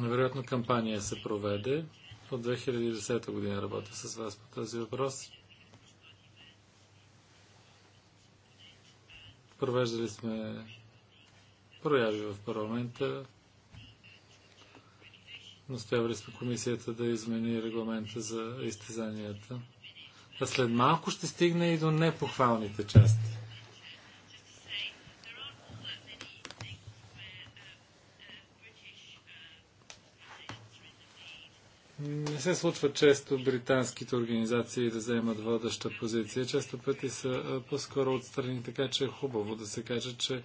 Speaker 2: Невероятно кампания се проведе. От 2010 година работя с вас по този въпрос. Провеждали сме прояви в парламента. Настоявали сме комисията да измени регламента за изтезанията. А след малко ще стигне и до непохвалните части. Не се случва често британските организации да вземат водеща позиция. Често пъти са по-скоро отстрани, така че е хубаво да се каже, че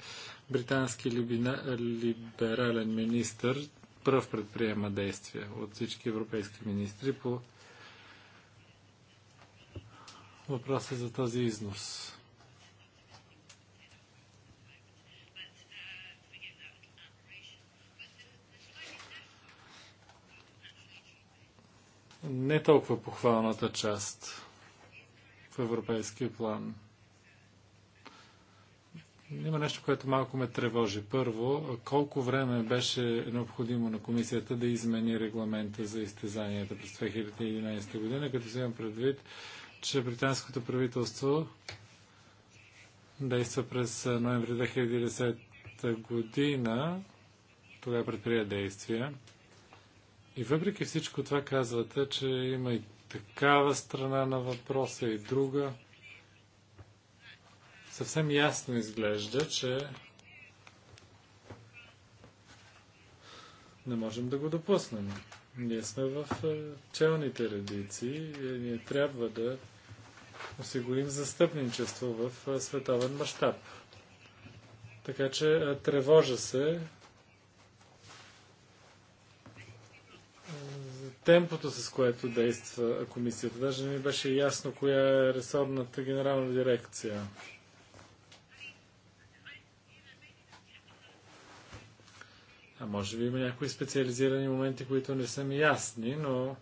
Speaker 2: британски либина, либерален министр пръв предприема действия от всички европейски министри по въпроса за този износ. не толкова похвалната част в европейския план. Има нещо, което малко ме тревожи. Първо, колко време беше необходимо на комисията да измени регламента за изтезанията през 2011 година, като си имам предвид, че британското правителство действа през ноември 2010 година. Тогава предприя действия. И въпреки всичко това казвате, че има и такава страна на въпроса и друга. Съвсем ясно изглежда, че не можем да го допуснем. Ние сме в е, челните редици и ние трябва да осигурим застъпничество в е, световен мащаб. Така че е, тревожа се темпото, с което действа комисията. Даже не ми беше ясно коя е ресорната генерална дирекция. А може би има някои специализирани моменти, които не са ми ясни, но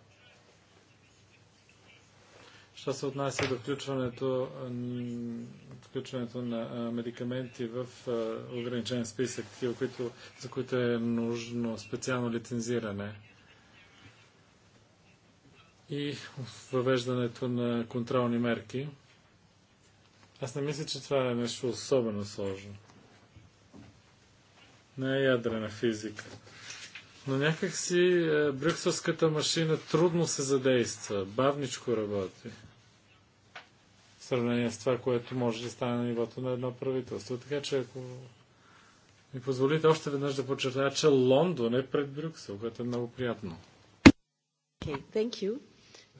Speaker 2: що се отнася до включването, включването на медикаменти в ограничен списък, такива, за които е нужно специално лицензиране и въвеждането на контролни мерки. Аз не мисля, че това е нещо особено сложно. Не е ядрена физика. Но някакси е, брюкселската машина трудно се задейства, бавничко работи. В сравнение с това, което може да стане на нивото на едно правителство. Така че ако ми позволите още веднъж да подчертая, че Лондон е пред Брюксел, което е много приятно.
Speaker 1: Okay, thank you.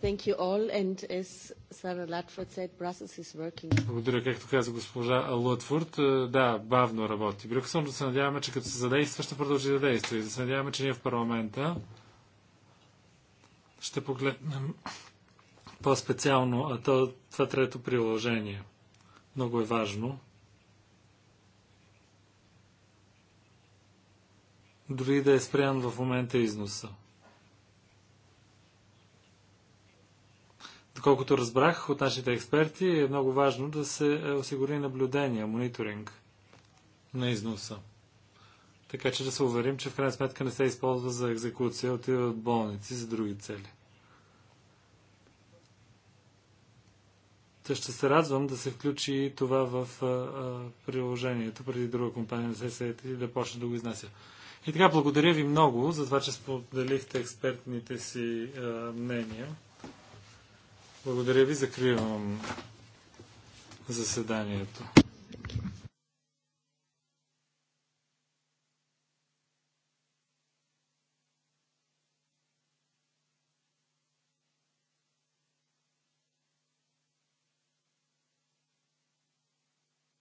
Speaker 1: Thank you all, and as Sarah Ludford said, Brussels is working.
Speaker 2: Благодаря, както каза госпожа Лътфорд. Е, да, бавно работи Брюксел, но се надяваме, че като се задейства, ще продължи да действа. И да се надяваме, че ние в парламента ще погледнем по-специално а то, това трето приложение. Много е важно. Дори да е спрян в момента износа. Доколкото разбрах от нашите експерти, е много важно да се е, осигури наблюдение, мониторинг на износа. Така че да се уверим, че в крайна сметка не се използва за екзекуция, отива от болници за други цели. Та ще се радвам да се включи и това в а, а, приложението, преди друга компания да се и да почне да го изнася. И така, благодаря ви много за това, че споделихте експертните си а, мнения. Благодаря ви. Закривам заседанието.